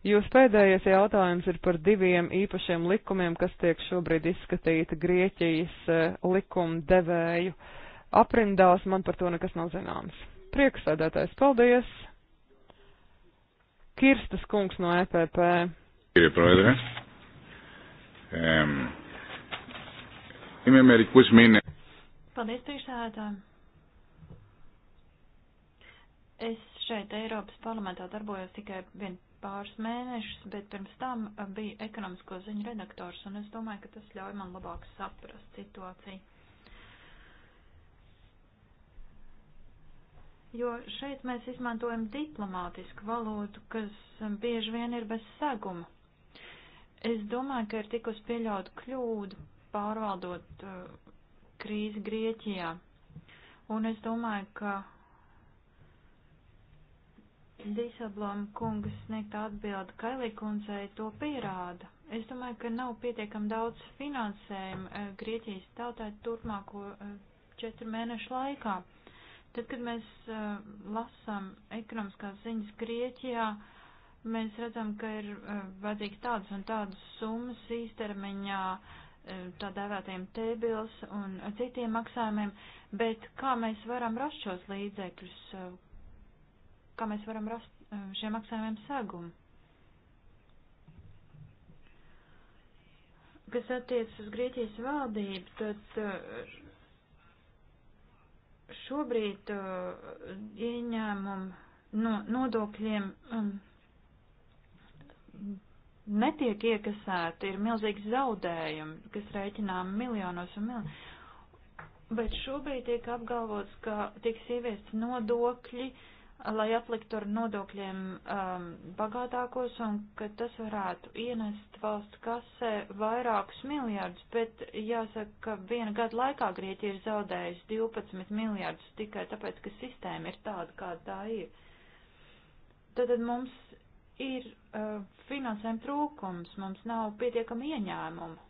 Jūs pēdējais jautājums ir par diviem īpašiem likumiem, kas tiek šobrīd izskatīti Grieķijas eh, likumdevēju aprindās. Man par to nekas nav zināms. Prieksēdētājs, paldies! Kirstas kungs no EPP. Κύριε Πρόεδρε, ε, είμαι μερικούς μήνες. Paldies, priekšsēdētāji. Es šeit Eiropas parlamentā darbojos tikai vien pāris mēnešus, bet pirms tam eh, biju ekonomisko ziņu redaktors, un es domāju, ka tas ļauj man labāk saprast situāciju. Jo šeit mēs izmantojam diplomātisku valodu, kas eh, bieži vien ir bez seguma. Es domāju, ka ir tikus pieļaut kļūdu pārvaldot uh, krīzi Grieķijā. Un es domāju, ka Dīsablom kungas sniegta atbilda Kailīkundzei to pierāda. Es domāju, ka nav pietiekam daudz finansējuma eh, Grieķijas tautai turpmāko eh, četru mēnešu laikā. Tad, kad mēs eh, lasām ekonomiskās ziņas Grieķijā, mēs redzam, ka ir vajadzīgs tādas un tādas summas īstermiņā tā dēvētajiem tēbils un citiem maksājumiem, bet kā mēs varam rast šos līdzekļus, kā mēs varam rast eh, šiem maksājumiem segumu. Kas attiecas uz Grieķijas valdību, tad eh, šobrīd eh, ieņēmumu no nodokļiem um, netiek iekasēti, ir milzīgs zaudējumi, kas rēķinām miljonos un miljonos. Bet šobrīd tiek apgalvots, ka tiks ieviests nodokļi uh, lai apliktu ar nodokļiem um, bagātākos un ka tas varētu ienest valsts kasē vairākus miljārdus, bet jāsaka, ka viena gada laikā Grieķija ir zaudējusi 12 miljārdus tikai tāpēc, ka sistēma ir tāda, kāda tā ir. Tad mums ir uh, finansējuma trūkums, mums nav pietiekama ieņēmuma.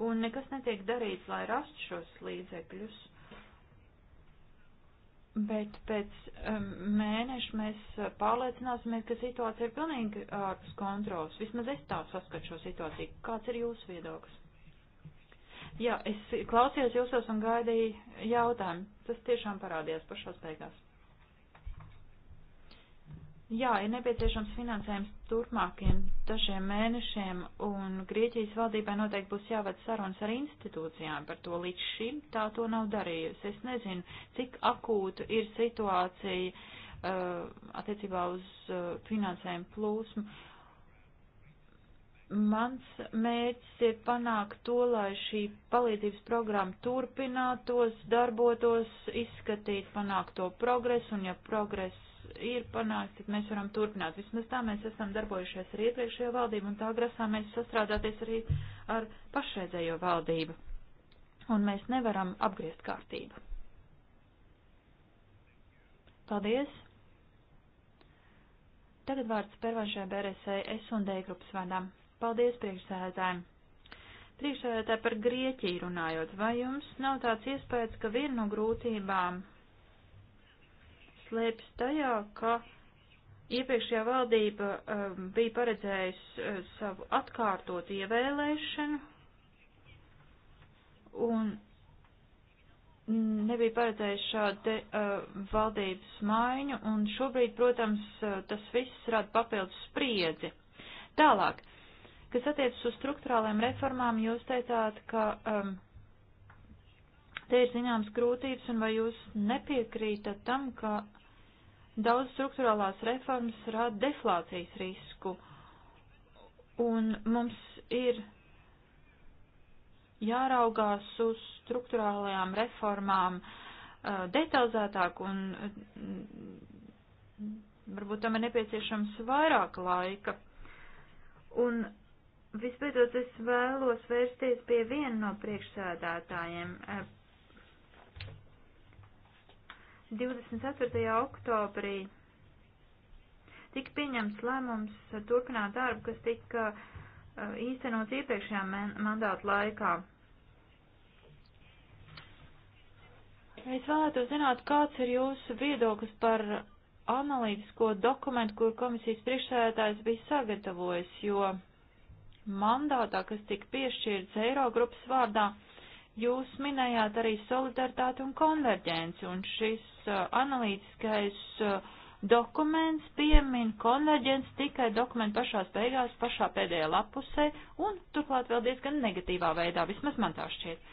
Un nekas netiek darīts, lai rastu šos līdzekļus. Bet pēc um, mēneša mēs pārliecināsimies, ka situācija ir pilnīgi ārpus kontrols. Vismaz es tā saskatu šo situāciju. Kāds ir jūsu viedoklis? Jā, es klausījos jūsos un gaidīju jautājumu. Tas tiešām parādījās pašās beigās. Jā, ir nepieciešams finansējums turpmākiem dažiem mēnešiem, un Grieķijas valdībai noteikti būs jāved sarunas ar institūcijām par to. Līdz šim tā to nav darījusi. Es nezinu, cik akūta ir situācija uh, attiecībā uz uh, finansējumu plūsmu. Mans mērķis ir panākt to, lai šī palīdzības programma turpinātos, darbotos, izskatīt panākto progresu, un ja progress ir panākts, tik mēs varam turpināt. Vismaz tā mēs esam darbojušies ar iepriekšējo valdību un tā grasāmies sastrādāties arī ar pašreizējo valdību. Un mēs nevaram apgriezt kārtību. Paldies! Tagad vārds pervanšai BRSE S un D grupas vadām. Paldies priekšsēdētājiem! Priekšsēdētāji par Grieķiju runājot, vai jums nav tāds iespējas, ka viena no grūtībām slēpjas tajā, ka iepriekšējā valdība um, bija paredzējusi uh, savu atkārtot ievēlēšanu un nebija paredzējusi šādu te, uh, valdības maiņu, un šobrīd, protams, uh, tas viss rada papildus spriedzi. Tālāk, kas attiecas uz struktūrālajām reformām, jūs teicāt, ka um, te ir zināmas grūtības, un vai jūs nepiekrītat tam, ka uh, Daudz struktūrālās reformas rada deflācijas risku, un mums ir jāraugās uz struktūrālajām reformām uh, detalizētāk, un uh, varbūt tam ir nepieciešams vairāk laika. Un vispētot es vēlos vērsties pie viena no priekšsēdētājiem, uh, 24. oktobrī tika pieņemts lēmums turpināt darbu, kas tika uh, īstenots iepriekšējā mandāta laikā. Es vēlētu zināt, kāds ir jūsu viedoklis par analītisko dokumentu, kur komisijas priekšsēdētājs bija sagatavojis, jo mandātā, kas tika piešķirts Eirogrupas vārdā, Jūs minējāt arī solidaritāti un konverģenci, un šis uh, analītiskais uh, dokuments piemin konverģenci tikai dokumentu pašās beigās, pašā pēdējā lapusē, un turklāt vēl diezgan negatīvā veidā, vismaz man tā šķiet.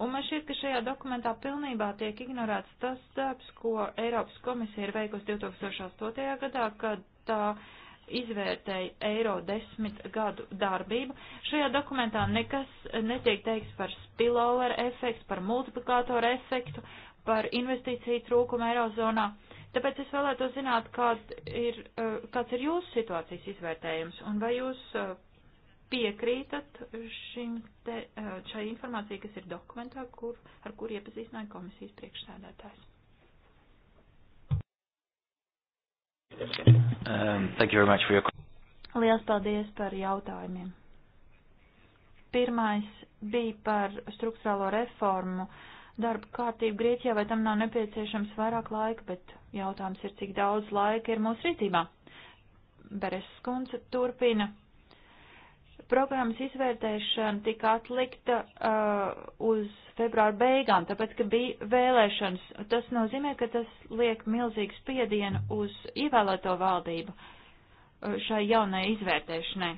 Un man šķiet, ka šajā dokumentā pilnībā tiek ignorēts tas darbs, ko Eiropas komisija ir veikusi 2008. gadā, kad tā uh, izvērtēja eiro desmit gadu darbību. Šajā dokumentā nekas netiek teiks par spillover efektu, par multiplikātoru efektu, par investīciju trūkumu eirozonā. Tāpēc es vēlētos zināt, kād ir, eh, kāds ir jūsu situācijas izvērtējums un vai jūs eh, piekrītat šim te, eh, šai informācijai, kas ir dokumentā, kur, ar kur iepazīstināja komisijas priekšsēdētājs. Um, thank you very much for your... Liels paldies par jautājumiem. Pirmais bija par struktūrālo reformu darba kārtību Grieķijā, vai tam nav nepieciešams vairāk laika, bet jautājums ir, cik daudz laika ir mūsu rītībā. Beres skundze turpina programmas izvērtēšana tika atlikta uh, uz februāra beigām, tāpēc, ka bija vēlēšanas. Tas nozīmē, ka tas liek milzīgu spiedienu uz ievēlēto valdību uh, šai jaunai izvērtēšanai.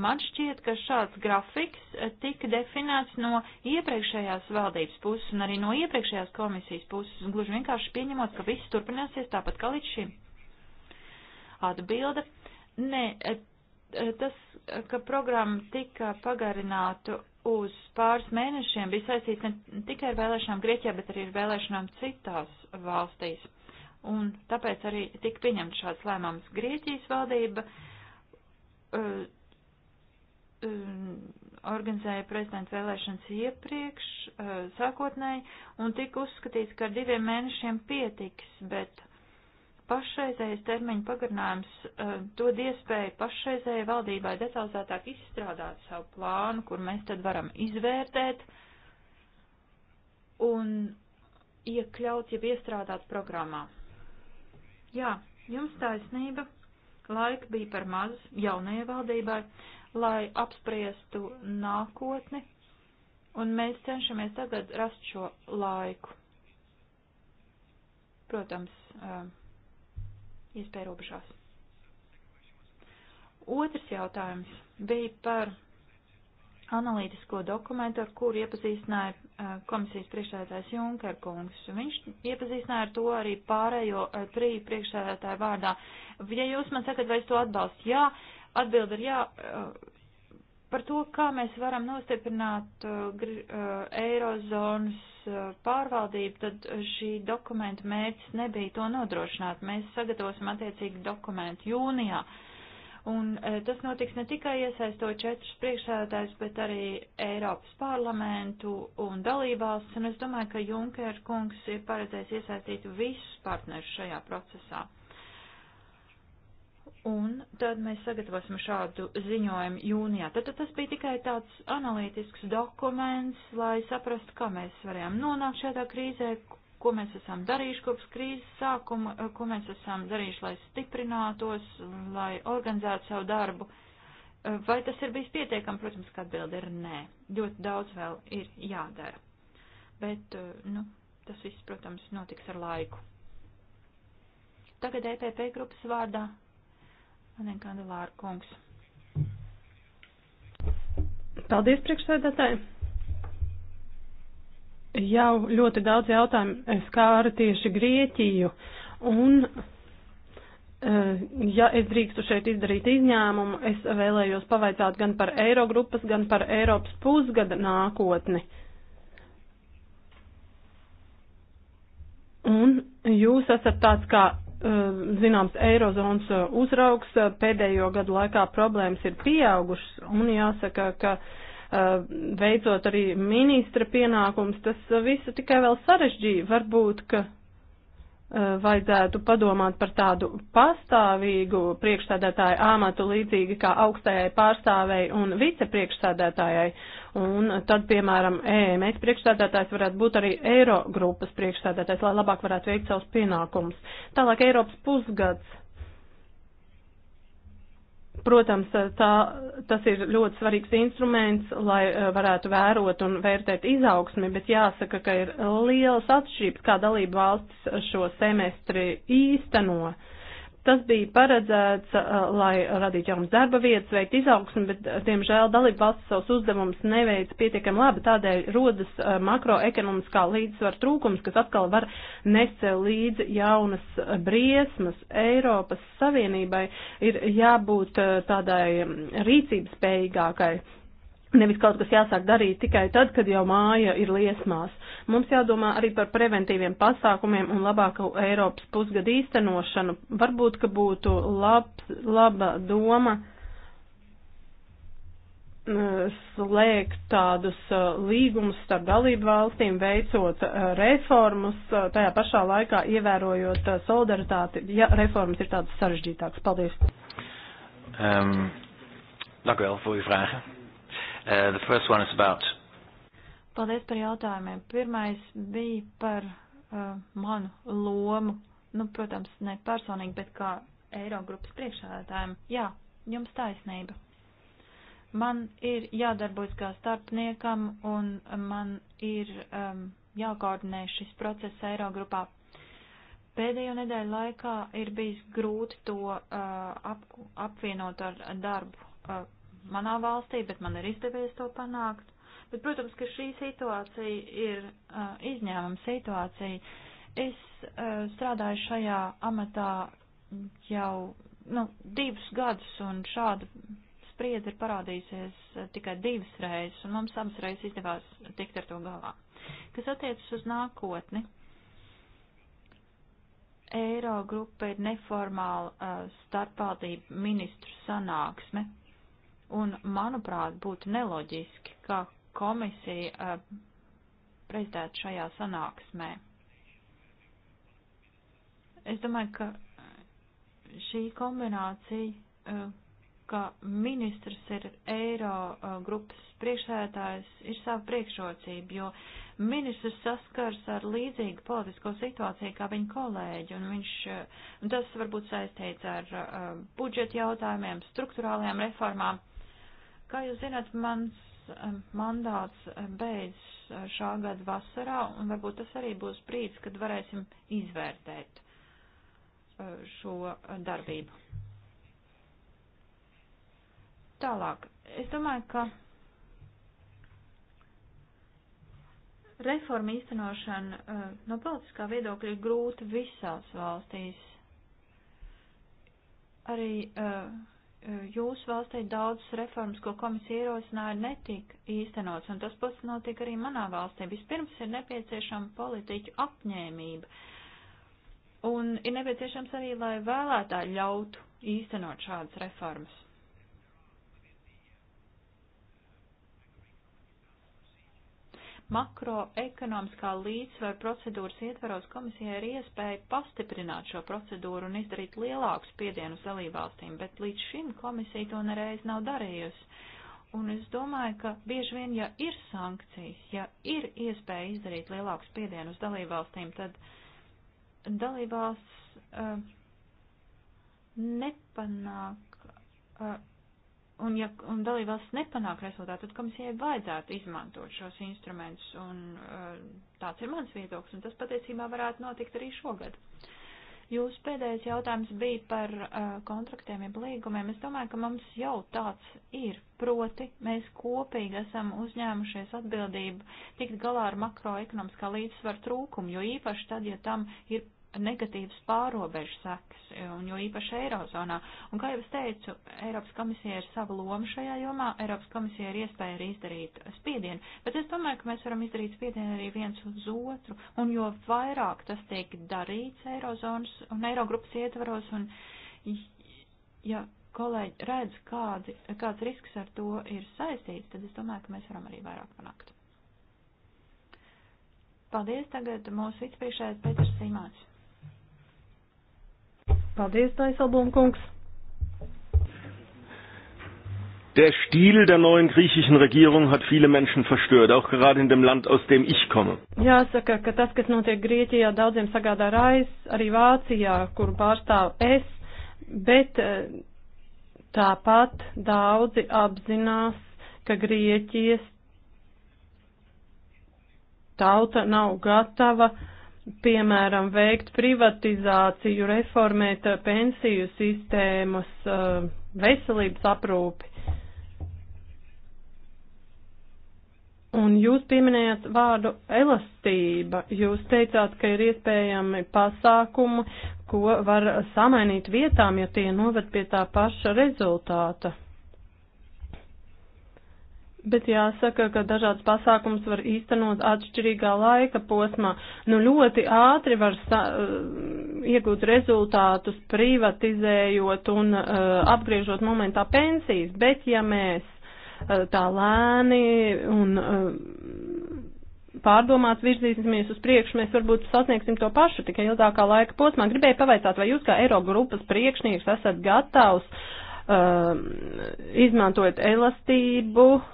Man šķiet, ka šāds grafiks uh, tika definēts no iepriekšējās valdības puses un arī no iepriekšējās komisijas puses, un gluži vienkārši pieņemot, ka viss turpināsies tāpat kā līdz šim. Atbilde. Nē, Eh, tas, ka programma tika pagarināta uz pāris mēnešiem, bija saistīts ne tikai ar vēlēšanām Grieķijā, bet arī ar vēlēšanām citās valstīs. Un tāpēc arī tika pieņemts šāds lēmums. Grieķijas valdība uh, uh, organizēja prezidenta vēlēšanas iepriekš, uh, sākotnēji, un tika uzskatīts, ka ar diviem mēnešiem pietiks, bet pašreizējais termiņu pagarinājums uh, dod iespēju pašreizējai valdībai detalizētāk izstrādāt savu plānu, kur mēs tad varam izvērtēt un iekļaut, ja iestrādāt programmā. Jā, jums taisnība, laika bija par maz jaunajai valdībai, lai apspriestu nākotni, un mēs cenšamies tagad rast šo laiku. Protams, uh, iespēja robežās. Otrs jautājums bija par analītisko dokumentu, ar kuru iepazīstināja eh, komisijas priekšsēdētājs Junker kungs. Viņš iepazīstināja ar to arī pārējo eh, triju priekšsēdētāju vārdā. Ja jūs man sakat, vai es to atbalstu, jā, atbild ir jā. Eh, par to, kā mēs varam nostiprināt uh, uh, eirozonas Uh, pārvaldību, tad šī dokumenta mērķis nebija to nodrošināt. Mēs sagatavosim attiecīgi dokumentu jūnijā. Un uh, tas notiks ne tikai iesaistot četrus priekšsēdētājus, bet arī Eiropas parlamentu un dalībvalsts. Un es domāju, ka Junker kungs ir paredzējis iesaistīt visus partnerus šajā procesā. Un tad mēs sagatavosim šādu ziņojumu jūnijā. Tad, tad tas bija tikai tāds analītisks dokuments, lai saprastu, kā mēs varējām nonākt šādā krīzē, ko mēs esam darījuši kopš krīzes sākuma, ko mēs esam darījuši, lai stiprinātos, lai organizētu savu darbu. Vai tas ir bijis pietiekami? Protams, ka atbildi ir nē. Ļoti daudz vēl ir jādara. Bet, nu, tas viss, protams, notiks ar laiku. Tagad EPP grupas vārdā Anenkanda Lārkungs. Paldies, priekšsēdētāji! Jau ļoti daudz jautājumu skāra tieši Grieķiju, un eh, Ja es drīkstu šeit izdarīt izņēmumu, es vēlējos pavaicāt gan par Eirogrupas, gan par Eiropas pusgada nākotni. Un jūs esat tāds kā Um, zināms, Eirozonas uh, uzraugs uh, pēdējo gadu laikā problēmas ir pieaugušas un jāsaka, ka uh, veicot arī ministra pienākums, tas visu tikai vēl sarežģīja. Varbūt, ka Eh, vajadzētu padomāt par tādu pastāvīgu priekšsēdētāju āmatu līdzīgi kā augstajai pārstāvei un vicepriekšsēdētājai. Un tad, piemēram, EMS priekšsēdētājs varētu būt arī Eirogrupas priekšsēdētājs, lai labāk varētu veikt savus pienākumus. Tālāk Eiropas pusgads Protams, tā, tas ir ļoti svarīgs instruments, lai eh, varētu vērot un vērtēt izaugsmi, bet jāsaka, ka ir lielas atšķirības, kā dalība valsts šo semestri īsteno. Uh, Tas bija paredzēts, uh, lai radītu jaunas darba vietas, veikt izaugsmu, bet, uh, diemžēl, dalība valsts savus uzdevumus neveic pietiekami labi, tādēļ rodas uh, makroekonomiskā līdzsvara trūkums, kas atkal var nesel līdzi jaunas briesmas Eiropas Savienībai, ir jābūt tādai um, rīcības spējīgākai. Nevis kaut kas jāsāk darīt tikai tad, kad jau māja ir liesmās. Mums jādomā arī par preventīviem pasākumiem un labāku Eiropas pusgadu īstenošanu. Varbūt, ka būtu lab, laba doma slēgt tādus līgumus starp dalību valstīm, veicot reformas, tajā pašā laikā ievērojot solidaritāti, ja reformas ir tādas sarežģītākas. Paldies. Um, dank u wel voor uw vragen. Uh, the first one is about Paldies par jautājumiem. Pirmais bija par uh, manu lomu. Nu, protams, ne personīgi, bet kā Eirogrupas priekšādātājiem. Jā, jums taisnība. Man ir jādarbojas kā starpniekam un man ir um, jākoordinē šis process Eirogrupā. Pēdējo nedēļu laikā ir bijis grūti to uh, ap, apvienot ar darbu uh, manā valstī, bet man ir izdevies to panākt Bet, protams, ka šī situācija ir uh, izņēmuma situācija. Es uh, strādāju šajā amatā jau nu, divus gadus, un šāda spriedze ir parādījusies uh, tikai divas reizes, un mums abas reizes izdevās tikt ar to galā. Kas attiecas uz nākotni, Eiro grupa ir neformāla uh, starpvaldību ministru sanāksme, un, manuprāt, būtu neloģiski, ka komisija eh, prezidētu šajā sanāksmē. Es domāju, ka šī kombinācija, eh, ka ministrs ir eiro eh, grupas priekšsēdētājs, ir sava priekšrocība, jo ministrs saskars ar līdzīgu politisko situāciju kā viņa kolēģi, un viņš, un tas varbūt saistīts ar budžeta jautājumiem, struktūrālajām reformām. Kā jūs zināt, mans Um, mandāts um, beidzas uh, šā gada vasarā, un varbūt tas arī būs brīdis, kad varēsim izvērtēt uh, šo uh, darbību. Tālāk, es domāju, ka reforma īstenošana no politiskā viedokļa ir grūta visās valstīs. Arī uh, jūsu valstī daudzas reformas, ko komisija ierosināja, netika īstenots, un tas pats notika arī manā valstī. Vispirms ir nepieciešama politiķu apņēmība, un ir nepieciešams arī, lai vēlētāji ļautu īstenot šādas reformas. makroekonomiskā līdzsvara procedūras ietveros komisijai ir iespēja pastiprināt šo procedūru un izdarīt lielāku spiedienu uz dalībvalstīm, bet līdz šim komisija to nereiz nav darījusi. Un es domāju, ka bieži vien, ja ir sankcijas, ja ir iespēja izdarīt lielāku spiedienu uz dalībvalstīm, tad dalībvalsts uh, nepanāk uh, Un, ja un dalībvalstis nepanāk rezultātu, tad komisijai vajadzētu izmantot šos instrumentus. Un uh, tāds ir mans viedoklis, un tas patiesībā varētu notikt arī šogad. Jūsu pēdējais jautājums bija par uh, kontraktiem, jeb līgumiem. Es domāju, ka mums jau tāds ir. Proti, mēs kopīgi esam uzņēmušies atbildību tikt galā ar makroekonomiskā līdzsvara trūkumu, jo īpaši tad, ja tam ir negatīvas pārobežu sekas, un jo īpaši Eirozonā. Un kā jau es teicu, Eiropas komisija ir sava loma šajā jomā, Eiropas komisija ir iespēja arī izdarīt spiedienu, bet es domāju, ka mēs varam izdarīt spiedienu arī viens uz otru, un jo vairāk tas tiek darīts Eirozonas un Eirogrupas ietvaros, un ja kolēģi redz, kādi, kāds risks ar to ir saistīts, tad es domāju, ka mēs varam arī vairāk panākt. Paldies tagad mūsu vicepriekšējais Pēters Simāns. Paldies, Taisalbum kungs. Der Stil der neuen griechischen Regierung hat viele Menschen verstört, auch gerade in dem Land, aus dem ich komme. Jāsaka, ka tas, kas notiek Grieķijā, daudziem sagādā rais, arī Vācijā, kur pārstāv es, bet eh, tāpat daudzi apzinās, ka Grieķijas tauta nav gatava uh, piemēram, veikt privatizāciju, reformēt uh, pensiju sistēmas, uh, veselības aprūpi. Un jūs pieminējāt vārdu elastība. Jūs teicāt, ka ir iespējami pasākumi, ko var samainīt vietām, ja tie noved pie tā paša rezultāta. Bet jāsaka, ka dažādas pasākums var īstenot atšķirīgā laika posmā. Nu, ļoti ātri var eh, iegūt rezultātus, privatizējot un uh, apgriežot momentā pensijas, bet ja mēs uh, tā lēni un uh, pārdomāts virzīsimies uz priekšu, mēs varbūt sasniegsim to pašu tikai ilgākā laika posmā. Gribēju pavaicāt, vai jūs kā Eirogrupas priekšnieks esat gatavs uh, izmantojot elastību? Uh,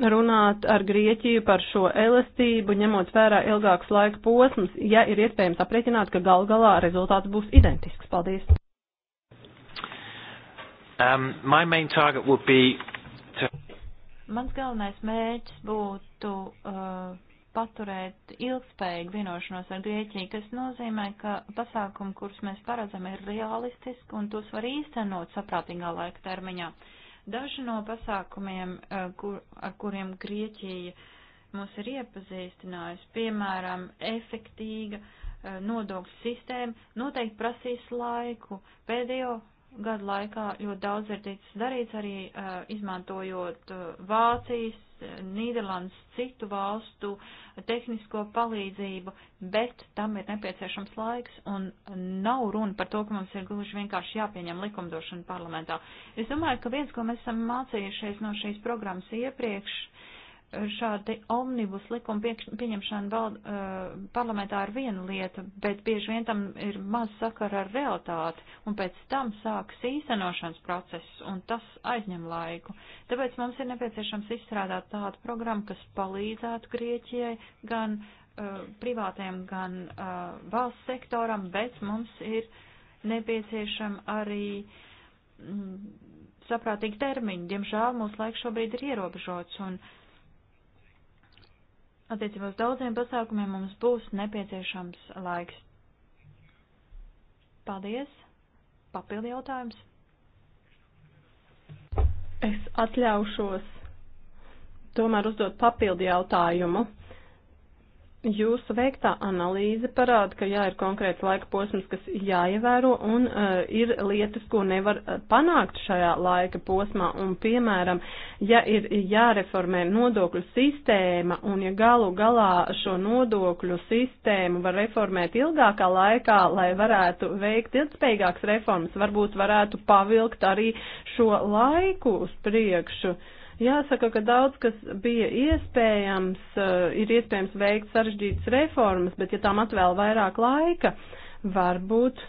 runāt ar Grieķiju par šo elastību, ņemot vērā ilgāks laika posms, ja ir iespējams aprēķināt, ka gal galā rezultāts būs identisks. Paldies! Um, my main target would be to... Mans galvenais mērķis būtu uh, paturēt ilgspējīgu vienošanos ar Grieķiju, kas nozīmē, ka pasākumi, kurus mēs paredzam, ir realistiski un tos var īstenot saprātīgā laika termiņā. Uh, Daži no pasākumiem, eh, kur, ar kuriem Grieķija mūs ir iepazīstinājusi, piemēram, efektīga eh, nodokļu sistēma, noteikti prasīs laiku. Pēdējo gadu laikā ļoti daudz ir ticis darīts arī uh, izmantojot uh, Vācijas, eh, Nīderlandes, citu valstu tehnisko palīdzību, bet tam ir nepieciešams laiks un nav runa par to, ka mums ir gluži vienkārši jāpieņem likumdošana parlamentā. Es domāju, ka viens, ko mēs esam mācījušies no šīs programmas iepriekš, uh, šādi omnibus likuma pieņemšana val, uh, parlamentā ir viena lieta, bet bieži vien tam ir maz sakara ar realitāti, un pēc tam sāks īstenošanas process, un tas aizņem laiku. Tāpēc mums ir nepieciešams izstrādāt tādu programmu, kas palīdzētu Grieķijai gan uh, privātiem, gan uh, valsts sektoram, bet mums ir nepieciešama arī. Mm, saprātīgi termiņi. Diemžēl mūsu laiks šobrīd ir ierobežots, un uh, Attiecībā uz daudziem pasākumiem mums būs nepieciešams laiks. Paldies! Papildi jautājums. Es atļaušos tomēr uzdot papildi jautājumu. Jūsu veiktā analīze parāda, ka jā, ir konkrēts laika posms, kas jāievēro, un uh, ir lietas, ko nevar e, panākt šajā laika posmā. Un, piemēram, ja ir jāreformē nodokļu sistēma, un ja galu galā šo nodokļu sistēmu var reformēt ilgākā laikā, lai varētu veikt ilgspējīgākas reformas, varbūt varētu pavilkt arī šo laiku uz priekšu. Uh, Jāsaka, ka daudz, kas bija iespējams, eh, ir iespējams veikt sarežģītas reformas, bet ja tām atvēl vairāk laika, varbūt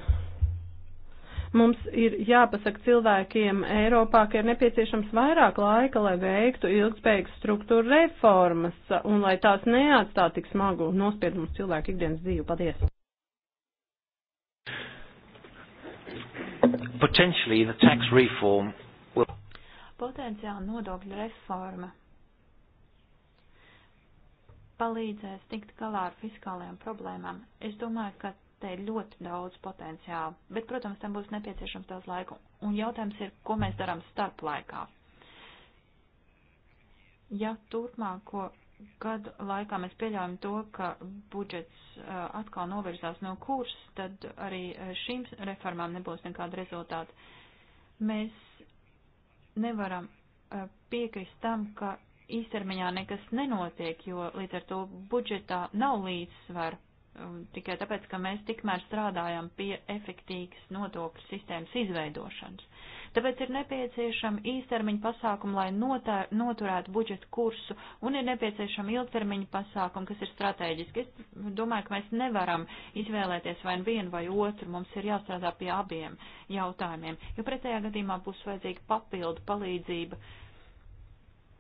mums ir jāpasaka cilvēkiem Eiropā, ka ir nepieciešams vairāk laika, lai veiktu ilgspējīgas struktūra reformas un lai tās neatstā tik smagu nospiedumu cilvēku ikdienas dzīvi. Paldies! Potentially the tax reform Potenciāla nodokļu reforma palīdzēs tikt galā ar fiskālajām problēmām. Es domāju, ka te ir ļoti daudz potenciāla, bet, protams, tam būs nepieciešams daudz laika. Un jautājums ir, ko mēs darām starp laikā. Ja turpmāko gadu laikā mēs pieļaujam to, ka budžets uh, atkal novirzās no kursa, tad arī uh, šīm reformām nebūs nekāda rezultāta. Mēs nevaram piekrist tam, ka īstermiņā nekas nenotiek, jo līdz ar to budžetā nav līdzsvaru. Tikai tāpēc, ka mēs tikmēr strādājam pie efektīgas nodokļu sistēmas izveidošanas. Tāpēc ir nepieciešama īstermiņa pasākuma, lai notā, noturētu budžetu kursu, un ir nepieciešama ilgtermiņa pasākuma, kas ir strateģiski. Es domāju, ka mēs nevaram izvēlēties vai nu vienu vai otru, mums ir jāstrādā pie abiem jautājumiem, jo pretējā gadījumā būs vajadzīga papildu palīdzība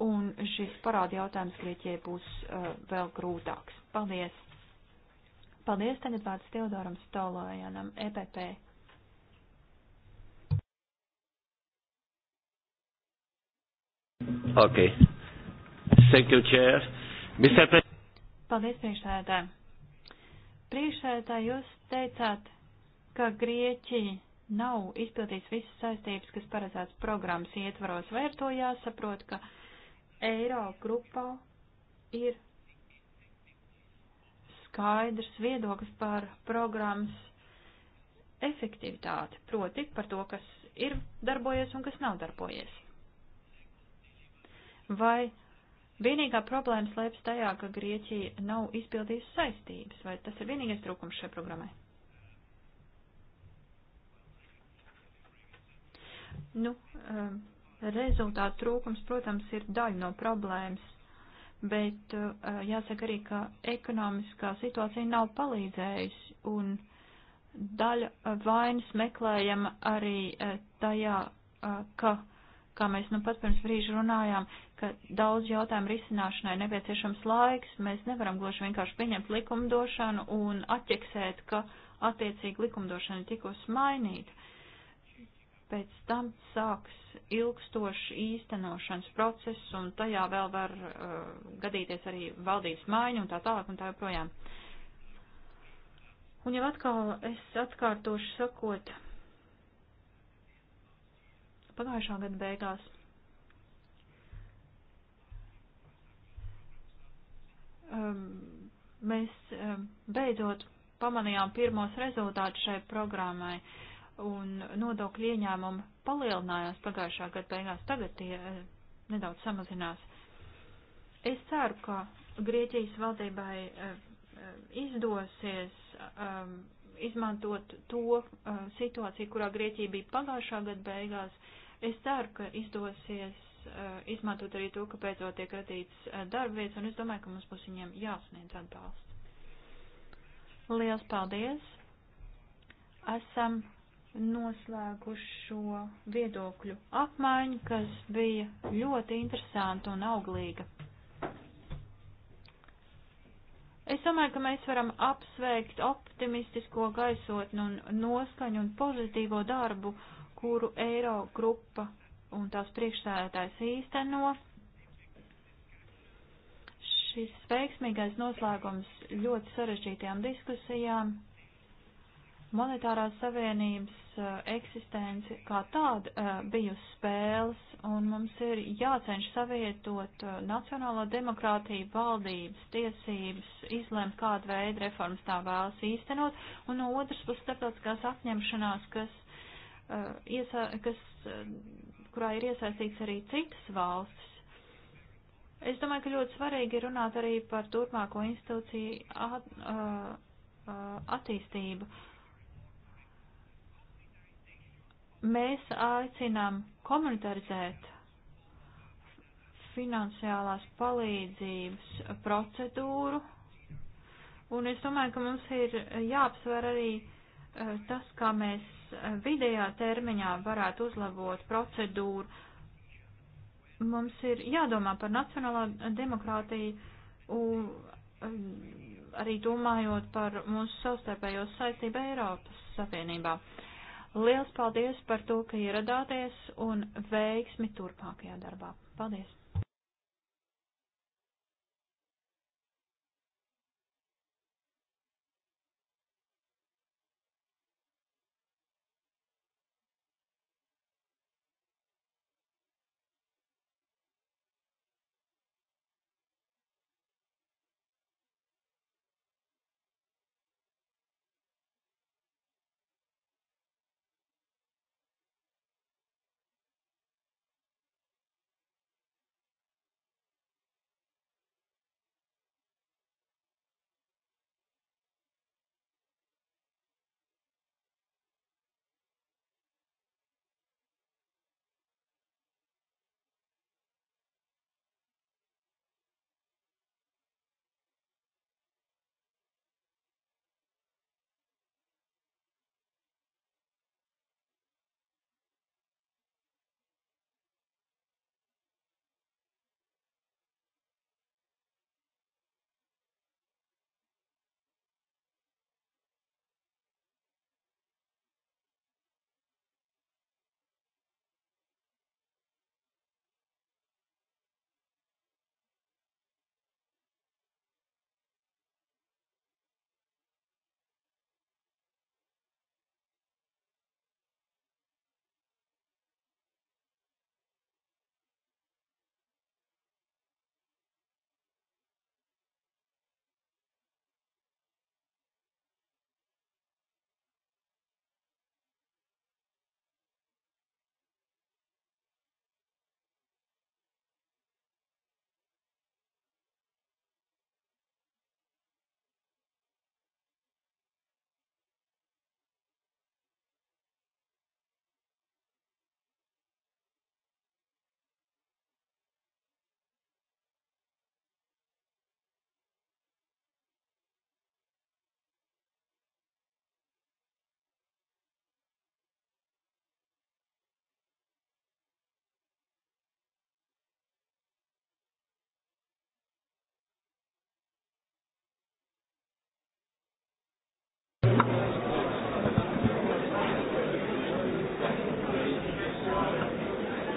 un šis parāda jautājums Grieķijai būs uh, vēl grūtāks. Paldies! Paldies tagad vārds Teodoram Stolojanam, EPP. Ok. Thank you, Chair. Mr. Pre Paldies, priekšsēdētāji. Priekšsēdētāji, jūs teicāt, ka Grieķija nav izpildījis visas saistības, kas paredzēts programmas ietvaros, vai ar to jāsaprot, ka Eiro grupā ir skaidrs viedoklis par programmas efektivitāti, proti par to, kas ir darbojies un kas nav darbojies. Vai vienīgā problēma slēpjas tajā, ka Grieķija nav izpildījusi saistības, vai tas ir vienīgais trūkums šai programmai? Nu, um, rezultātu trūkums, protams, ir daļa no problēmas, bet uh, jāsaka arī, ka ekonomiskā situācija nav palīdzējusi un daļa vainas meklējama arī uh, tajā, uh, ka kā mēs nu pat pirms brīža runājām, ka daudz jautājumu risināšanai nepieciešams laiks, mēs nevaram gloši vienkārši pieņemt likumdošanu un atķeksēt, ka attiecīgi likumdošana ir tikus mainīta. Pēc tam sāks ilgstoši īstenošanas process un tajā vēl var uh, gadīties arī valdības maiņa un tā tālāk un tā joprojām. Un jau atkal es atkārtošu sakot, pagājušā gada beigās. Um, mēs um, beidzot pamanījām pirmos rezultātus šai programmai, un nodokļu ieņēmumi palielinājās pagājušā gada beigās, tagad tie uh, nedaudz samazinās. Es ceru, ka Grieķijas valdībai uh, uh izdosies um, izmantot to uh, situāciju, kurā Grieķija bija pagājušā gada beigās, Es ceru, ka izdosies eh, izmantot arī to, ka beidzot tiek radīts eh, darba vietas, un es domāju, ka mums būs viņiem jāsniedz atbalsts. Lielas paldies! Esam noslēguši šo viedokļu apmaiņu, kas bija ļoti interesanta un auglīga. Es domāju, ka mēs varam apsveikt optimistisko gaisotni un noskaņu un pozitīvo darbu kuru Eiro grupa un tās priekšsēdētājs īsteno. Šis veiksmīgais noslēgums ļoti sarežģītajām diskusijām, monetārās savienības uh, eksistence kā tāda uh, bija uz spēles, un mums ir jāceņš savietot uh, nacionālo demokrātiju valdības tiesības, izlemt, kādu veidu reformas tā vēlas īstenot, un no otras puses starptautiskās apņemšanās, kas Uh, iesā, kas, uh, kurā ir iesaistīts arī citas valstis. Es domāju, ka ļoti svarīgi ir runāt arī par turpmāko institūciju at, uh, attīstību. Mēs aicinām komunitarizēt finansiālās palīdzības procedūru, un es domāju, ka mums ir jāapsver arī uh, Eh, tas, kā mēs eh, vidējā termiņā varētu uzlabot procedūru, mums ir jādomā par nacionālā demokrātiju, un, eh, arī domājot par mūsu savstarpējo saistību Eiropas Savienībā. Liels paldies par to, ka ieradāties un veiksmi turpmākajā darbā. Paldies!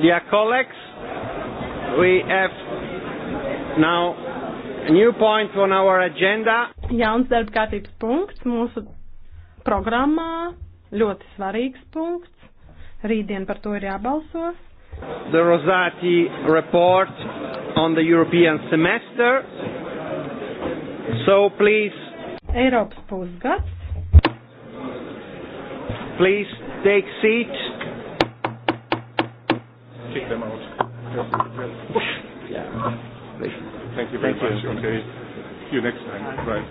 Dear colleagues, we have now a new point on our agenda. Jauns darba kārtības punkts mūsu programmā, ļoti svarīgs punkts. Rītdien par to ir jābalso. The Rosati report on the European semester. So please. Eiropas pusgads. Please take seat pick them out. Just, just push. Yeah. Thank you very Thank much. You. Okay. See you next time. Bye.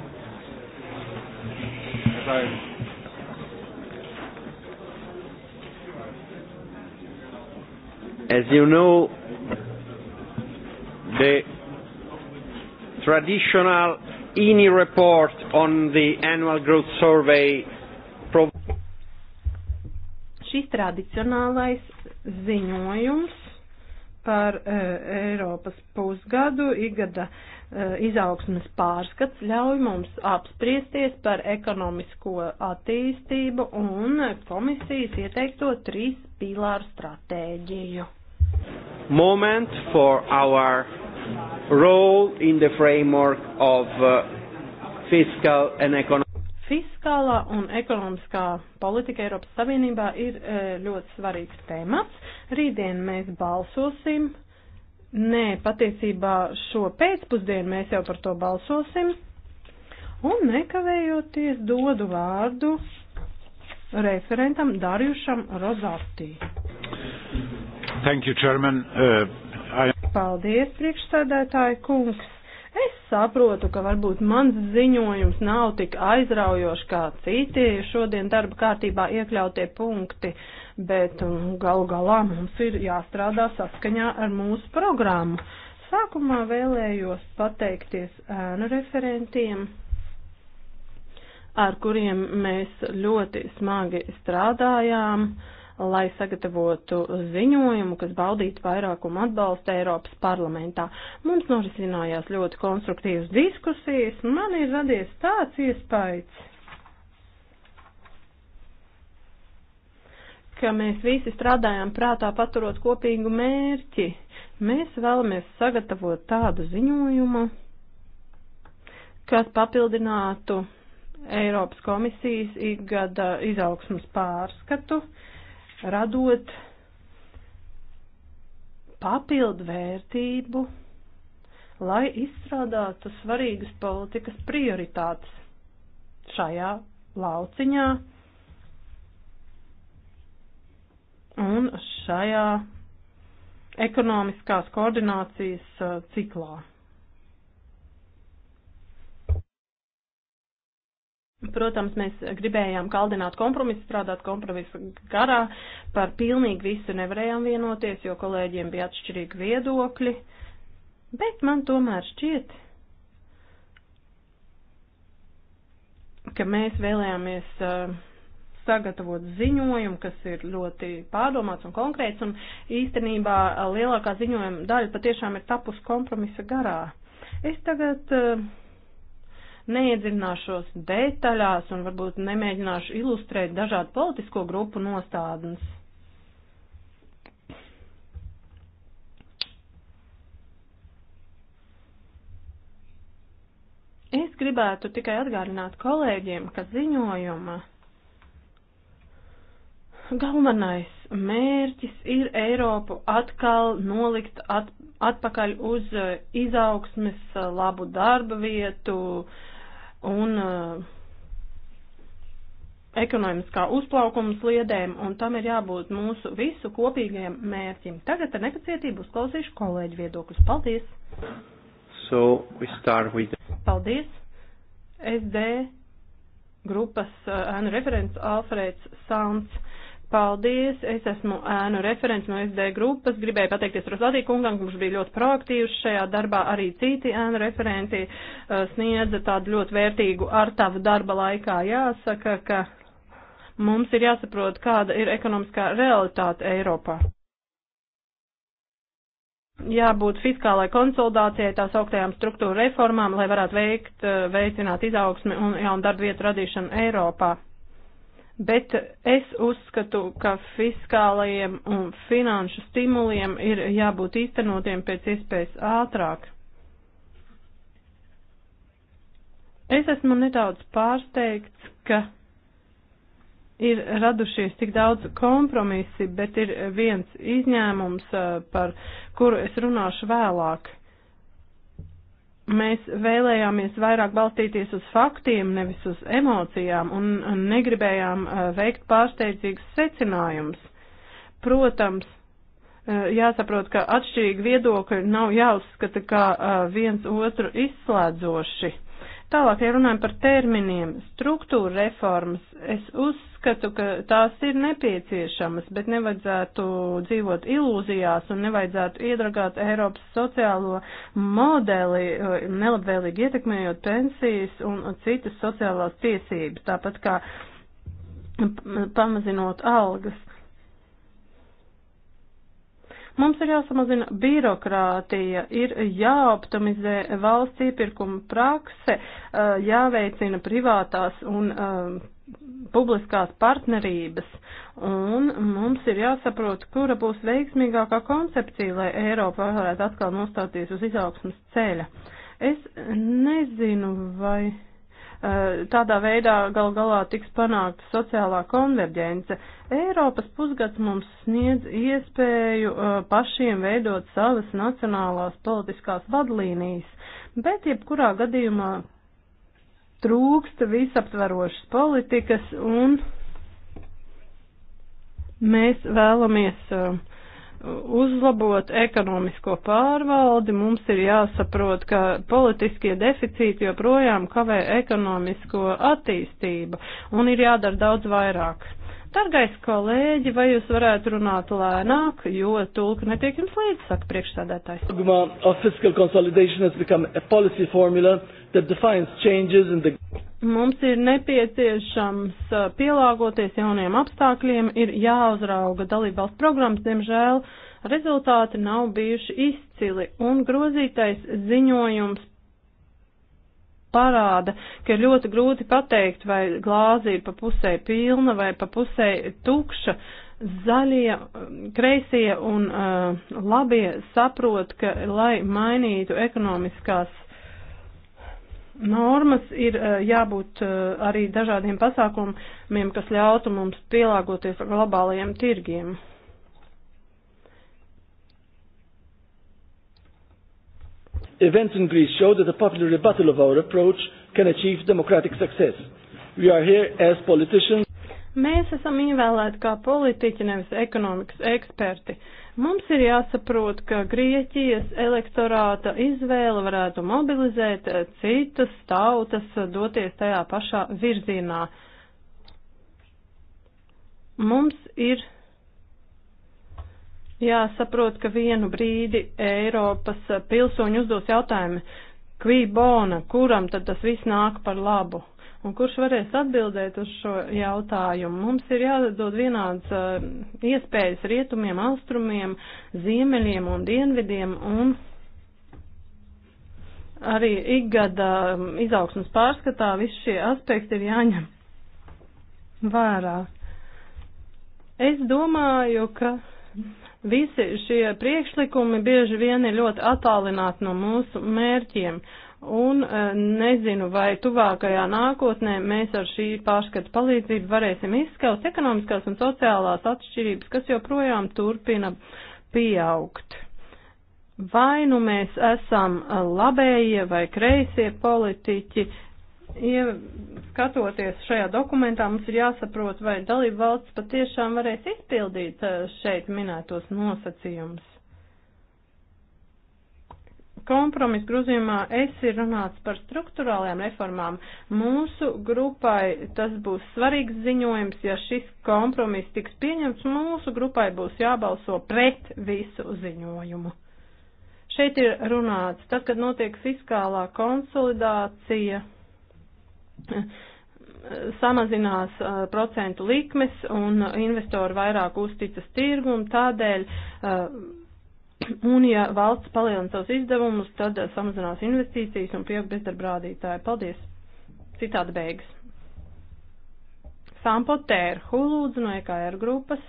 Bye. As you know, the traditional INI e report on the annual growth survey. Šis tradicionālais ziņojums par e, Eiropas pusgadu igada e, izaugsmes pārskats ļauj mums apspriesties par ekonomisko attīstību un komisijas ieteikto trīs pīlāru stratēģiju. Moment for our role in the framework of uh, fiscal and economic Fiskālā un ekonomiskā politika Eiropas Savienībā ir e, ļoti svarīgs temats. Rītdien mēs balsosim. Nē, patiesībā šo pēcpusdienu mēs jau par to balsosim. Un nekavējoties dodu vārdu referentam Darjušam Rozātī. Thank you, Chairman. Uh, I... Paldies, priekšsēdētāji kungs. Es saprotu, ka varbūt mans ziņojums nav tik aizraujošs kā citi šodien darba kārtībā iekļautie punkti, bet um, galu galā mums ir jāstrādā saskaņā ar mūsu programmu. Sākumā vēlējos pateikties ēnu referentiem, ar kuriem mēs ļoti smagi strādājām. Uh, lai sagatavotu ziņojumu, kas baudītu vairākumu atbalstu Eiropas parlamentā. Mums norisinājās ļoti konstruktīvas diskusijas, un man ir radies tāds iespējas, ka mēs visi strādājām prātā paturot kopīgu mērķi. Mēs vēlamies sagatavot tādu ziņojumu, kas papildinātu Eiropas komisijas ikgada izaugsmas pārskatu, uh, radot papildu vērtību, lai izstrādātu svarīgas politikas prioritātes šajā lauciņā un šajā ekonomiskās koordinācijas uh, ciklā. Protams, mēs gribējām kaldināt kompromisu, strādāt kompromisu garā, par pilnīgi visu nevarējām vienoties, jo kolēģiem bija atšķirīgi viedokļi, bet man tomēr šķiet, ka mēs vēlējāmies uh, sagatavot ziņojumu, kas ir ļoti pārdomāts un konkrēts, un īstenībā uh, lielākā ziņojuma daļa patiešām ir tapus kompromisa garā. Es tagad uh, Neiedzināšos detaļās un varbūt nemēģināšu ilustrēt dažādu politisko grupu nostādnes. Es gribētu tikai atgādināt kolēģiem, ka ziņojuma galvenais mērķis ir Eiropu atkal nolikt at, atpakaļ uz eh, izaugsmes, eh, labu darba vietu, uh, un uh, ekonomiskā uzplaukuma sliedēm, un tam ir jābūt mūsu visu kopīgajam mērķim. Tagad ar nepacietību uzklausīšu kolēģi viedokļus. Paldies! So with... Paldies! SD grupas uh, referents Alfrēds Sants. Paldies, es esmu ēnu referents no SD grupas, gribēju pateikties Rosladī kungam, kurš bija ļoti proaktīvs šajā darbā, arī citi ēnu referenti uh, sniedza tādu ļoti vērtīgu artavu darba laikā. Jāsaka, ka mums ir jāsaprot, kāda ir ekonomiskā realitāte Eiropā jābūt fiskālai konsolidācijai, tās augtajām struktūra reformām, lai varētu veikt, uh, veicināt izaugsmi un jaunu darbu vietu radīšanu Eiropā bet es uzskatu, ka fiskālajiem un finanšu stimuliem ir jābūt īstenotiem pēc iespējas ātrāk. Es esmu nedaudz pārsteigts, ka ir radušies tik daudz kompromisi, bet ir viens izņēmums, eh, par kuru es runāšu vēlāk mēs vēlējāmies vairāk balstīties uz faktiem, nevis uz emocijām, un negribējām uh, veikt pārsteidzīgus secinājumus. Protams, uh, jāsaprot, ka atšķirīgi viedokļi nav jāuzskata kā uh, viens otru izslēdzoši. Tālāk, ja runājam par terminiem, struktūra reformas, es uzskatu, uzskatu, ka tās ir nepieciešamas, bet nevajadzētu dzīvot ilūzijās un nevajadzētu iedragāt Eiropas sociālo modeli, eh, nelabvēlīgi ietekmējot pensijas un citas sociālās tiesības, tāpat kā pamazinot algas. Mums ir jāsamazina birokrātija, ir jāoptimizē valsts iepirkuma prakse, eh, jāveicina privātās un eh, publiskās partnerības, un mums ir jāsaprot, kura būs veiksmīgākā koncepcija, lai Eiropa varētu atkal nostāties uz izaugsmas ceļa. Es nezinu, vai eh, tādā veidā gal galā tiks panākta sociālā konverģence. Eiropas pusgads mums sniedz iespēju eh, pašiem veidot savas nacionālās politiskās vadlīnijas, bet jebkurā gadījumā trūksta visaptverošas politikas un mēs vēlamies uh, uzlabot ekonomisko pārvaldi, mums ir jāsaprot, ka politiskie deficīti joprojām kavē ekonomisko attīstību un ir jādara daudz vairāk. Dargais kolēģi, vai jūs varētu runāt lēnāk, jo tulka netiek jums līdz, saka priekšsādātājs. Of fiscal consolidation has become a policy formula that defines changes in the Mums ir nepieciešams uh, pielāgoties jauniem apstākļiem, ir jāuzrauga dalībvalsts programmas, diemžēl rezultāti nav bijuši izcili, un grozītais ziņojums parāda, ka ir ļoti grūti pateikt, vai glāze ir pa pusē pilna vai pa pusē tukša. Zaļie, kreisie un uh, labie saprot, ka, lai mainītu ekonomiskās normas ir uh, jābūt uh, arī dažādiem pasākumiem, kas ļautu mums pielāgoties globālajiem tirgiem. Events in Greece show that the popular rebuttal of our approach can achieve democratic success. We are here as politicians. Mēs esam ievēlēti kā politiķi, nevis ekonomikas eksperti. Mums ir jāsaprot, ka Grieķijas elektorāta izvēle varētu mobilizēt citas tautas, doties tajā pašā virzienā. Mums ir Jāsaprot, ka vienu brīdi Eiropas pilsoņi uzdos jautājumu, kvī bona, kuram tad tas viss nāk par labu? Un kurš varēs atbildēt uz šo jautājumu? Mums ir jādod vienāds uh, iespējas rietumiem, austrumiem, ziemeļiem un dienvidiem un arī ikgada mm, izaugsmas pārskatā visi šie aspekti ir jāņem vērā. Es domāju, ka Visi šie priekšlikumi bieži vien ir ļoti attālināti no mūsu mērķiem. Un e, nezinu, vai tuvākajā nākotnē mēs ar šī pārskata palīdzību varēsim izskaust ekonomiskās un sociālās atšķirības, kas joprojām turpina pieaugt. Vai nu mēs esam labējie vai kreisie politiķi, Ja skatoties šajā dokumentā, mums ir jāsaprot, vai dalība valsts patiešām varēs izpildīt eh, šeit minētos nosacījumus. Kompromis grozījumā es ir runāts par struktūrālajām reformām. Mūsu grupai tas būs svarīgs ziņojums, ja šis kompromis tiks pieņemts, mūsu grupai būs jābalso pret visu ziņojumu. Šeit ir runāts, tad, kad notiek fiskālā konsolidācija samazinās uh, procentu likmes un investori vairāk uzticas tirgumu, tādēļ, uh, un ja valsts palielina savus izdevumus, tad uh, samazinās investīcijas un pieaug bezdarbrādītāji. Paldies! Citādi beigas. Sampotēru, Hulūdzu no EKR grupas.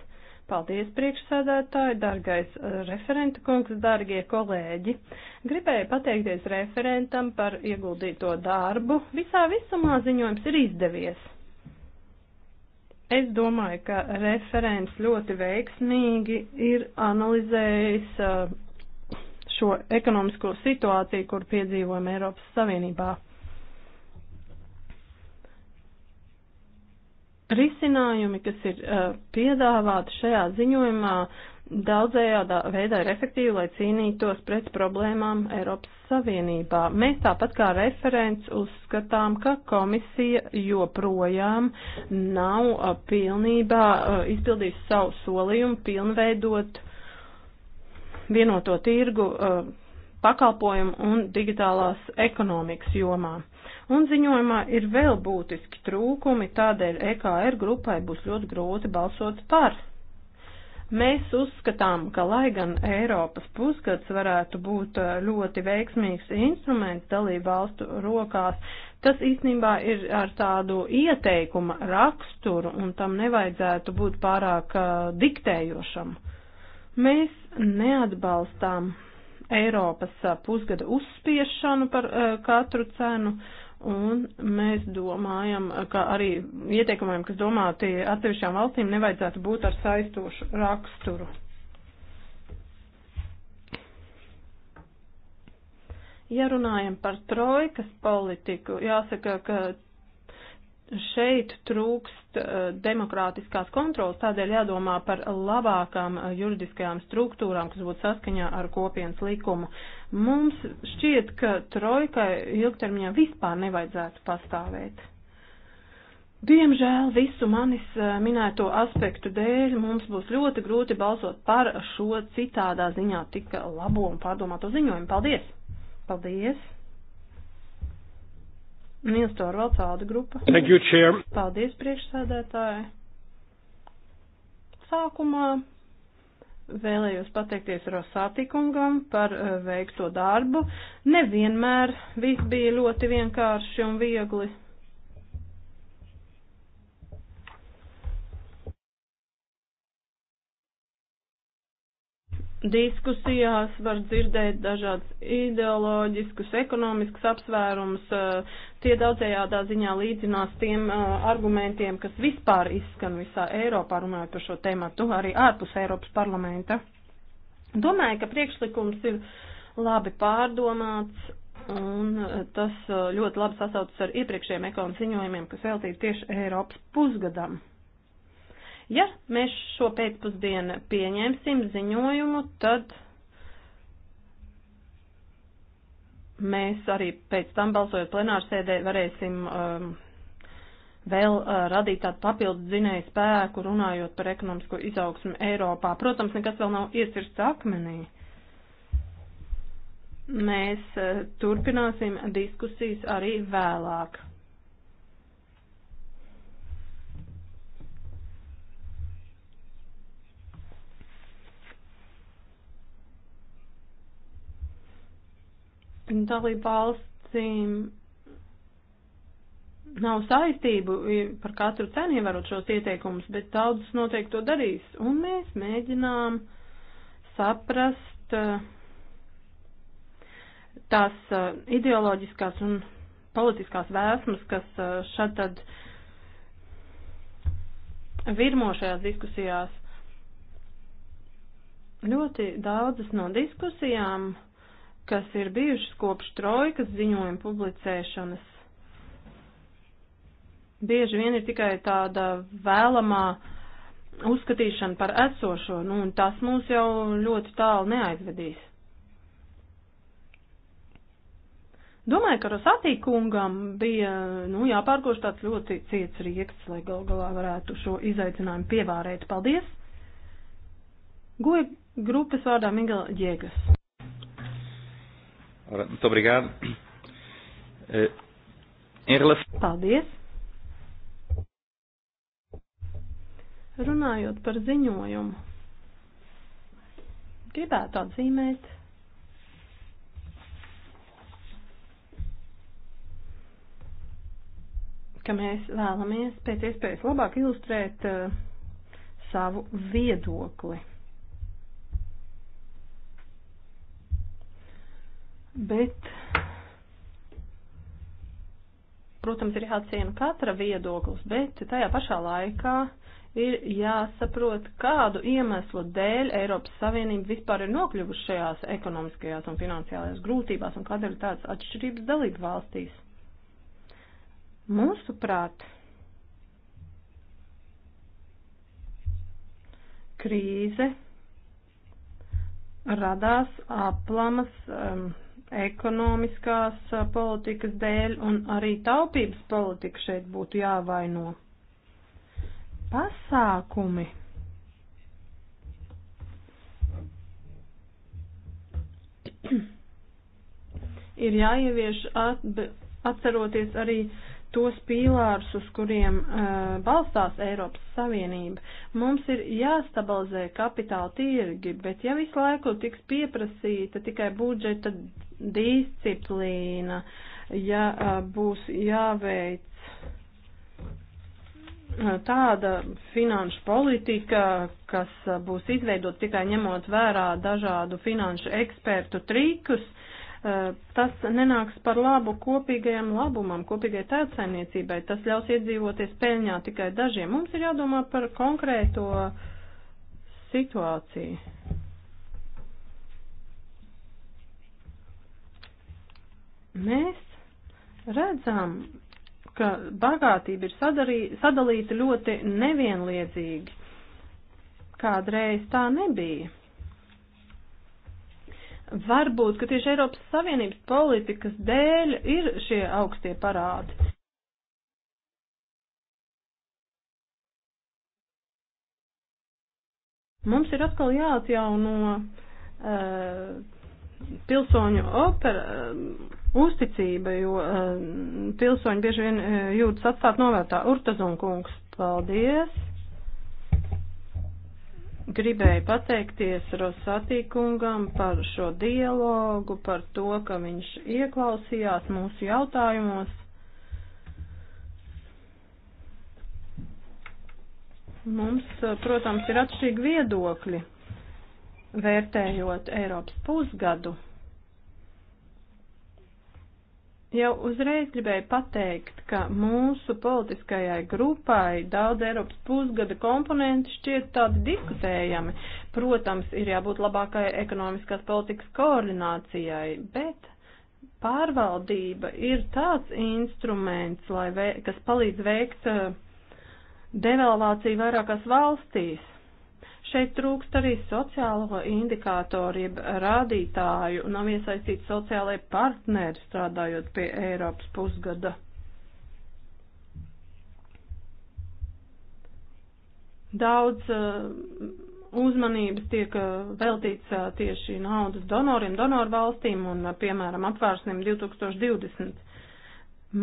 Paldies, priekšsēdētāji, dargais uh, referenta kungs, dargie kolēģi. Gribēju pateikties referentam par ieguldīto darbu. Visā visumā ziņojums ir izdevies. Es domāju, ka referents ļoti veiksmīgi ir analizējis uh, šo ekonomisko situāciju, kur piedzīvojam Eiropas Savienībā. Risinājumi, kas ir uh, piedāvāti šajā ziņojumā, daudzējādā veidā ir efektīvi, lai cīnītos pret problēmām Eiropas Savienībā. Mēs tāpat kā referents uzskatām, ka komisija joprojām nav uh, pilnībā uh, izpildījusi savu solījumu pilnveidot vienoto tirgu. Uh, pakalpojumu un digitālās ekonomikas jomā. Un ziņojumā ir vēl būtiski trūkumi, tādēļ EKR grupai būs ļoti grūti balsot par. Mēs uzskatām, ka lai gan Eiropas pusgads varētu būt eh, ļoti veiksmīgs instruments dalību valstu rokās, tas īstenībā ir ar tādu ieteikuma raksturu un tam nevajadzētu būt pārāk eh, diktējošam. Mēs neatbalstām Eiropas eh, pusgada uzspiešanu par katru cenu Un mēs domājam, ka arī ieteikumiem, kas domāti atsevišķām valstīm, nevajadzētu būt ar saistošu raksturu. Ja runājam par trojkas politiku, jāsaka, ka šeit trūkst eh, demokrātiskās kontrolas, tādēļ jādomā par labākām eh, juridiskajām struktūrām, kas būtu saskaņā ar kopienas likumu. Mums šķiet, ka trojkai ilgtermiņā vispār nevajadzētu pastāvēt. Diemžēl visu manis eh, minēto aspektu dēļ mums būs ļoti grūti balsot par šo citādā ziņā tik labo un pārdomāto ziņojumu. Paldies! Paldies! Nils Torvalds, Alda grupa. Thank you, Chair. Paldies, priekšsēdētāji. Sākumā vēlējos pateikties Rosātikungam par eh, veikto darbu. Nevienmēr viss bija ļoti vienkārši un viegli. Diskusijās var dzirdēt dažādas ideoloģiskas, ekonomiskas apsvērumus, eh, tie daudzējādā ziņā līdzinās tiem uh, argumentiem, kas vispār izskan visā Eiropā, runājot par šo tēmatu, arī ārpus Eiropas parlamenta. Domāju, ka priekšlikums ir labi pārdomāts un tas ļoti labi sasaucas ar iepriekšējiem ekonomikas ziņojumiem, kas veltīti tieši Eiropas pusgadam. Ja mēs šo pēcpusdienu pieņemsim ziņojumu, tad mēs arī pēc tam balsojot plenārsēdē varēsim um, vēl uh, radīt tādu papildu dzinēju spēku, runājot par ekonomisko izaugsmu Eiropā. Protams, nekas vēl nav iecirsts akmenī. Mēs uh, turpināsim diskusijas arī vēlāk. dalību valstīm nav saistību par katru cenu ievērot šos ieteikumus, bet daudzas noteikti to darīs. Un mēs mēģinām saprast eh, tās eh, ideoloģiskās un politiskās vēsmas, kas eh, šatad virmo šajās diskusijās. Ļoti daudzas no diskusijām kas ir bijušas kopš trojkas ziņojuma publicēšanas, bieži vien ir tikai tāda vēlamā uzskatīšana par esošo, nu, un tas mūs jau ļoti tālu neaizvedīs. Domāju, ka Rosatī kungam bija nu, jāpārkož tāds ļoti ciets rieksts, lai gal galā varētu šo izaicinājumu pievārēt. Paldies! Goja grupas vārdā Migela Jēgas. Ora, muito obrigado. Uh, em relação... Paldies. Runājot par ziņojumu, gribētu atzīmēt, ka mēs vēlamies pēc iespējas labāk ilustrēt uh, savu viedokli. Bet, protams, ir jāciena katra viedoklis, bet tajā pašā laikā ir jāsaprot, kādu iemeslu dēļ Eiropas Savienība vispār ir nokļuvusi šajās ekonomiskajās un finansiālajās grūtībās un kādēļ ir tādas atšķirības dalību valstīs. Mūsuprāt, krīze radās aplamas um, ekonomiskās politikas dēļ un arī taupības politika šeit būtu jāvaino. Pasākumi. Ir jāievieš atceroties arī tos pīlārus, uz kuriem uh, balstās Eiropas Savienība. Mums ir jāstabilizē kapitāla tirgi, bet ja visu laiku tiks pieprasīta tikai budžeta disciplīna, ja būs jāveic tāda finanšu politika, kas būs izveidot tikai ņemot vērā dažādu finanšu ekspertu trikus, tas nenāks par labu kopīgajam labumam, kopīgai tētsainiecībai. Tas ļaus iedzīvoties peļņā tikai dažiem. Mums ir jādomā par konkrēto situāciju. Mēs redzam, ka bagātība ir sadarī, sadalīta ļoti nevienliedzīgi. Kādreiz tā nebija. Varbūt, ka tieši Eiropas Savienības politikas dēļ ir šie augstie parādi. Mums ir atkal jāatjauno uh, pilsoņu opera, uh, uzticība, jo uh, pilsoņi bieži vien uh, jūtas atstāt novērtā. Urtazunkungs, paldies! Gribēju pateikties Rosatī kungam par šo dialogu, par to, ka viņš ieklausījās mūsu jautājumos. Mums, eh, protams, ir atšķirīgi viedokļi, vērtējot Eiropas pusgadu. Jau uzreiz gribēju pateikt, ka mūsu politiskajai grupai daudz Eiropas pusgada komponenti šķiet tādi diskutējami. Protams, ir jābūt labākai ekonomiskās politikas koordinācijai, bet pārvaldība ir tāds instruments, lai, vē, kas palīdz veikt eh, devalvāciju vairākās valstīs. Šeit trūkst arī sociālo indikātoru, jeb rādītāju, nav iesaistīti sociālai partneri strādājot pie Eiropas pusgada. Daudz uh, uzmanības tiek uh, veltīts uh, tieši naudas donoriem, donoru valstīm un, uh, piemēram, apvērsniem 2020.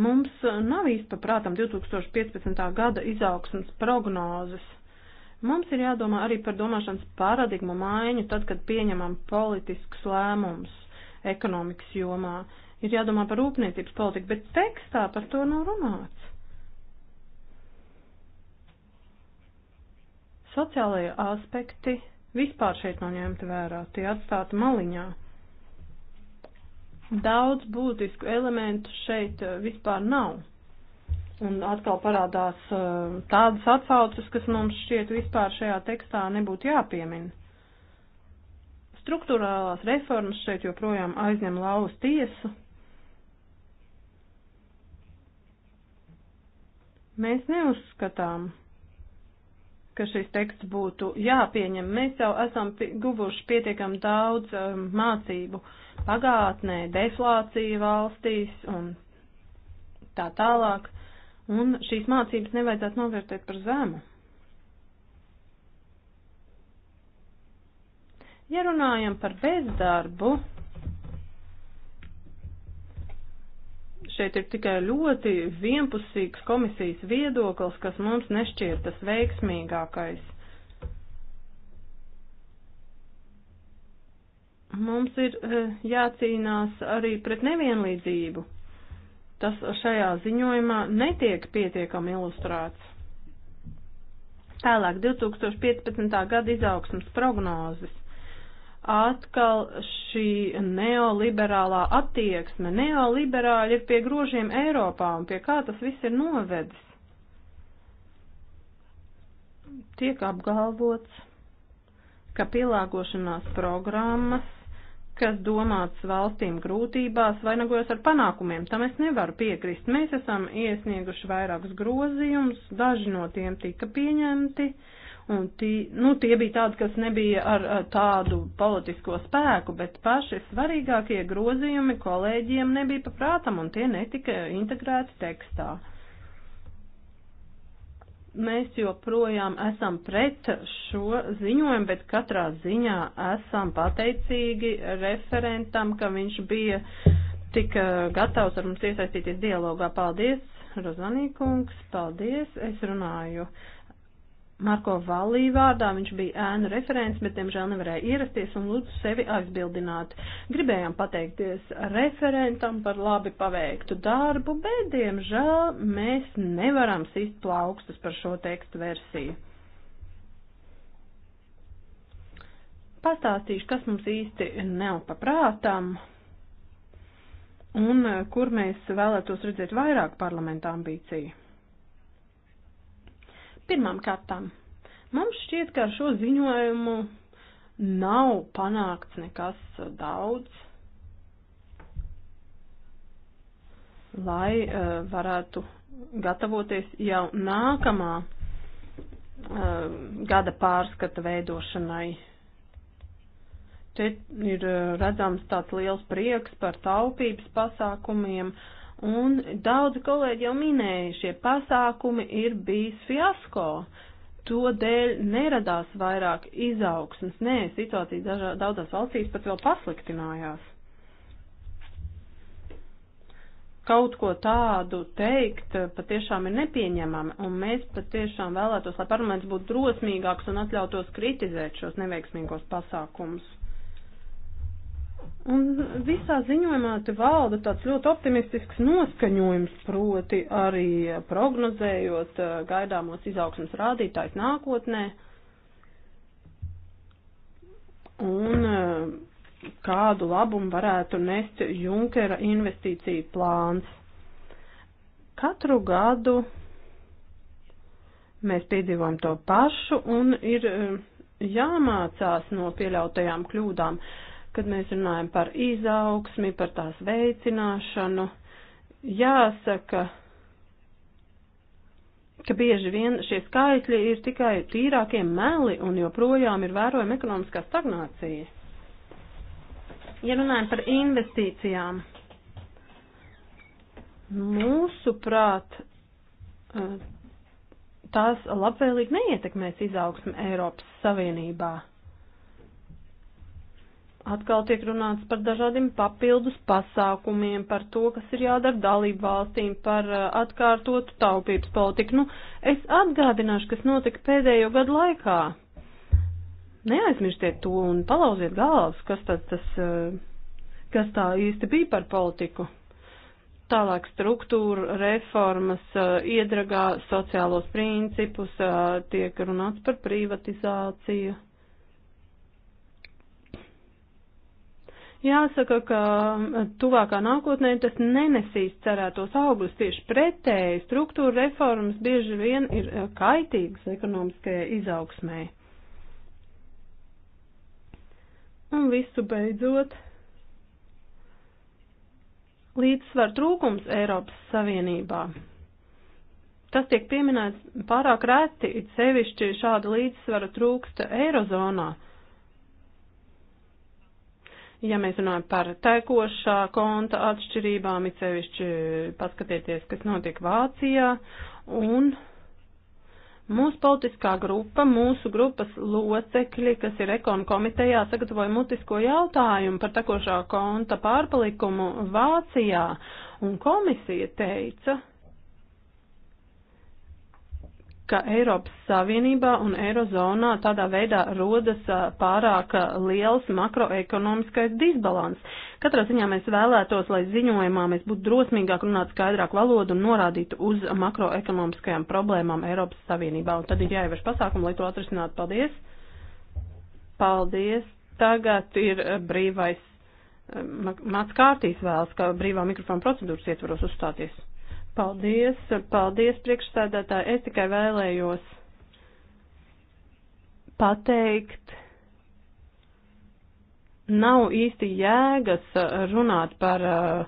Mums nav īsti paprātam 2015. gada izaugsmas prognozes. Mums ir jādomā arī par domāšanas paradigmu maiņu, tad, kad pieņemam politiskus lēmumus ekonomikas jomā. Ir jādomā par rūpniecības politiku, bet tekstā par to nav runāts. Sociālajie aspekti vispār šeit nav ņemti vērā, tie atstāti maliņā. Daudz būtisku elementu šeit eh, vispār nav. Un atkal parādās eh, tādas atsauces, kas mums šķiet vispār šajā tekstā nebūtu jāpiemina. Struktūrālās reformas šeit joprojām aizņem lauvas tiesu. Mēs neuzskatām, ka šis teksts būtu jāpieņem. Mēs jau esam guvuši pietiekam daudz um, mācību pagātnē, deflācija valstīs un tā tālāk. Un šīs mācības nevajadzētu novērtēt par zemu. Ja runājam par bezdarbu, šeit ir tikai ļoti vienpusīgs komisijas viedoklis, kas mums nešķiet tas veiksmīgākais. Mums ir eh, jācīnās arī pret nevienlīdzību, tas šajā ziņojumā netiek pietiekami ilustrēts. Tālāk 2015. gada izaugsmas prognozes atkal šī neoliberālā attieksme. Neoliberāļi ir pie grožiem Eiropā un pie kā tas viss ir novedis. Tiek apgalvots, ka pielāgošanās programmas kas domāts valstīm grūtībās, vainagojas ar panākumiem. Tam es nevaru piekrist. Mēs esam iesnieguši vairākus grozījumus, daži no tiem tika pieņemti, un tī, nu, tie bija tādi, kas nebija ar tādu politisko spēku, bet paši svarīgākie grozījumi kolēģiem nebija paprātam, un tie netika integrēti tekstā mēs joprojām esam pret šo ziņojumu, bet katrā ziņā esam pateicīgi referentam, ka viņš bija tik eh, gatavs ar mums iesaistīties dialogā. Paldies, Rozanīkungs, paldies. Es runāju Marko Vallī vārdā, viņš bija ēnu referents, bet, diemžēl, nevarēja ierasties un lūdzu sevi aizbildināt. Gribējām pateikties referentam par labi paveiktu darbu, bet, diemžēl, mēs nevaram sist plaukstus par šo tekstu versiju. Pastāstīšu, kas mums īsti nav paprātām un kur mēs vēlētos redzēt vairāk parlamentā ambīciju. Pirmām kārtām, mums šķiet, ka ar šo ziņojumu nav panākts nekas daudz, lai uh, varētu gatavoties jau nākamā uh, gada pārskata veidošanai. Te ir eh, redzams tāds liels prieks par taupības pasākumiem, uh, Un daudzi kolēģi jau minēja, šie pasākumi ir bijis fiasko. To dēļ neradās vairāk izaugsmas. Nē, situācija dažā, daudzās valstīs pat vēl pasliktinājās. Kaut ko tādu teikt patiešām ir nepieņemami, un mēs patiešām vēlētos, lai parlaments būtu drosmīgāks un atļautos kritizēt šos neveiksmīgos pasākumus. Un visā ziņojumā te valda tāds ļoti optimistisks noskaņojums, proti arī prognozējot eh, gaidāmos izaugsmas rādītājs nākotnē. Un eh, kādu labumu varētu nest Junkera investīciju plāns. Katru gadu mēs piedzīvojam to pašu un ir eh, jāmācās no pieļautajām kļūdām. Uh, kad mēs runājam par izaugsmi, par tās veicināšanu, jāsaka, ka bieži vien šie skaitļi ir tikai tīrākie meli un joprojām ir vērojama ekonomiskā stagnācija. Ja runājam par investīcijām, mūsuprāt, eh, tās labvēlīgi neietekmēs izaugsmu Eiropas Savienībā atkal tiek runāts par dažādiem papildus pasākumiem, par to, kas ir jādara dalību valstīm, par uh, atkārtotu taupības politiku. Nu, es atgādināšu, kas notika pēdējo gadu laikā. Neaizmirstiet to un palauziet galvas, kas, tad, tas, uh, kas tā īsti bija par politiku. Tālāk struktūra, reformas, uh, iedragā sociālos principus, tiek runāts par privatizāciju. Jāsaka, ka tuvākā nākotnē tas nenesīs cerētos augus tieši pretēji. Struktūra reformas bieži vien ir e, kaitīgas ekonomiskajai izaugsmai. Un visu beidzot, līdzsvar trūkums Eiropas Savienībā. Tas tiek pieminēts pārāk reti, it sevišķi šāda līdzsvara trūksta Eirozonā. Ja mēs runājam par tekošā konta atšķirībām, it sevišķi paskatieties, kas notiek Vācijā, un mūsu politiskā grupa, mūsu grupas locekļi, kas ir ekonu komitejā, sagatavoja mutisko jautājumu par tekošā konta pārpalikumu Vācijā, un komisija teica, ka Eiropas Savienībā un Eirozonā tādā veidā rodas pārāk liels makroekonomiskais disbalans. Katrā ziņā mēs vēlētos, lai ziņojumā mēs būtu drosmīgāk runāt skaidrāk valodu un norādītu uz makroekonomiskajām problēmām Eiropas Savienībā. Un tad ir jāievieš pasākumu, lai to atrisinātu. Paldies! Paldies! Tagad ir brīvais. Mats Kārtīs vēlas, ka brīvā mikrofona procedūras ietvaros uzstāties. Paldies, paldies priekšsēdētāji. Es tikai vēlējos pateikt, nav īsti jēgas runāt par uh,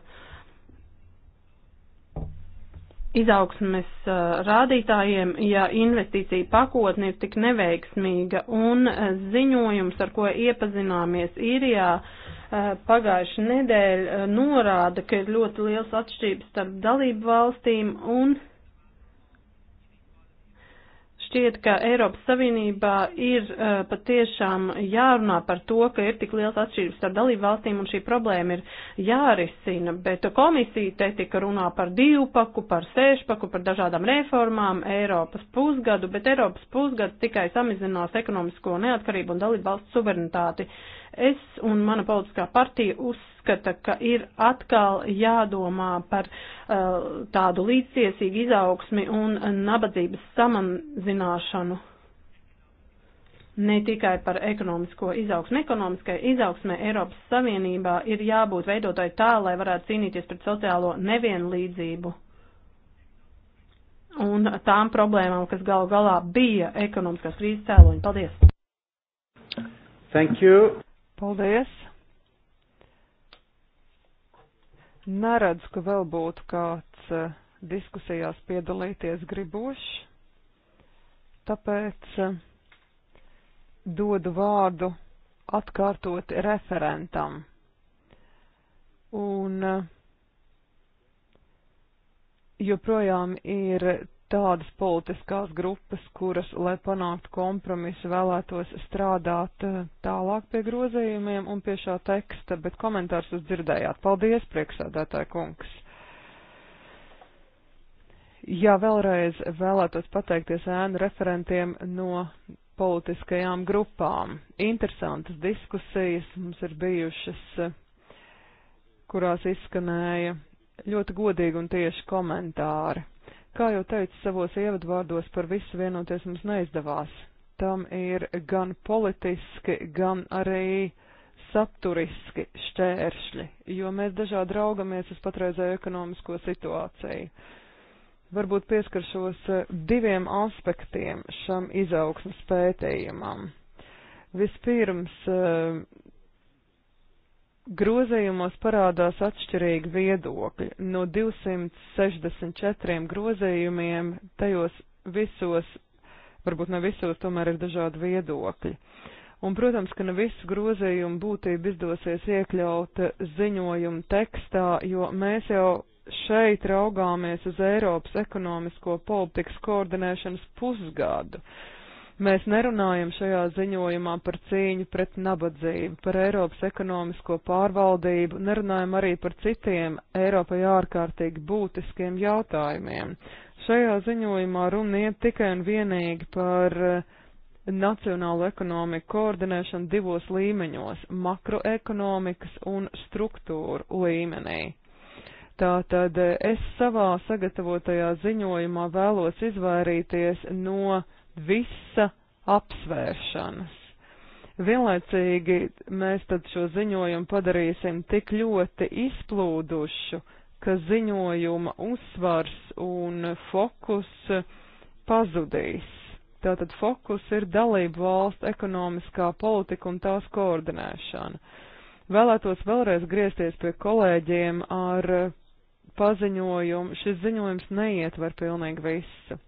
izaugsmes uh, rādītājiem, ja investīcija pakotne ir tik neveiksmīga un uh, ziņojums, ar ko iepazināmies īrijā, ja Eh, pagājuši nedēļ eh, norāda, ka ir ļoti liels atšķirības starp dalību valstīm un šķiet, ka Eiropas Savienībā ir uh, patiešām jārunā par to, ka ir tik liels atšķirības starp dalību valstīm un šī problēma ir jārisina, bet komisija te tika runā par divpaku, par sešpaku, par dažādām reformām, Eiropas pusgadu, bet Eiropas pusgads tikai samizinās ekonomisko neatkarību un dalību valsts suverenitāti. Uh, Es un mana politiskā partija uzskata, ka ir atkal jādomā par uh, tādu līdztiesīgu izaugsmi un nabadzības samazināšanu. Ne tikai par ekonomisko izaugsmu. Ekonomiskai izaugsmē Eiropas Savienībā ir jābūt veidotāji tā, lai varētu cīnīties pret sociālo nevienlīdzību un tām problēmām, kas galu galā bija ekonomiskās krīzes cēloņi. Paldies! Thank you. Paldies! Neredzu, ka vēl būtu kāds eh, diskusijās piedalīties gribošs, tāpēc eh, dodu vārdu atkārtot referentam. Un eh, joprojām ir tādas politiskās grupas, kuras, lai panāktu kompromisu, vēlētos strādāt eh, tālāk pie grozījumiem un pie šā teksta, bet komentārs jūs dzirdējāt. Paldies, prieksādātāja kungs! Jā, vēlreiz vēlētos pateikties ēnu referentiem no politiskajām grupām. Interesantas diskusijas mums ir bijušas, eh, kurās izskanēja ļoti godīgi un tieši komentāri Kā jau teicu savos ievadvārdos, par visu vienoties mums neizdevās. Tam ir gan politiski, gan arī saturiski šķēršļi, jo mēs dažādi raugamies uz patreizēju ekonomisko situāciju. Varbūt pieskaršos eh, diviem aspektiem šam izaugsmas pētījumam. Vispirms eh, Grozījumos parādās atšķirīgi viedokļi. No 264 grozījumiem tajos visos, varbūt ne visos, tomēr ir dažādi viedokļi. Un, protams, ka ne visu grozījumu būtību izdosies iekļaut ziņojumu tekstā, jo mēs jau šeit raugāmies uz Eiropas ekonomisko politikas koordinēšanas pusgadu. Uh, Mēs nerunājam šajā ziņojumā par cīņu pret nabadzību, par Eiropas ekonomisko pārvaldību, nerunājam arī par citiem Eiropai ārkārtīgi būtiskiem jautājumiem. Šajā ziņojumā runa iet tikai un vienīgi par eh, nacionālu ekonomiku koordinēšanu divos līmeņos - makroekonomikas un struktūru līmenī. Tātad eh, es savā sagatavotajā ziņojumā vēlos izvairīties no visa apsvēršanas. Vienlaicīgi mēs tad šo ziņojumu padarīsim tik ļoti izplūdušu, ka ziņojuma uzsvars un fokus pazudīs. Tātad fokus ir dalību valstu ekonomiskā politika un tās koordinēšana. Vēlētos vēlreiz griezties pie kolēģiem ar paziņojumu. Šis ziņojums neietver pilnīgi visu.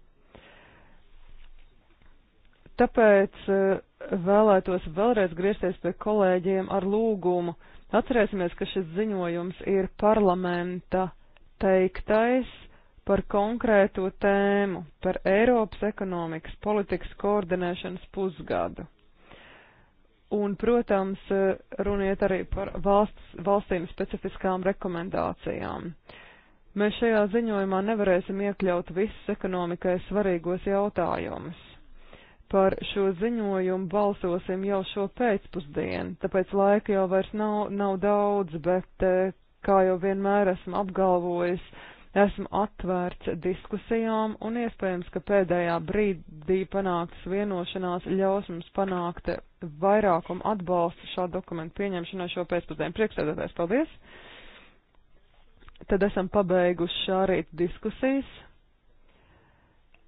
Tāpēc eh, vēlētos vēlreiz griezties pie kolēģiem ar lūgumu. Atcerēsimies, ka šis ziņojums ir parlamenta teiktais par konkrēto tēmu, par Eiropas ekonomikas politikas koordinēšanas pusgadu. Un, protams, eh, runiet arī par valsts, valstīm specifiskām rekomendācijām. Mēs šajā ziņojumā nevarēsim iekļaut visus ekonomikai svarīgos jautājumus par šo ziņojumu balsosim jau šo pēcpusdienu, tāpēc laika jau vairs nav, nav daudz, bet, eh, kā jau vienmēr esmu apgalvojis, esmu atvērts diskusijām un iespējams, ka pēdējā brīdī panāktas vienošanās ļaus mums panākt vairākumu atbalstu šā dokumentu pieņemšanai šo pēcpusdienu. Priekšsēdētājs, paldies! Tad esam pabeiguši šā rīta diskusijas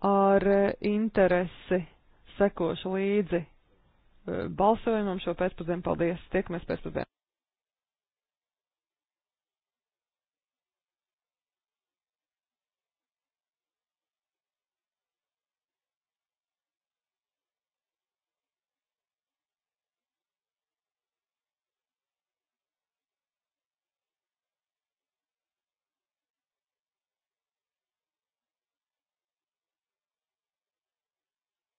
ar interesi sekošu līdzi eh, balsojumam šo pēcpusdienu. Paldies! Tiekamies pēcpusdienu!